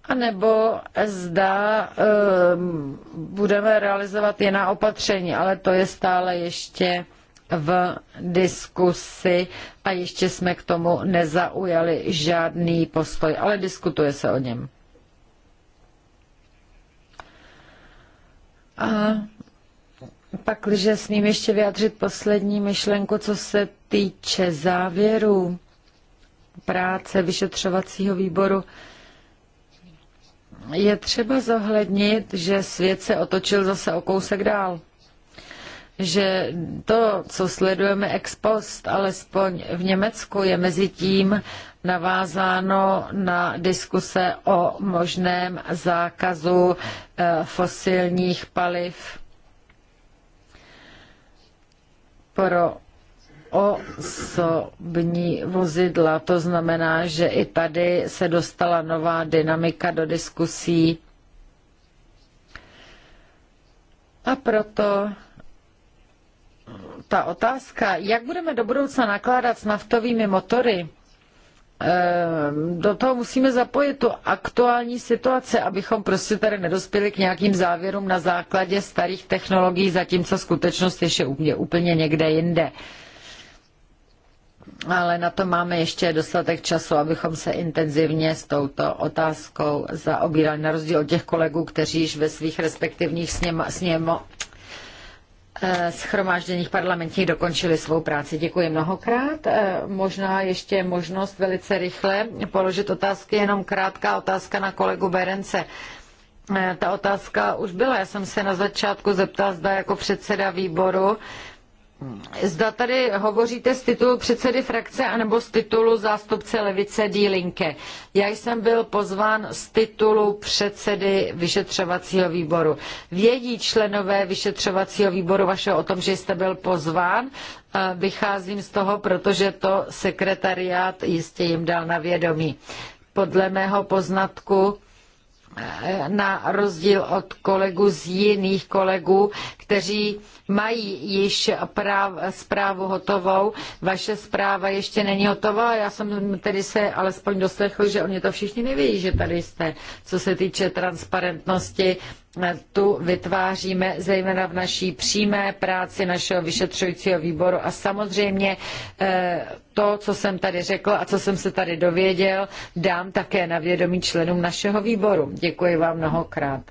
anebo zda um, budeme realizovat jiná opatření, ale to je stále ještě v diskusi a ještě jsme k tomu nezaujali žádný postoj, ale diskutuje se o něm. A pak, když smím ještě vyjádřit poslední myšlenku, co se týče závěru práce vyšetřovacího výboru, je třeba zohlednit, že svět se otočil zase o kousek dál. Že to, co sledujeme ex post, alespoň v Německu, je mezi tím navázáno na diskuse o možném zákazu eh, fosilních paliv pro osobní vozidla. To znamená, že i tady se dostala nová dynamika do diskusí. A proto ta otázka, jak budeme do budoucna nakládat s naftovými motory, ehm, do toho musíme zapojit tu aktuální situaci, abychom prostě tady nedospěli k nějakým závěrům na základě starých technologií, zatímco skutečnost ještě úplně, úplně někde jinde. Uh, ale na to máme ještě dostatek času, abychom se intenzivně s touto otázkou zaobírali, na rozdíl od těch kolegů, kteří již ve svých respektivních sněma, sněmo, eh, schromážděních parlamentních dokončili svou práci. Děkuji mnohokrát. Eh, možná ještě možnost velice rychle položit otázky, jenom krátká otázka na kolegu Berence. Eh, ta otázka už byla, já jsem se na začátku zeptala, zda jako předseda výboru Zda tady hovoříte z titulu předsedy frakce anebo z titulu zástupce levice Dílinke. Já jsem byl pozván z titulu předsedy vyšetřovacího výboru. Vědí členové vyšetřovacího výboru vašeho o tom, že jste byl pozván? Vycházím z toho, protože to sekretariát jistě jim dal na vědomí. Podle mého poznatku na rozdíl od kolegů z jiných kolegů, kteří mají již práv, zprávu hotovou. Vaše zpráva ještě není hotová, já jsem tedy se alespoň doslechl, že oni to všichni neví, že tady jste. Co se týče transparentnosti, tu vytváříme zejména v naší přímé práci našeho vyšetřujícího výboru a samozřejmě eh, to, co jsem tady řekl a co jsem se tady dověděl, dám také na vědomí členům našeho výboru. Děkuji vám mnohokrát.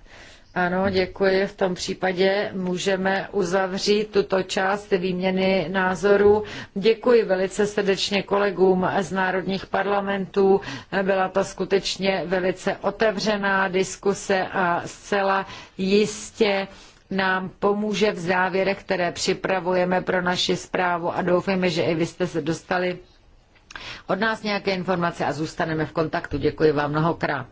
Ano, děkuji. V tom případě můžeme uzavřít tuto část výměny názorů. Děkuji velice srdečně kolegům z národních parlamentů. Byla to skutečně velice otevřená diskuse a zcela jistě nám pomůže v závěrech, které připravujeme pro naši zprávu a doufujeme, že i vy jste se dostali od nás nějaké informace a zůstaneme v kontaktu. Děkuji vám mnohokrát.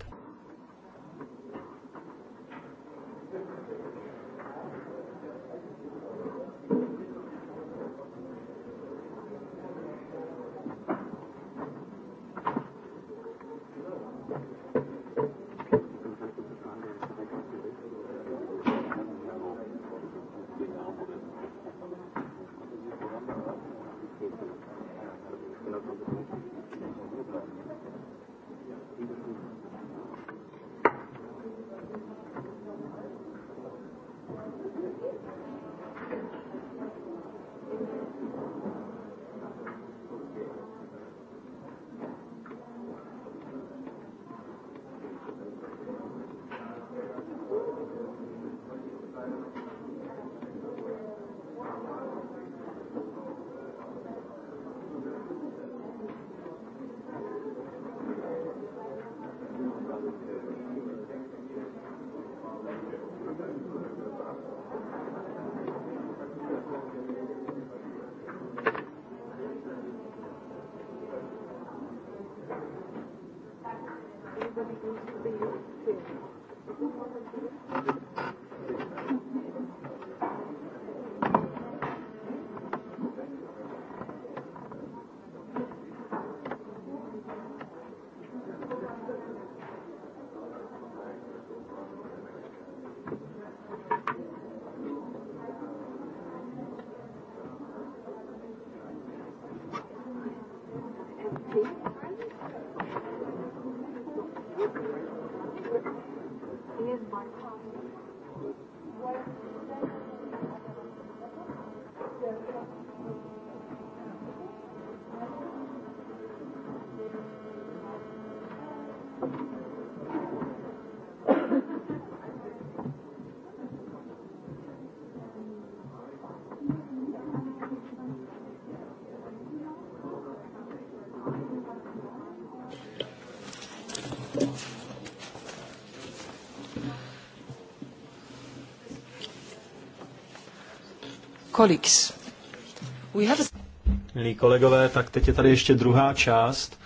Milí kolegové, tak teď je tady ještě druhá část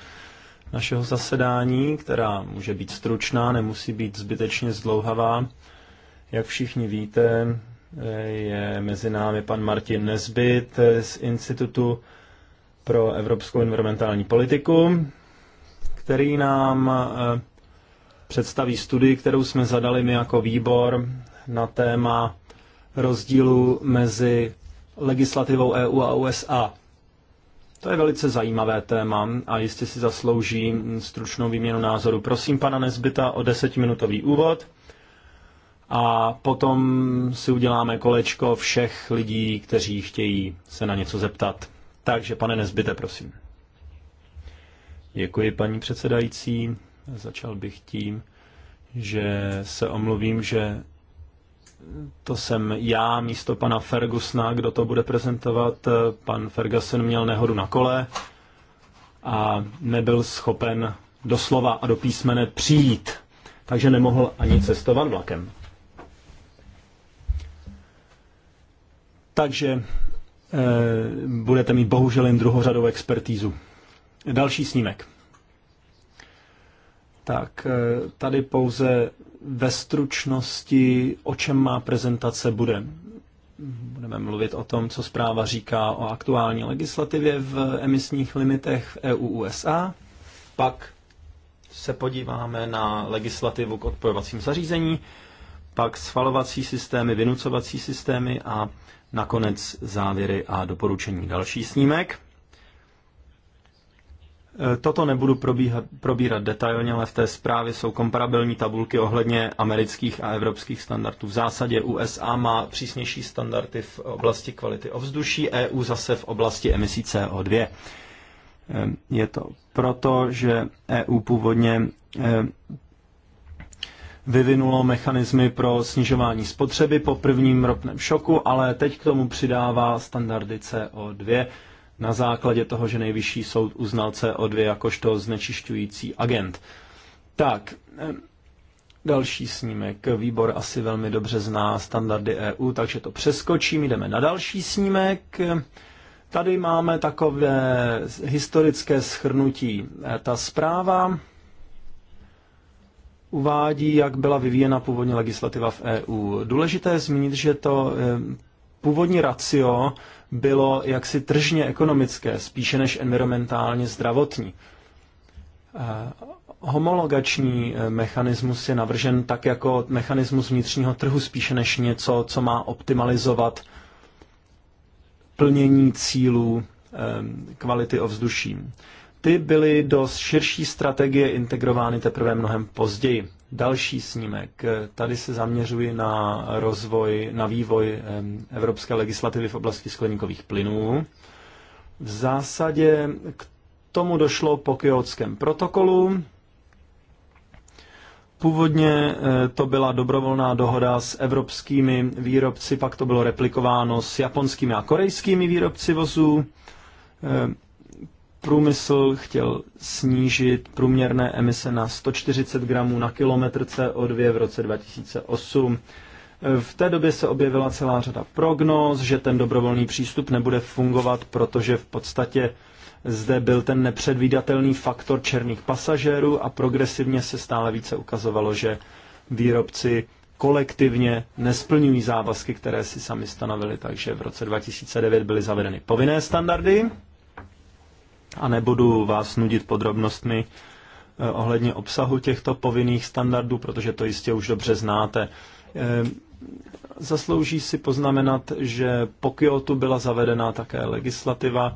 našeho zasedání, která může být stručná, nemusí být zbytečně zdlouhavá. Jak všichni víte, je mezi námi pan Martin Nezbyt z Institutu pro evropskou environmentální politiku, který nám eh, představí studii, kterou jsme zadali my jako výbor na téma rozdílu mezi legislativou EU a USA. To je velice zajímavé téma a jistě si zaslouží stručnou výměnu názoru. Prosím pana Nezbyta o desetiminutový úvod a potom si uděláme kolečko všech lidí, kteří chtějí se na něco zeptat. Takže pane Nezbyte, prosím. Děkuji, paní předsedající. Začal bych tím, že se omluvím, že to jsem já místo pana Fergusona, kdo to bude prezentovat. Pan Ferguson měl nehodu na kole a nebyl schopen doslova a do písmene přijít, takže nemohl ani cestovat vlakem. Takže e, budete mít bohužel jen druhořadou expertízu. Další snímek. Tak, eh, tady pouze ve stručnosti, o čem má prezentace bude. Budeme mluvit o tom, co zpráva říká o aktuální legislativě v emisních limitech v e EU-USA. Pak se podíváme na legislativu k odpojovacím zařízení, pak svalovací systémy, vynucovací systémy a nakonec závěry a doporučení. Další snímek. Eh, toto nebudu probíhat, probírat detailně, ale v té zprávě jsou komparabilní tabulky ohledně amerických a evropských standardů. V zásadě USA má přísnější standardy v oblasti kvality ovzduší, EU zase v oblasti emisí CO2. Eh, je to proto, že EU původně eh, vyvinulo mechanismy pro snižování spotřeby po prvním ropném šoku, ale teď k tomu přidává standardy CO2 na základě toho, že nejvyšší soud uznal CO2 jakožto znečišťující agent. Tak, další snímek. Výbor asi velmi dobře zná standardy EU, takže to přeskočím. Jdeme na další snímek. Tady máme takové historické schrnutí. E, ta zpráva uvádí, jak byla vyvíjena původní legislativa v EU. Důležité je zmínit, že to původní ratio bylo jaksi tržně ekonomické, spíše než environmentálně zdravotní. Eh, homologační eh, mechanismus je navržen tak jako mechanismus vnitřního trhu, spíše než něco, co má optimalizovat plnění cílů eh, kvality ovzduší. Ty byly do širší strategie integrovány teprve mnohem později. Další snímek. Tady se zaměřuji na rozvoj, na vývoj evropské legislativy v oblasti skleníkových plynů. V zásadě k tomu došlo po kyotském protokolu. Původně eh, to byla dobrovolná dohoda s evropskými výrobci, pak to bylo replikováno s japonskými a korejskými výrobci vozů. Eh, Průmysl chtěl snížit průměrné emise na 140 gramů na kilometr CO2 v roce 2008. V té době se objevila celá řada prognóz, že ten dobrovolný přístup nebude fungovat, protože v podstatě zde byl ten nepředvídatelný faktor černých pasažérů a progresivně se stále více ukazovalo, že výrobci kolektivně nesplňují závazky, které si sami stanovili, takže v roce 2009 byly zavedeny povinné standardy a nebudu vás nudit podrobnostmi eh, ohledně obsahu těchto povinných standardů, protože to jistě už dobře znáte. Eh, zaslouží si poznamenat, že po Kyoto byla zavedena také legislativa,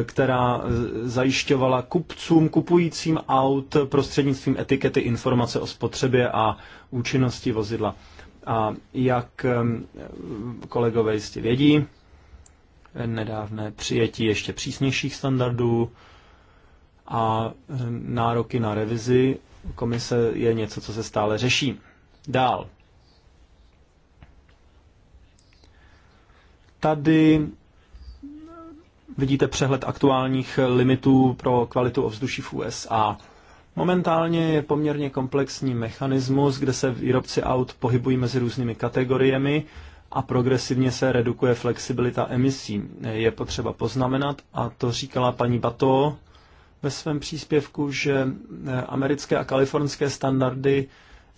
eh, která zajišťovala kupcům, kupujícím aut prostřednictvím etikety informace o spotřebě a účinnosti vozidla. A jak kolegové jistě vědí, nedávné přijetí ještě přísnějších standardů a e, nároky na revizi komise je něco, co se stále řeší. Dál. Tady vidíte přehled aktuálních limitů pro kvalitu ovzduší v USA. Momentálně je poměrně komplexní mechanismus, kde se výrobci aut pohybují mezi různými kategoriemi a progresivně se redukuje flexibilita emisí. Je potřeba poznamenat, a to říkala paní Bato ve svém příspěvku, že eh, americké a kalifornské standardy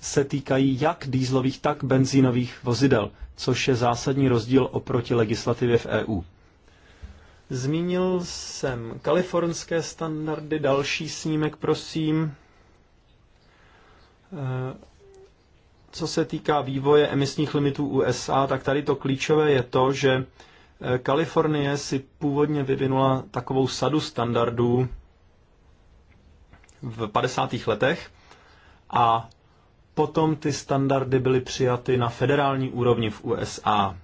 se týkají jak dýzlových, tak benzínových vozidel, což je zásadní rozdíl oproti legislativě v EU. Zmínil jsem kalifornské standardy, další snímek, prosím. Eh, co se týká vývoje emisních limitů USA, tak tady to klíčové je to, že eh, Kalifornie si původně vyvinula takovou sadu standardů v 50. letech a potom ty standardy byly přijaty na federální úrovni v USA.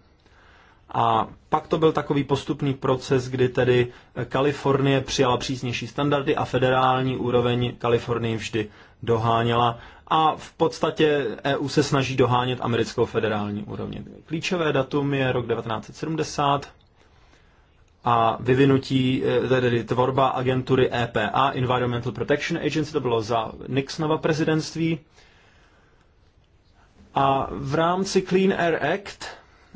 A pak to byl takový postupný proces, kdy tedy eh, Kalifornie přijala přísnější standardy a federální úroveň Kalifornii vždy doháněla a v podstatě EU se snaží dohánět americkou federální úrovně. Klíčové datum je rok 1970 a vyvinutí, e, tedy tvorba agentury EPA, Environmental Protection Agency, to bylo za Nixonova prezidentství. A v rámci Clean Air Act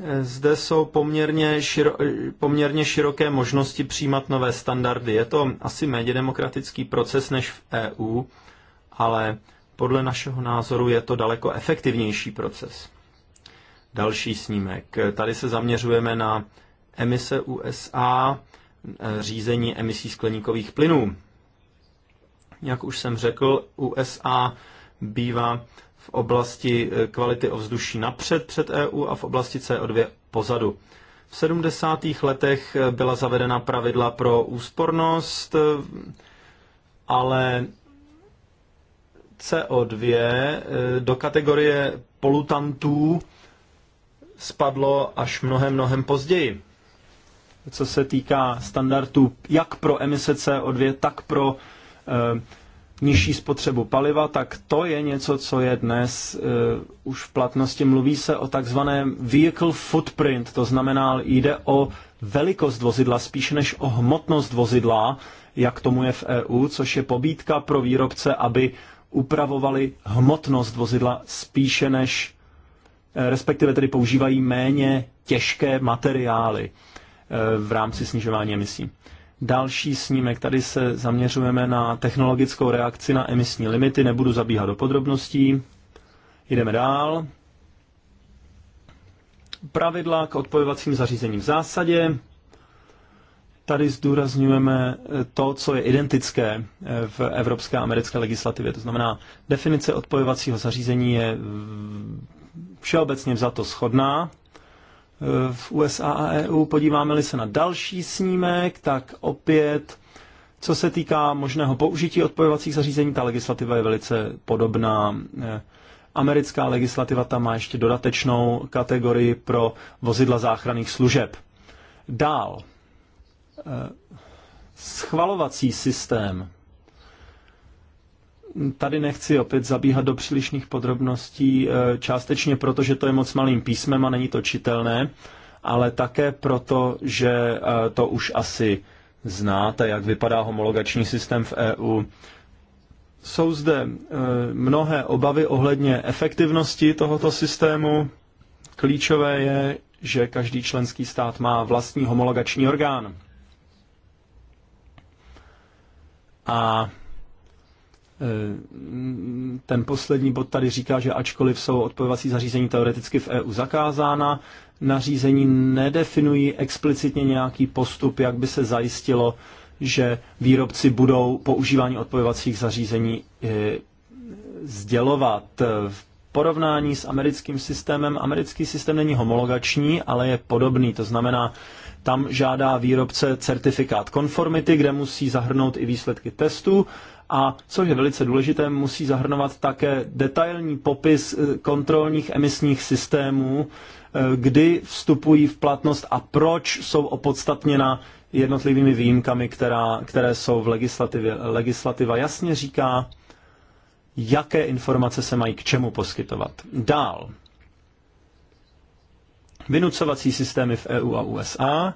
e, zde jsou poměrně, širo, e, poměrně široké možnosti přijímat nové standardy. Je to asi méně demokratický proces než v EU, ale podle našeho názoru je to daleko efektivnější proces. Další snímek. Tady se zaměřujeme na emise USA, eh, řízení emisí skleníkových plynů. Jak už jsem řekl, USA bývá v oblasti eh, kvality ovzduší napřed před EU a v oblasti CO2 pozadu. V 70. letech eh, byla zavedena pravidla pro úspornost, ale CO2 eh, do kategorie polutantů spadlo až mnohem, mnohem později. Co se týká standardů jak pro emise CO2, tak pro e, nižší spotřebu paliva, tak to je něco, co je dnes e, už v platnosti. Mluví se o takzvaném vehicle footprint, to znamená, jde o velikost vozidla spíš než o hmotnost vozidla, jak tomu je v EU, což je pobídka pro výrobce, aby upravovali hmotnost vozidla spíše než, eh, respektive tedy používají méně těžké materiály eh, v rámci snižování emisí. Další snímek, tady se zaměřujeme na technologickou reakci na emisní limity, nebudu zabíhat do podrobností. Jdeme dál. Pravidla k odpojovacím zařízením v zásadě tady zdůrazňujeme eh, to, co je identické eh, v evropské a americké legislativě. To znamená, definice odpojovacího zařízení je všeobecně vzato shodná eh, v USA a EU. Podíváme-li se na další snímek, tak opět, co se týká možného použití odpojovacích zařízení, ta legislativa je velice podobná. Americká legislativa tam má ještě dodatečnou kategorii pro vozidla záchranných služeb. Dál schvalovací systém. Tady nechci opět zabíhat do přílišných podrobností, eh, částečně proto, že to je moc malým písmem a není to čitelné, ale také proto, že eh, to už asi znáte, jak vypadá homologační systém v EU. Jsou zde eh, mnohé obavy ohledně efektivnosti tohoto systému. Klíčové je, že každý členský stát má vlastní homologační orgán. A e, ten poslední bod tady říká, že ačkoliv jsou odpojovací zařízení teoreticky v EU zakázána, nařízení nedefinují explicitně nějaký postup, jak by se zajistilo, že výrobci budou používání odpojovacích zařízení e, sdělovat. V porovnání s americkým systémem, americký systém není homologační, ale je podobný. To znamená, tam žádá výrobce certifikát konformity, kde musí zahrnout i výsledky testů a co je velice důležité, musí zahrnovat také detailní popis eh, kontrolních emisních systémů, eh, kdy vstupují v platnost a proč jsou opodstatněna jednotlivými výjimkami, která, které jsou v legislativě. Legislativa jasně říká, jaké informace se mají k čemu poskytovat. Dál. Vynucovací systémy v EU a USA.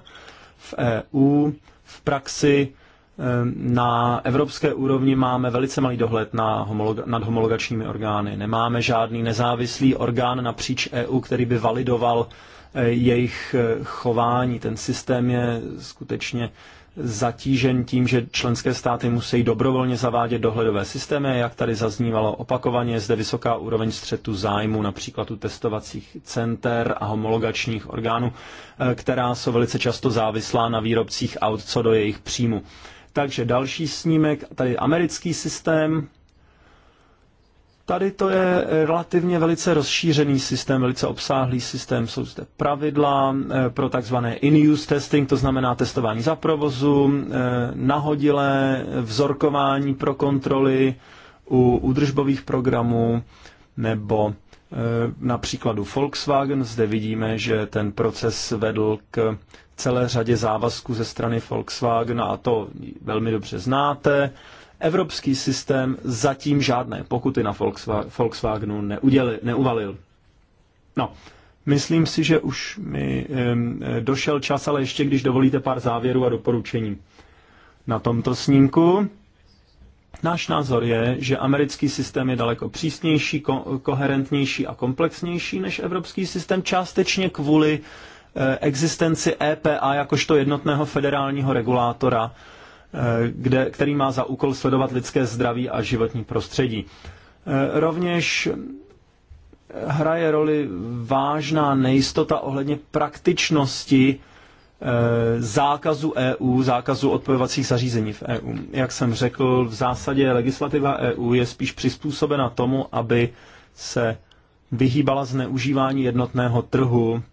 V EU v praxi eh, na evropské úrovni máme velice malý dohled na homolog- nad homologačními orgány. Nemáme žádný nezávislý orgán napříč EU, který by validoval eh, jejich eh, chování. Ten systém je skutečně zatížen tím, že členské státy musí dobrovolně zavádět dohledové systémy, jak tady zaznívalo opakovaně, zde vysoká úroveň střetu zájmu, například u testovacích center a homologačních orgánů, eh, která jsou velice často závislá na výrobcích aut co do jejich příjmu. Takže další snímek, tady americký systém, Tady to je eh, relativně velice rozšířený systém, velice obsáhlý systém. Jsou zde pravidla eh, pro takzvané in-use testing, to znamená testování za provozu, eh, nahodilé vzorkování pro kontroly u údržbových programů nebo na příkladu Volkswagen. Zde vidíme, že ten proces vedl k celé řadě závazků ze strany Volkswagen a to velmi dobře znáte. Evropský systém zatím žádné pokuty na Volkswagenu neuděli, neuvalil. No, myslím si, že už mi došel čas, ale ještě když dovolíte pár závěrů a doporučení. Na tomto snímku Náš názor je, že americký systém je daleko přísnější, ko- koherentnější a komplexnější než evropský systém, částečně kvůli eh, existenci EPA jakožto jednotného federálního regulátora Eh, kde, který má za úkol sledovat lidské zdraví a životní prostředí. Eh, rovněž hraje roli vážná nejistota ohledně praktičnosti eh, zákazu EU, zákazu odpojovacích zařízení v EU. Jak jsem řekl, v zásadě legislativa EU je spíš přizpůsobena tomu, aby se vyhýbala zneužívání jednotného trhu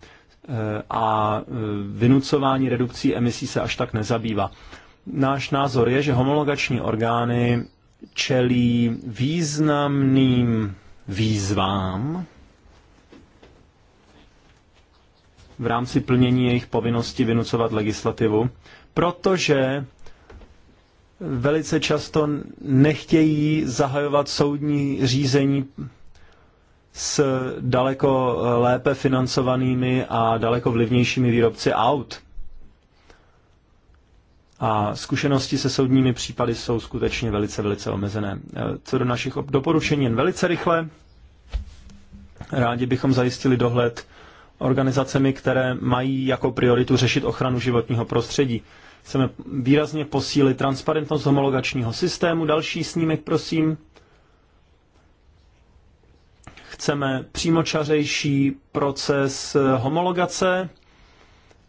a vynucování redukcí emisí se až tak nezabývá. Náš názor je, že homologační orgány čelí významným výzvám v rámci plnění jejich povinnosti vynucovat legislativu, protože velice často nechtějí zahajovat soudní řízení s daleko lépe financovanými a daleko vlivnějšími výrobci aut. A zkušenosti se soudními případy jsou skutečně velice, velice omezené. E, co do našich doporučení jen velice rychle. Rádi bychom zajistili dohled organizacemi, které mají jako prioritu řešit ochranu životního prostředí. Chceme výrazně posílit transparentnost homologačního systému. Další snímek, prosím. Chceme přímočařejší proces homologace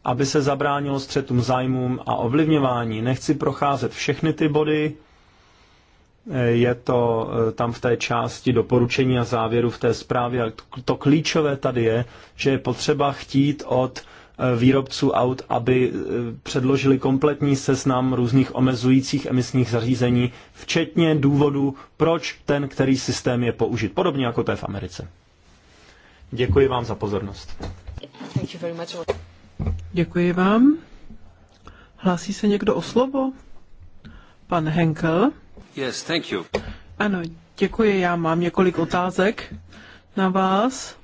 aby se zabránilo střetům zájmům a ovlivňování. Nechci procházet všechny ty body, je to eh, tam v té části doporučení a závěru v té zprávě. to klíčové tady je, že je potřeba chtít od eh, výrobců aut, aby eh, předložili kompletní seznam různých omezujících emisních zařízení, včetně důvodu, proč ten, který systém je použit. Podobně jako to je v Americe. Děkuji vám za pozornost. Děkuji vám. Hlásí se někdo o slovo? Pan Henkel? Yes, thank you. Ano, děkuji. Já mám několik otázek na vás.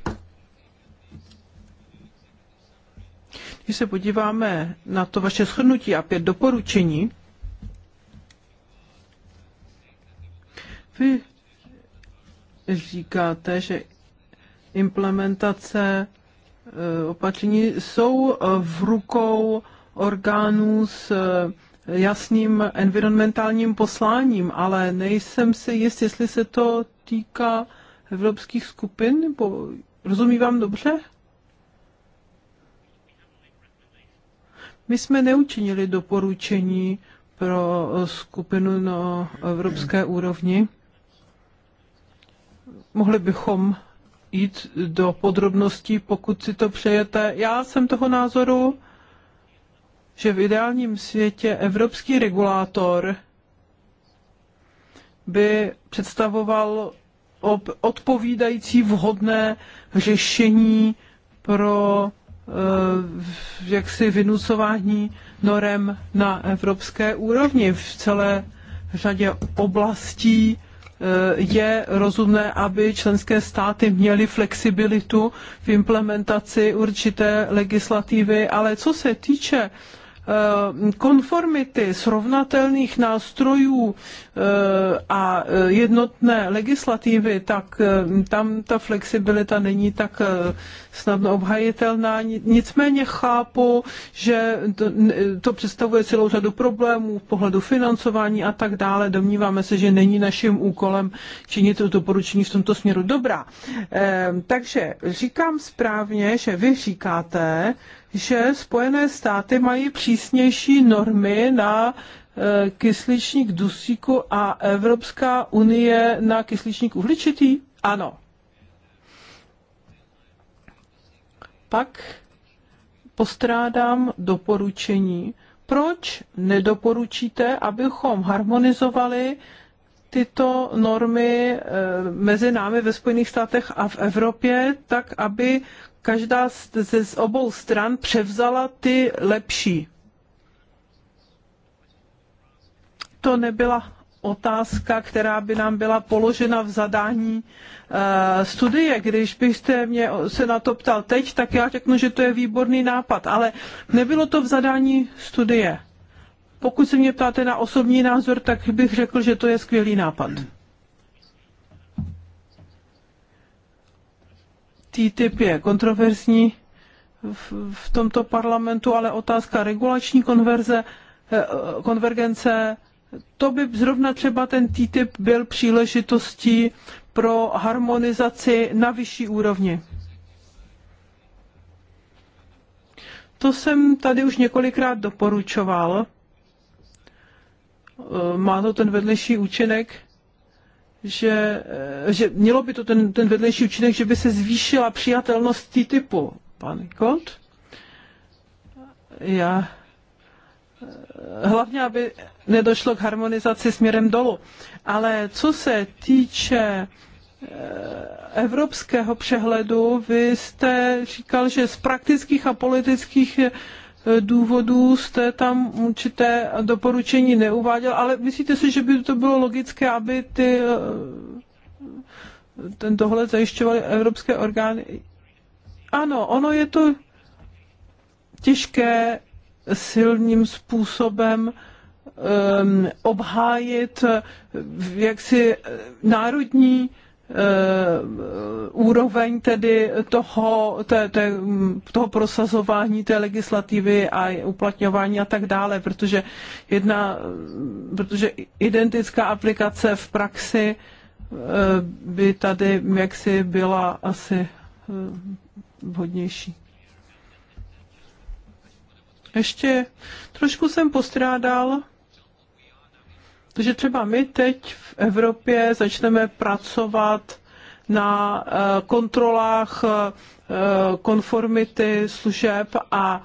Když se podíváme na to vaše shrnutí a pět doporučení, vy říkáte, že implementace Eh, opatření jsou eh, v rukou orgánů s eh, jasným environmentálním posláním, ale nejsem si jist, jestli se to týká evropských skupin, nebo rozumí vám dobře? My jsme neučinili doporučení pro skupinu na evropské úrovni. Mohli bychom jít do podrobností, pokud si to přejete. Já jsem toho názoru, že v ideálním světě evropský regulátor by představoval odpovídající vhodné řešení pro eh, jaksi vynucování norem na evropské úrovni v celé řadě oblastí Eh, je rozumné, aby členské státy měly flexibilitu v implementaci určité legislativy, ale co se týče Eh, konformity srovnatelných nástrojů eh, a eh, jednotné legislativy, tak tam ta flexibilita není tak snadno obhajitelná. Nicméně chápu, že to představuje celou řadu problémů v pohledu financování a tak dále. Domníváme se, že není naším úkolem činit to doporučení v tomto směru. Dobrá. Takže říkám správně, že vy říkáte, že Spojené státy mají přísnější normy na e, kysličník dusíku a Evropská unie na kysličník uhličitý? Ano. Pak postrádám doporučení. Proč nedoporučíte, abychom harmonizovali tyto normy eh, mezi námi ve Spojených státech a v Evropě, tak aby každá ze z obou stran převzala ty lepší. To nebyla otázka, která by nám byla položena v zadání uh, studie. Když byste mě se na to ptal teď, tak já řeknu, že to je výborný nápad, ale nebylo to v zadání studie. Pokud se mě ptáte na osobní názor, tak bych řekl, že to je skvělý nápad. TTIP je kontroverzní v, v tomto parlamentu, ale otázka regulační konverze, eh, konvergence, to by zrovna třeba ten TTIP byl příležitostí pro harmonizaci na vyšší úrovni. To jsem tady už několikrát doporučoval Eh, má to ten vedlejší účinek, že, eh, že mělo by to ten, ten vedlejší účinek, že by se zvýšila přijatelnost TTIPu. Pan Kot. Já. Eh, hlavně, aby nedošlo k harmonizaci směrem dolů. Ale co se týče evropského přehledu, vy jste říkal, že z praktických a politických Eh, důvodů jste tam určité doporučení neuváděl, ale myslíte si, že by to bylo logické, aby ty, eh, ten dohled zajišťovaly evropské orgány? Ano, ono je to těžké silným způsobem um, obhájit eh, jaksi národní Eh, úroveň tedy toho, té, té, toho prosazování té legislativy a uplatňování a tak dále, protože jedna, protože identická aplikace v praxi eh, by tady jaksi byla asi eh, vhodnější. Ještě trošku jsem postrádal takže třeba my teď v Evropě začneme pracovat na eh, kontrolách eh, konformity služeb a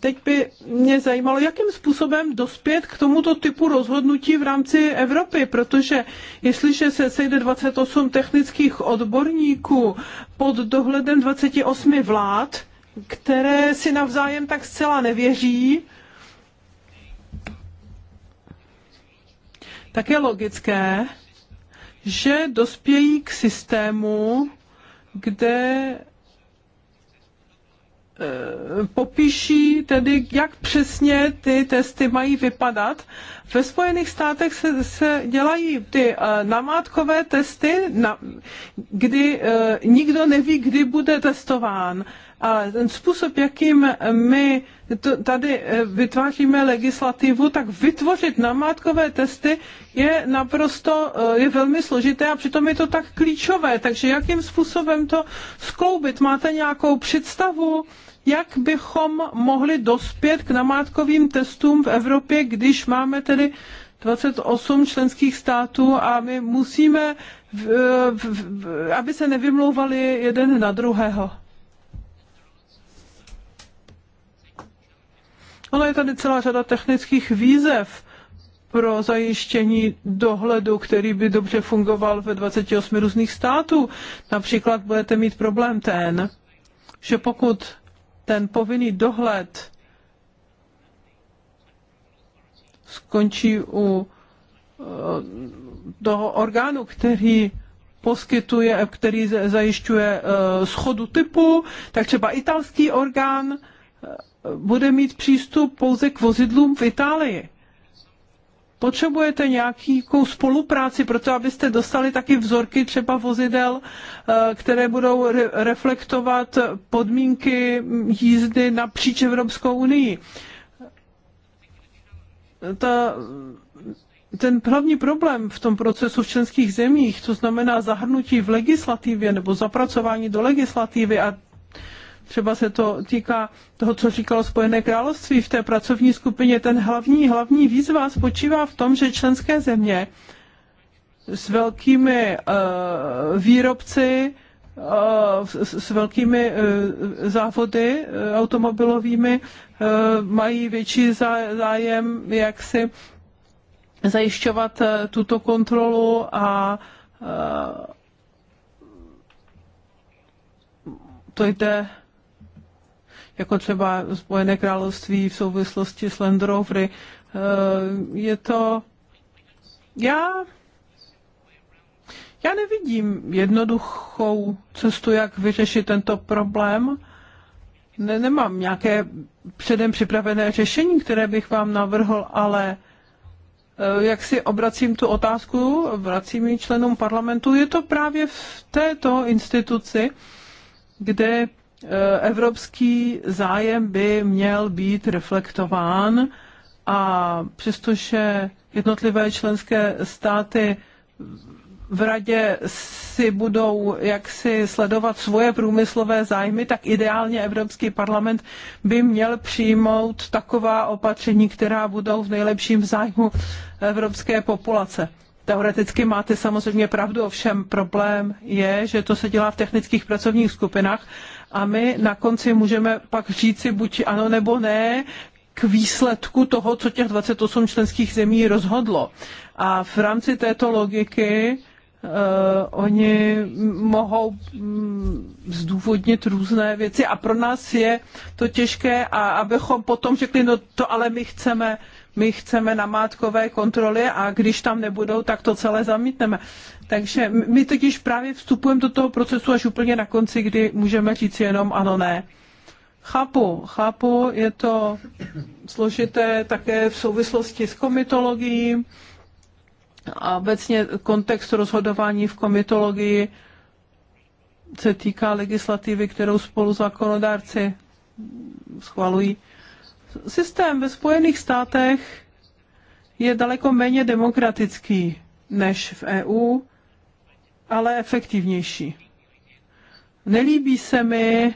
teď by mě zajímalo, jakým způsobem dospět k tomuto typu rozhodnutí v rámci Evropy, protože jestliže se sejde 28 technických odborníků pod dohledem 28 vlád, které si navzájem tak zcela nevěří, tak je logické, že dospějí k systému, kde eh, popíší tedy, jak přesně ty testy mají vypadat. Ve Spojených státech se, se dělají ty uh, namátkové testy, na, kdy uh, nikdo neví, kdy bude testován ale ten způsob, jakým my to, tady eh, vytváříme legislativu, tak vytvořit namátkové testy je naprosto, eh, je velmi složité a přitom je to tak klíčové. Takže jakým způsobem to skloubit? Máte nějakou představu? jak bychom mohli dospět k namátkovým testům v Evropě, když máme tedy 28 členských států a my musíme, aby se nevymlouvali jeden na druhého. ale je tady celá řada technických výzev pro zajištění dohledu, který by dobře fungoval ve 28 různých států. Například budete mít problém ten, že pokud ten povinný dohled skončí u eh, toho orgánu, který poskytuje, který zajišťuje eh, schodu typu, tak třeba italský orgán bude mít přístup pouze k vozidlům v Itálii. Potřebujete nějakou spolupráci pro to, abyste dostali taky vzorky třeba vozidel, eh, které budou re- reflektovat podmínky jízdy napříč Evropskou unii. Ta, ten hlavní problém v tom procesu v členských zemích, to znamená zahrnutí v legislativě nebo zapracování do legislativy a třeba se to týká toho, co říkalo Spojené království v té pracovní skupině, ten hlavní, hlavní výzva spočívá v tom, že členské země s velkými uh, výrobci, uh, s, s velkými uh, závody uh, automobilovými uh, mají větší zá, zájem, jak si zajišťovat uh, tuto kontrolu a uh, to jde jako třeba Spojené království v souvislosti s Land Rovery. Eh, je to... Já... Já nevidím jednoduchou cestu, jak vyřešit tento problém. Ne, nemám nějaké předem připravené řešení, které bych vám navrhl, ale eh, jak si obracím tu otázku, vracím ji členům parlamentu, je to právě v této instituci, kde Eh, evropský zájem by měl být reflektován a přestože jednotlivé členské státy v radě si budou jaksi sledovat svoje průmyslové zájmy, tak ideálně Evropský parlament by měl přijmout taková opatření, která budou v nejlepším zájmu evropské populace. Teoreticky máte samozřejmě pravdu, ovšem problém je, že to se dělá v technických pracovních skupinách a my na konci můžeme pak říci buď ano nebo ne k výsledku toho, co těch 28 členských zemí rozhodlo. A v rámci této logiky uh, oni mohou um, zdůvodnit různé věci a pro nás je to těžké, a abychom potom řekli, no to ale my chceme my chceme namátkové kontroly a když tam nebudou, tak to celé zamítneme. Takže my totiž právě vstupujeme do toho procesu až úplně na konci, kdy můžeme říct jenom ano, ne. Chápu, chápu, je to složité také v souvislosti s komitologií a obecně kontext rozhodování v komitologii se týká legislativy, kterou spolu zákonodárci schvalují. Systém ve Spojených státech je daleko méně demokratický než v EU ale efektivnější. Nelíbí se mi,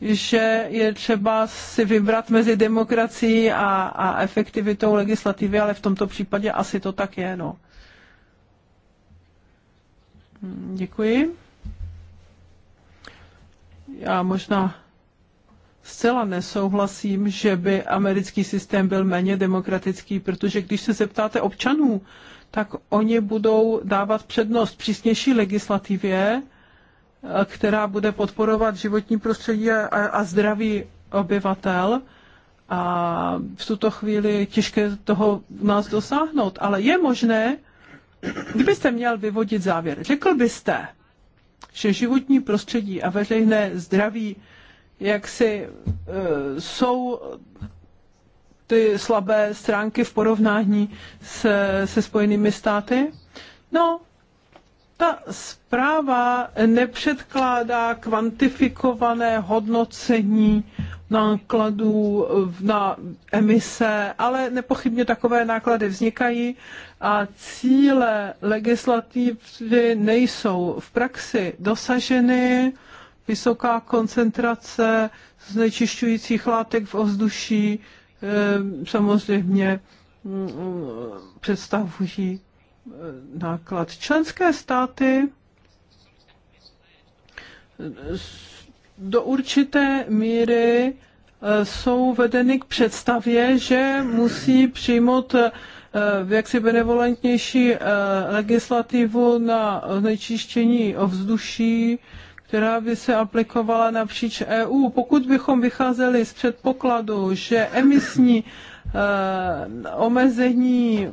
že je třeba si vybrat mezi demokracií a, a efektivitou legislativy, ale v tomto případě asi to tak je. No. Hmm, děkuji. Já možná zcela nesouhlasím, že by americký systém byl méně demokratický, protože když se zeptáte občanů, tak oni budou dávat přednost přísnější legislativě, eh, která bude podporovat životní prostředí a, a zdraví obyvatel. A v tuto chvíli je těžké toho nás dosáhnout, ale je možné, kdybyste měl vyvodit závěr. Řekl byste, že životní prostředí a veřejné zdraví jaksi e, eh, jsou ty slabé stránky v porovnání se, se Spojenými státy? No, ta zpráva nepředkládá kvantifikované hodnocení nákladů na emise, ale nepochybně takové náklady vznikají a cíle legislativy nejsou v praxi dosaženy. Vysoká koncentrace znečišťujících látek v ovzduší Eh, samozřejmě mm, představují eh, náklad. Členské státy eh, do určité míry jsou vedeny k představě, že musí přijmout Eh, jaksi benevolentnější eh, legislativu na znečištění ovzduší, která by se aplikovala napříč EU. Pokud bychom vycházeli z předpokladu, že emisní eh, omezení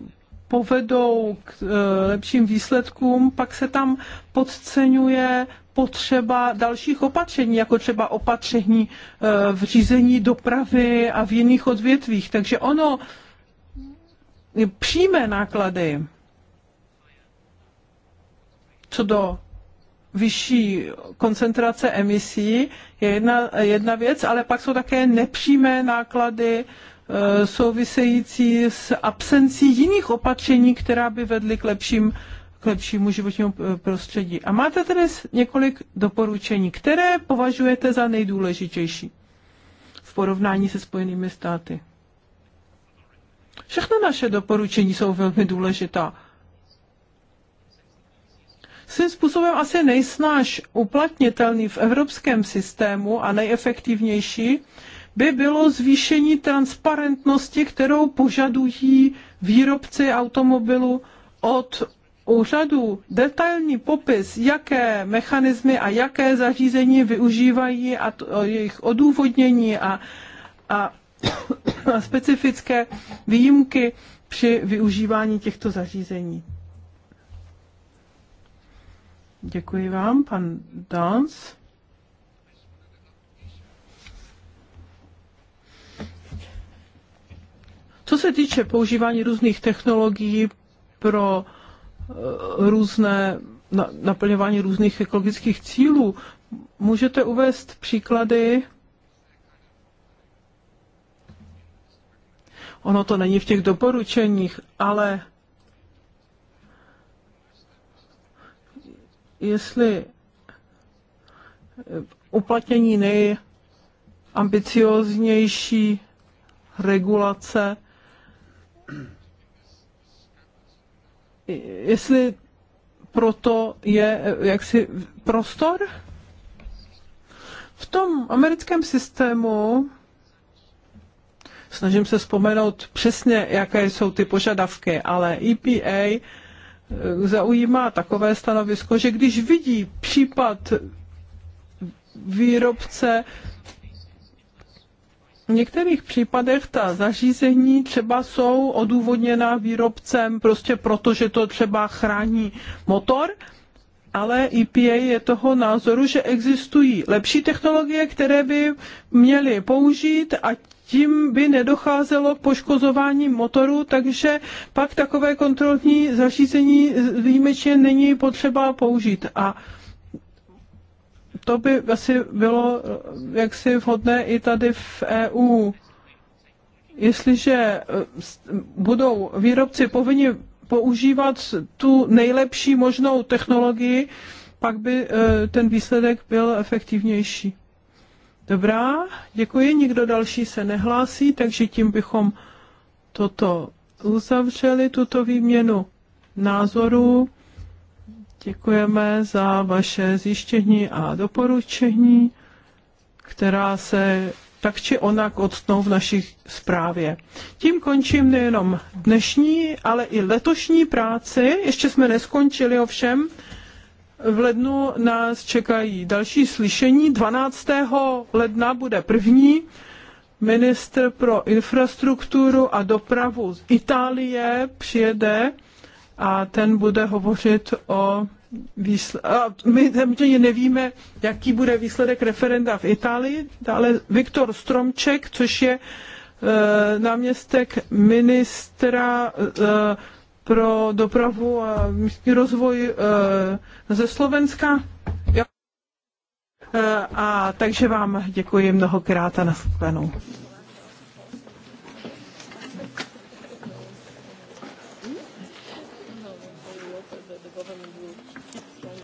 povedou k lepším výsledkům, pak se tam podceňuje potřeba dalších opatření, jako třeba opatření v řízení dopravy a v jiných odvětvích. Takže ono přímé náklady co do vyšší koncentrace emisí je jedna, jedna věc, ale pak jsou také nepřímé náklady e, související s absencí jiných opatření, která by vedly k, lepším, k lepšímu životnímu e, prostředí. A máte tedy několik doporučení, které považujete za nejdůležitější v porovnání se Spojenými státy? Všechna naše doporučení jsou velmi důležitá. Svým způsobem asi nejsnáš uplatnitelný v evropském systému a nejefektivnější by bylo zvýšení transparentnosti, kterou požadují výrobci automobilu od úřadů detailní popis, jaké mechanismy a jaké zařízení využívají a to, jejich odůvodnění a, a specifické výjimky při využívání těchto zařízení. Děkuji vám, pan Dans. Co se týče používání různých technologií pro eh, různé naplňování různých ekologických cílů, můžete uvést příklady ono to není v těch doporučeních, ale jestli uplatnění nejambicioznější regulace, jestli proto je jaksi prostor? V tom americkém systému snažím se vzpomenout přesně, jaké jsou ty požadavky, ale EPA eh, zaujímá takové stanovisko, že když vidí případ výrobce, v některých případech ta zařízení třeba jsou odůvodněná výrobcem prostě proto, že to třeba chrání motor, ale EPA je toho názoru, že existují lepší technologie, které by měly použít a tím by nedocházelo k poškozování motoru, takže pak takové kontrolní zařízení výjimečně není potřeba použít. A to by asi bylo eh, jaksi vhodné i tady v EU. Jestliže eh, budou výrobci povinni používat tu nejlepší možnou technologii, pak by eh, ten výsledek byl efektivnější. Dobrá, děkuji, nikdo další se nehlásí, takže tím bychom toto uzavřeli, tuto výměnu názorů. Děkujeme za vaše zjištění a doporučení, která se tak či onak odstnou v našich zprávě. Tím končím nejenom dnešní, ale i letošní práci. Ještě jsme neskončili ovšem. V lednu nás čekají další slyšení. 12. ledna bude první. Ministr pro infrastrukturu a dopravu z Itálie přijede a ten bude hovořit o výsledku. My samozřejmě nevíme, jaký bude výsledek referenda v Itálii, ale Viktor Stromček, což je eh, náměstek ministra eh, pro dopravu a místní rozvoj eh, ze Slovenska. Eh, a takže vám děkuji mnohokrát a nashledanou.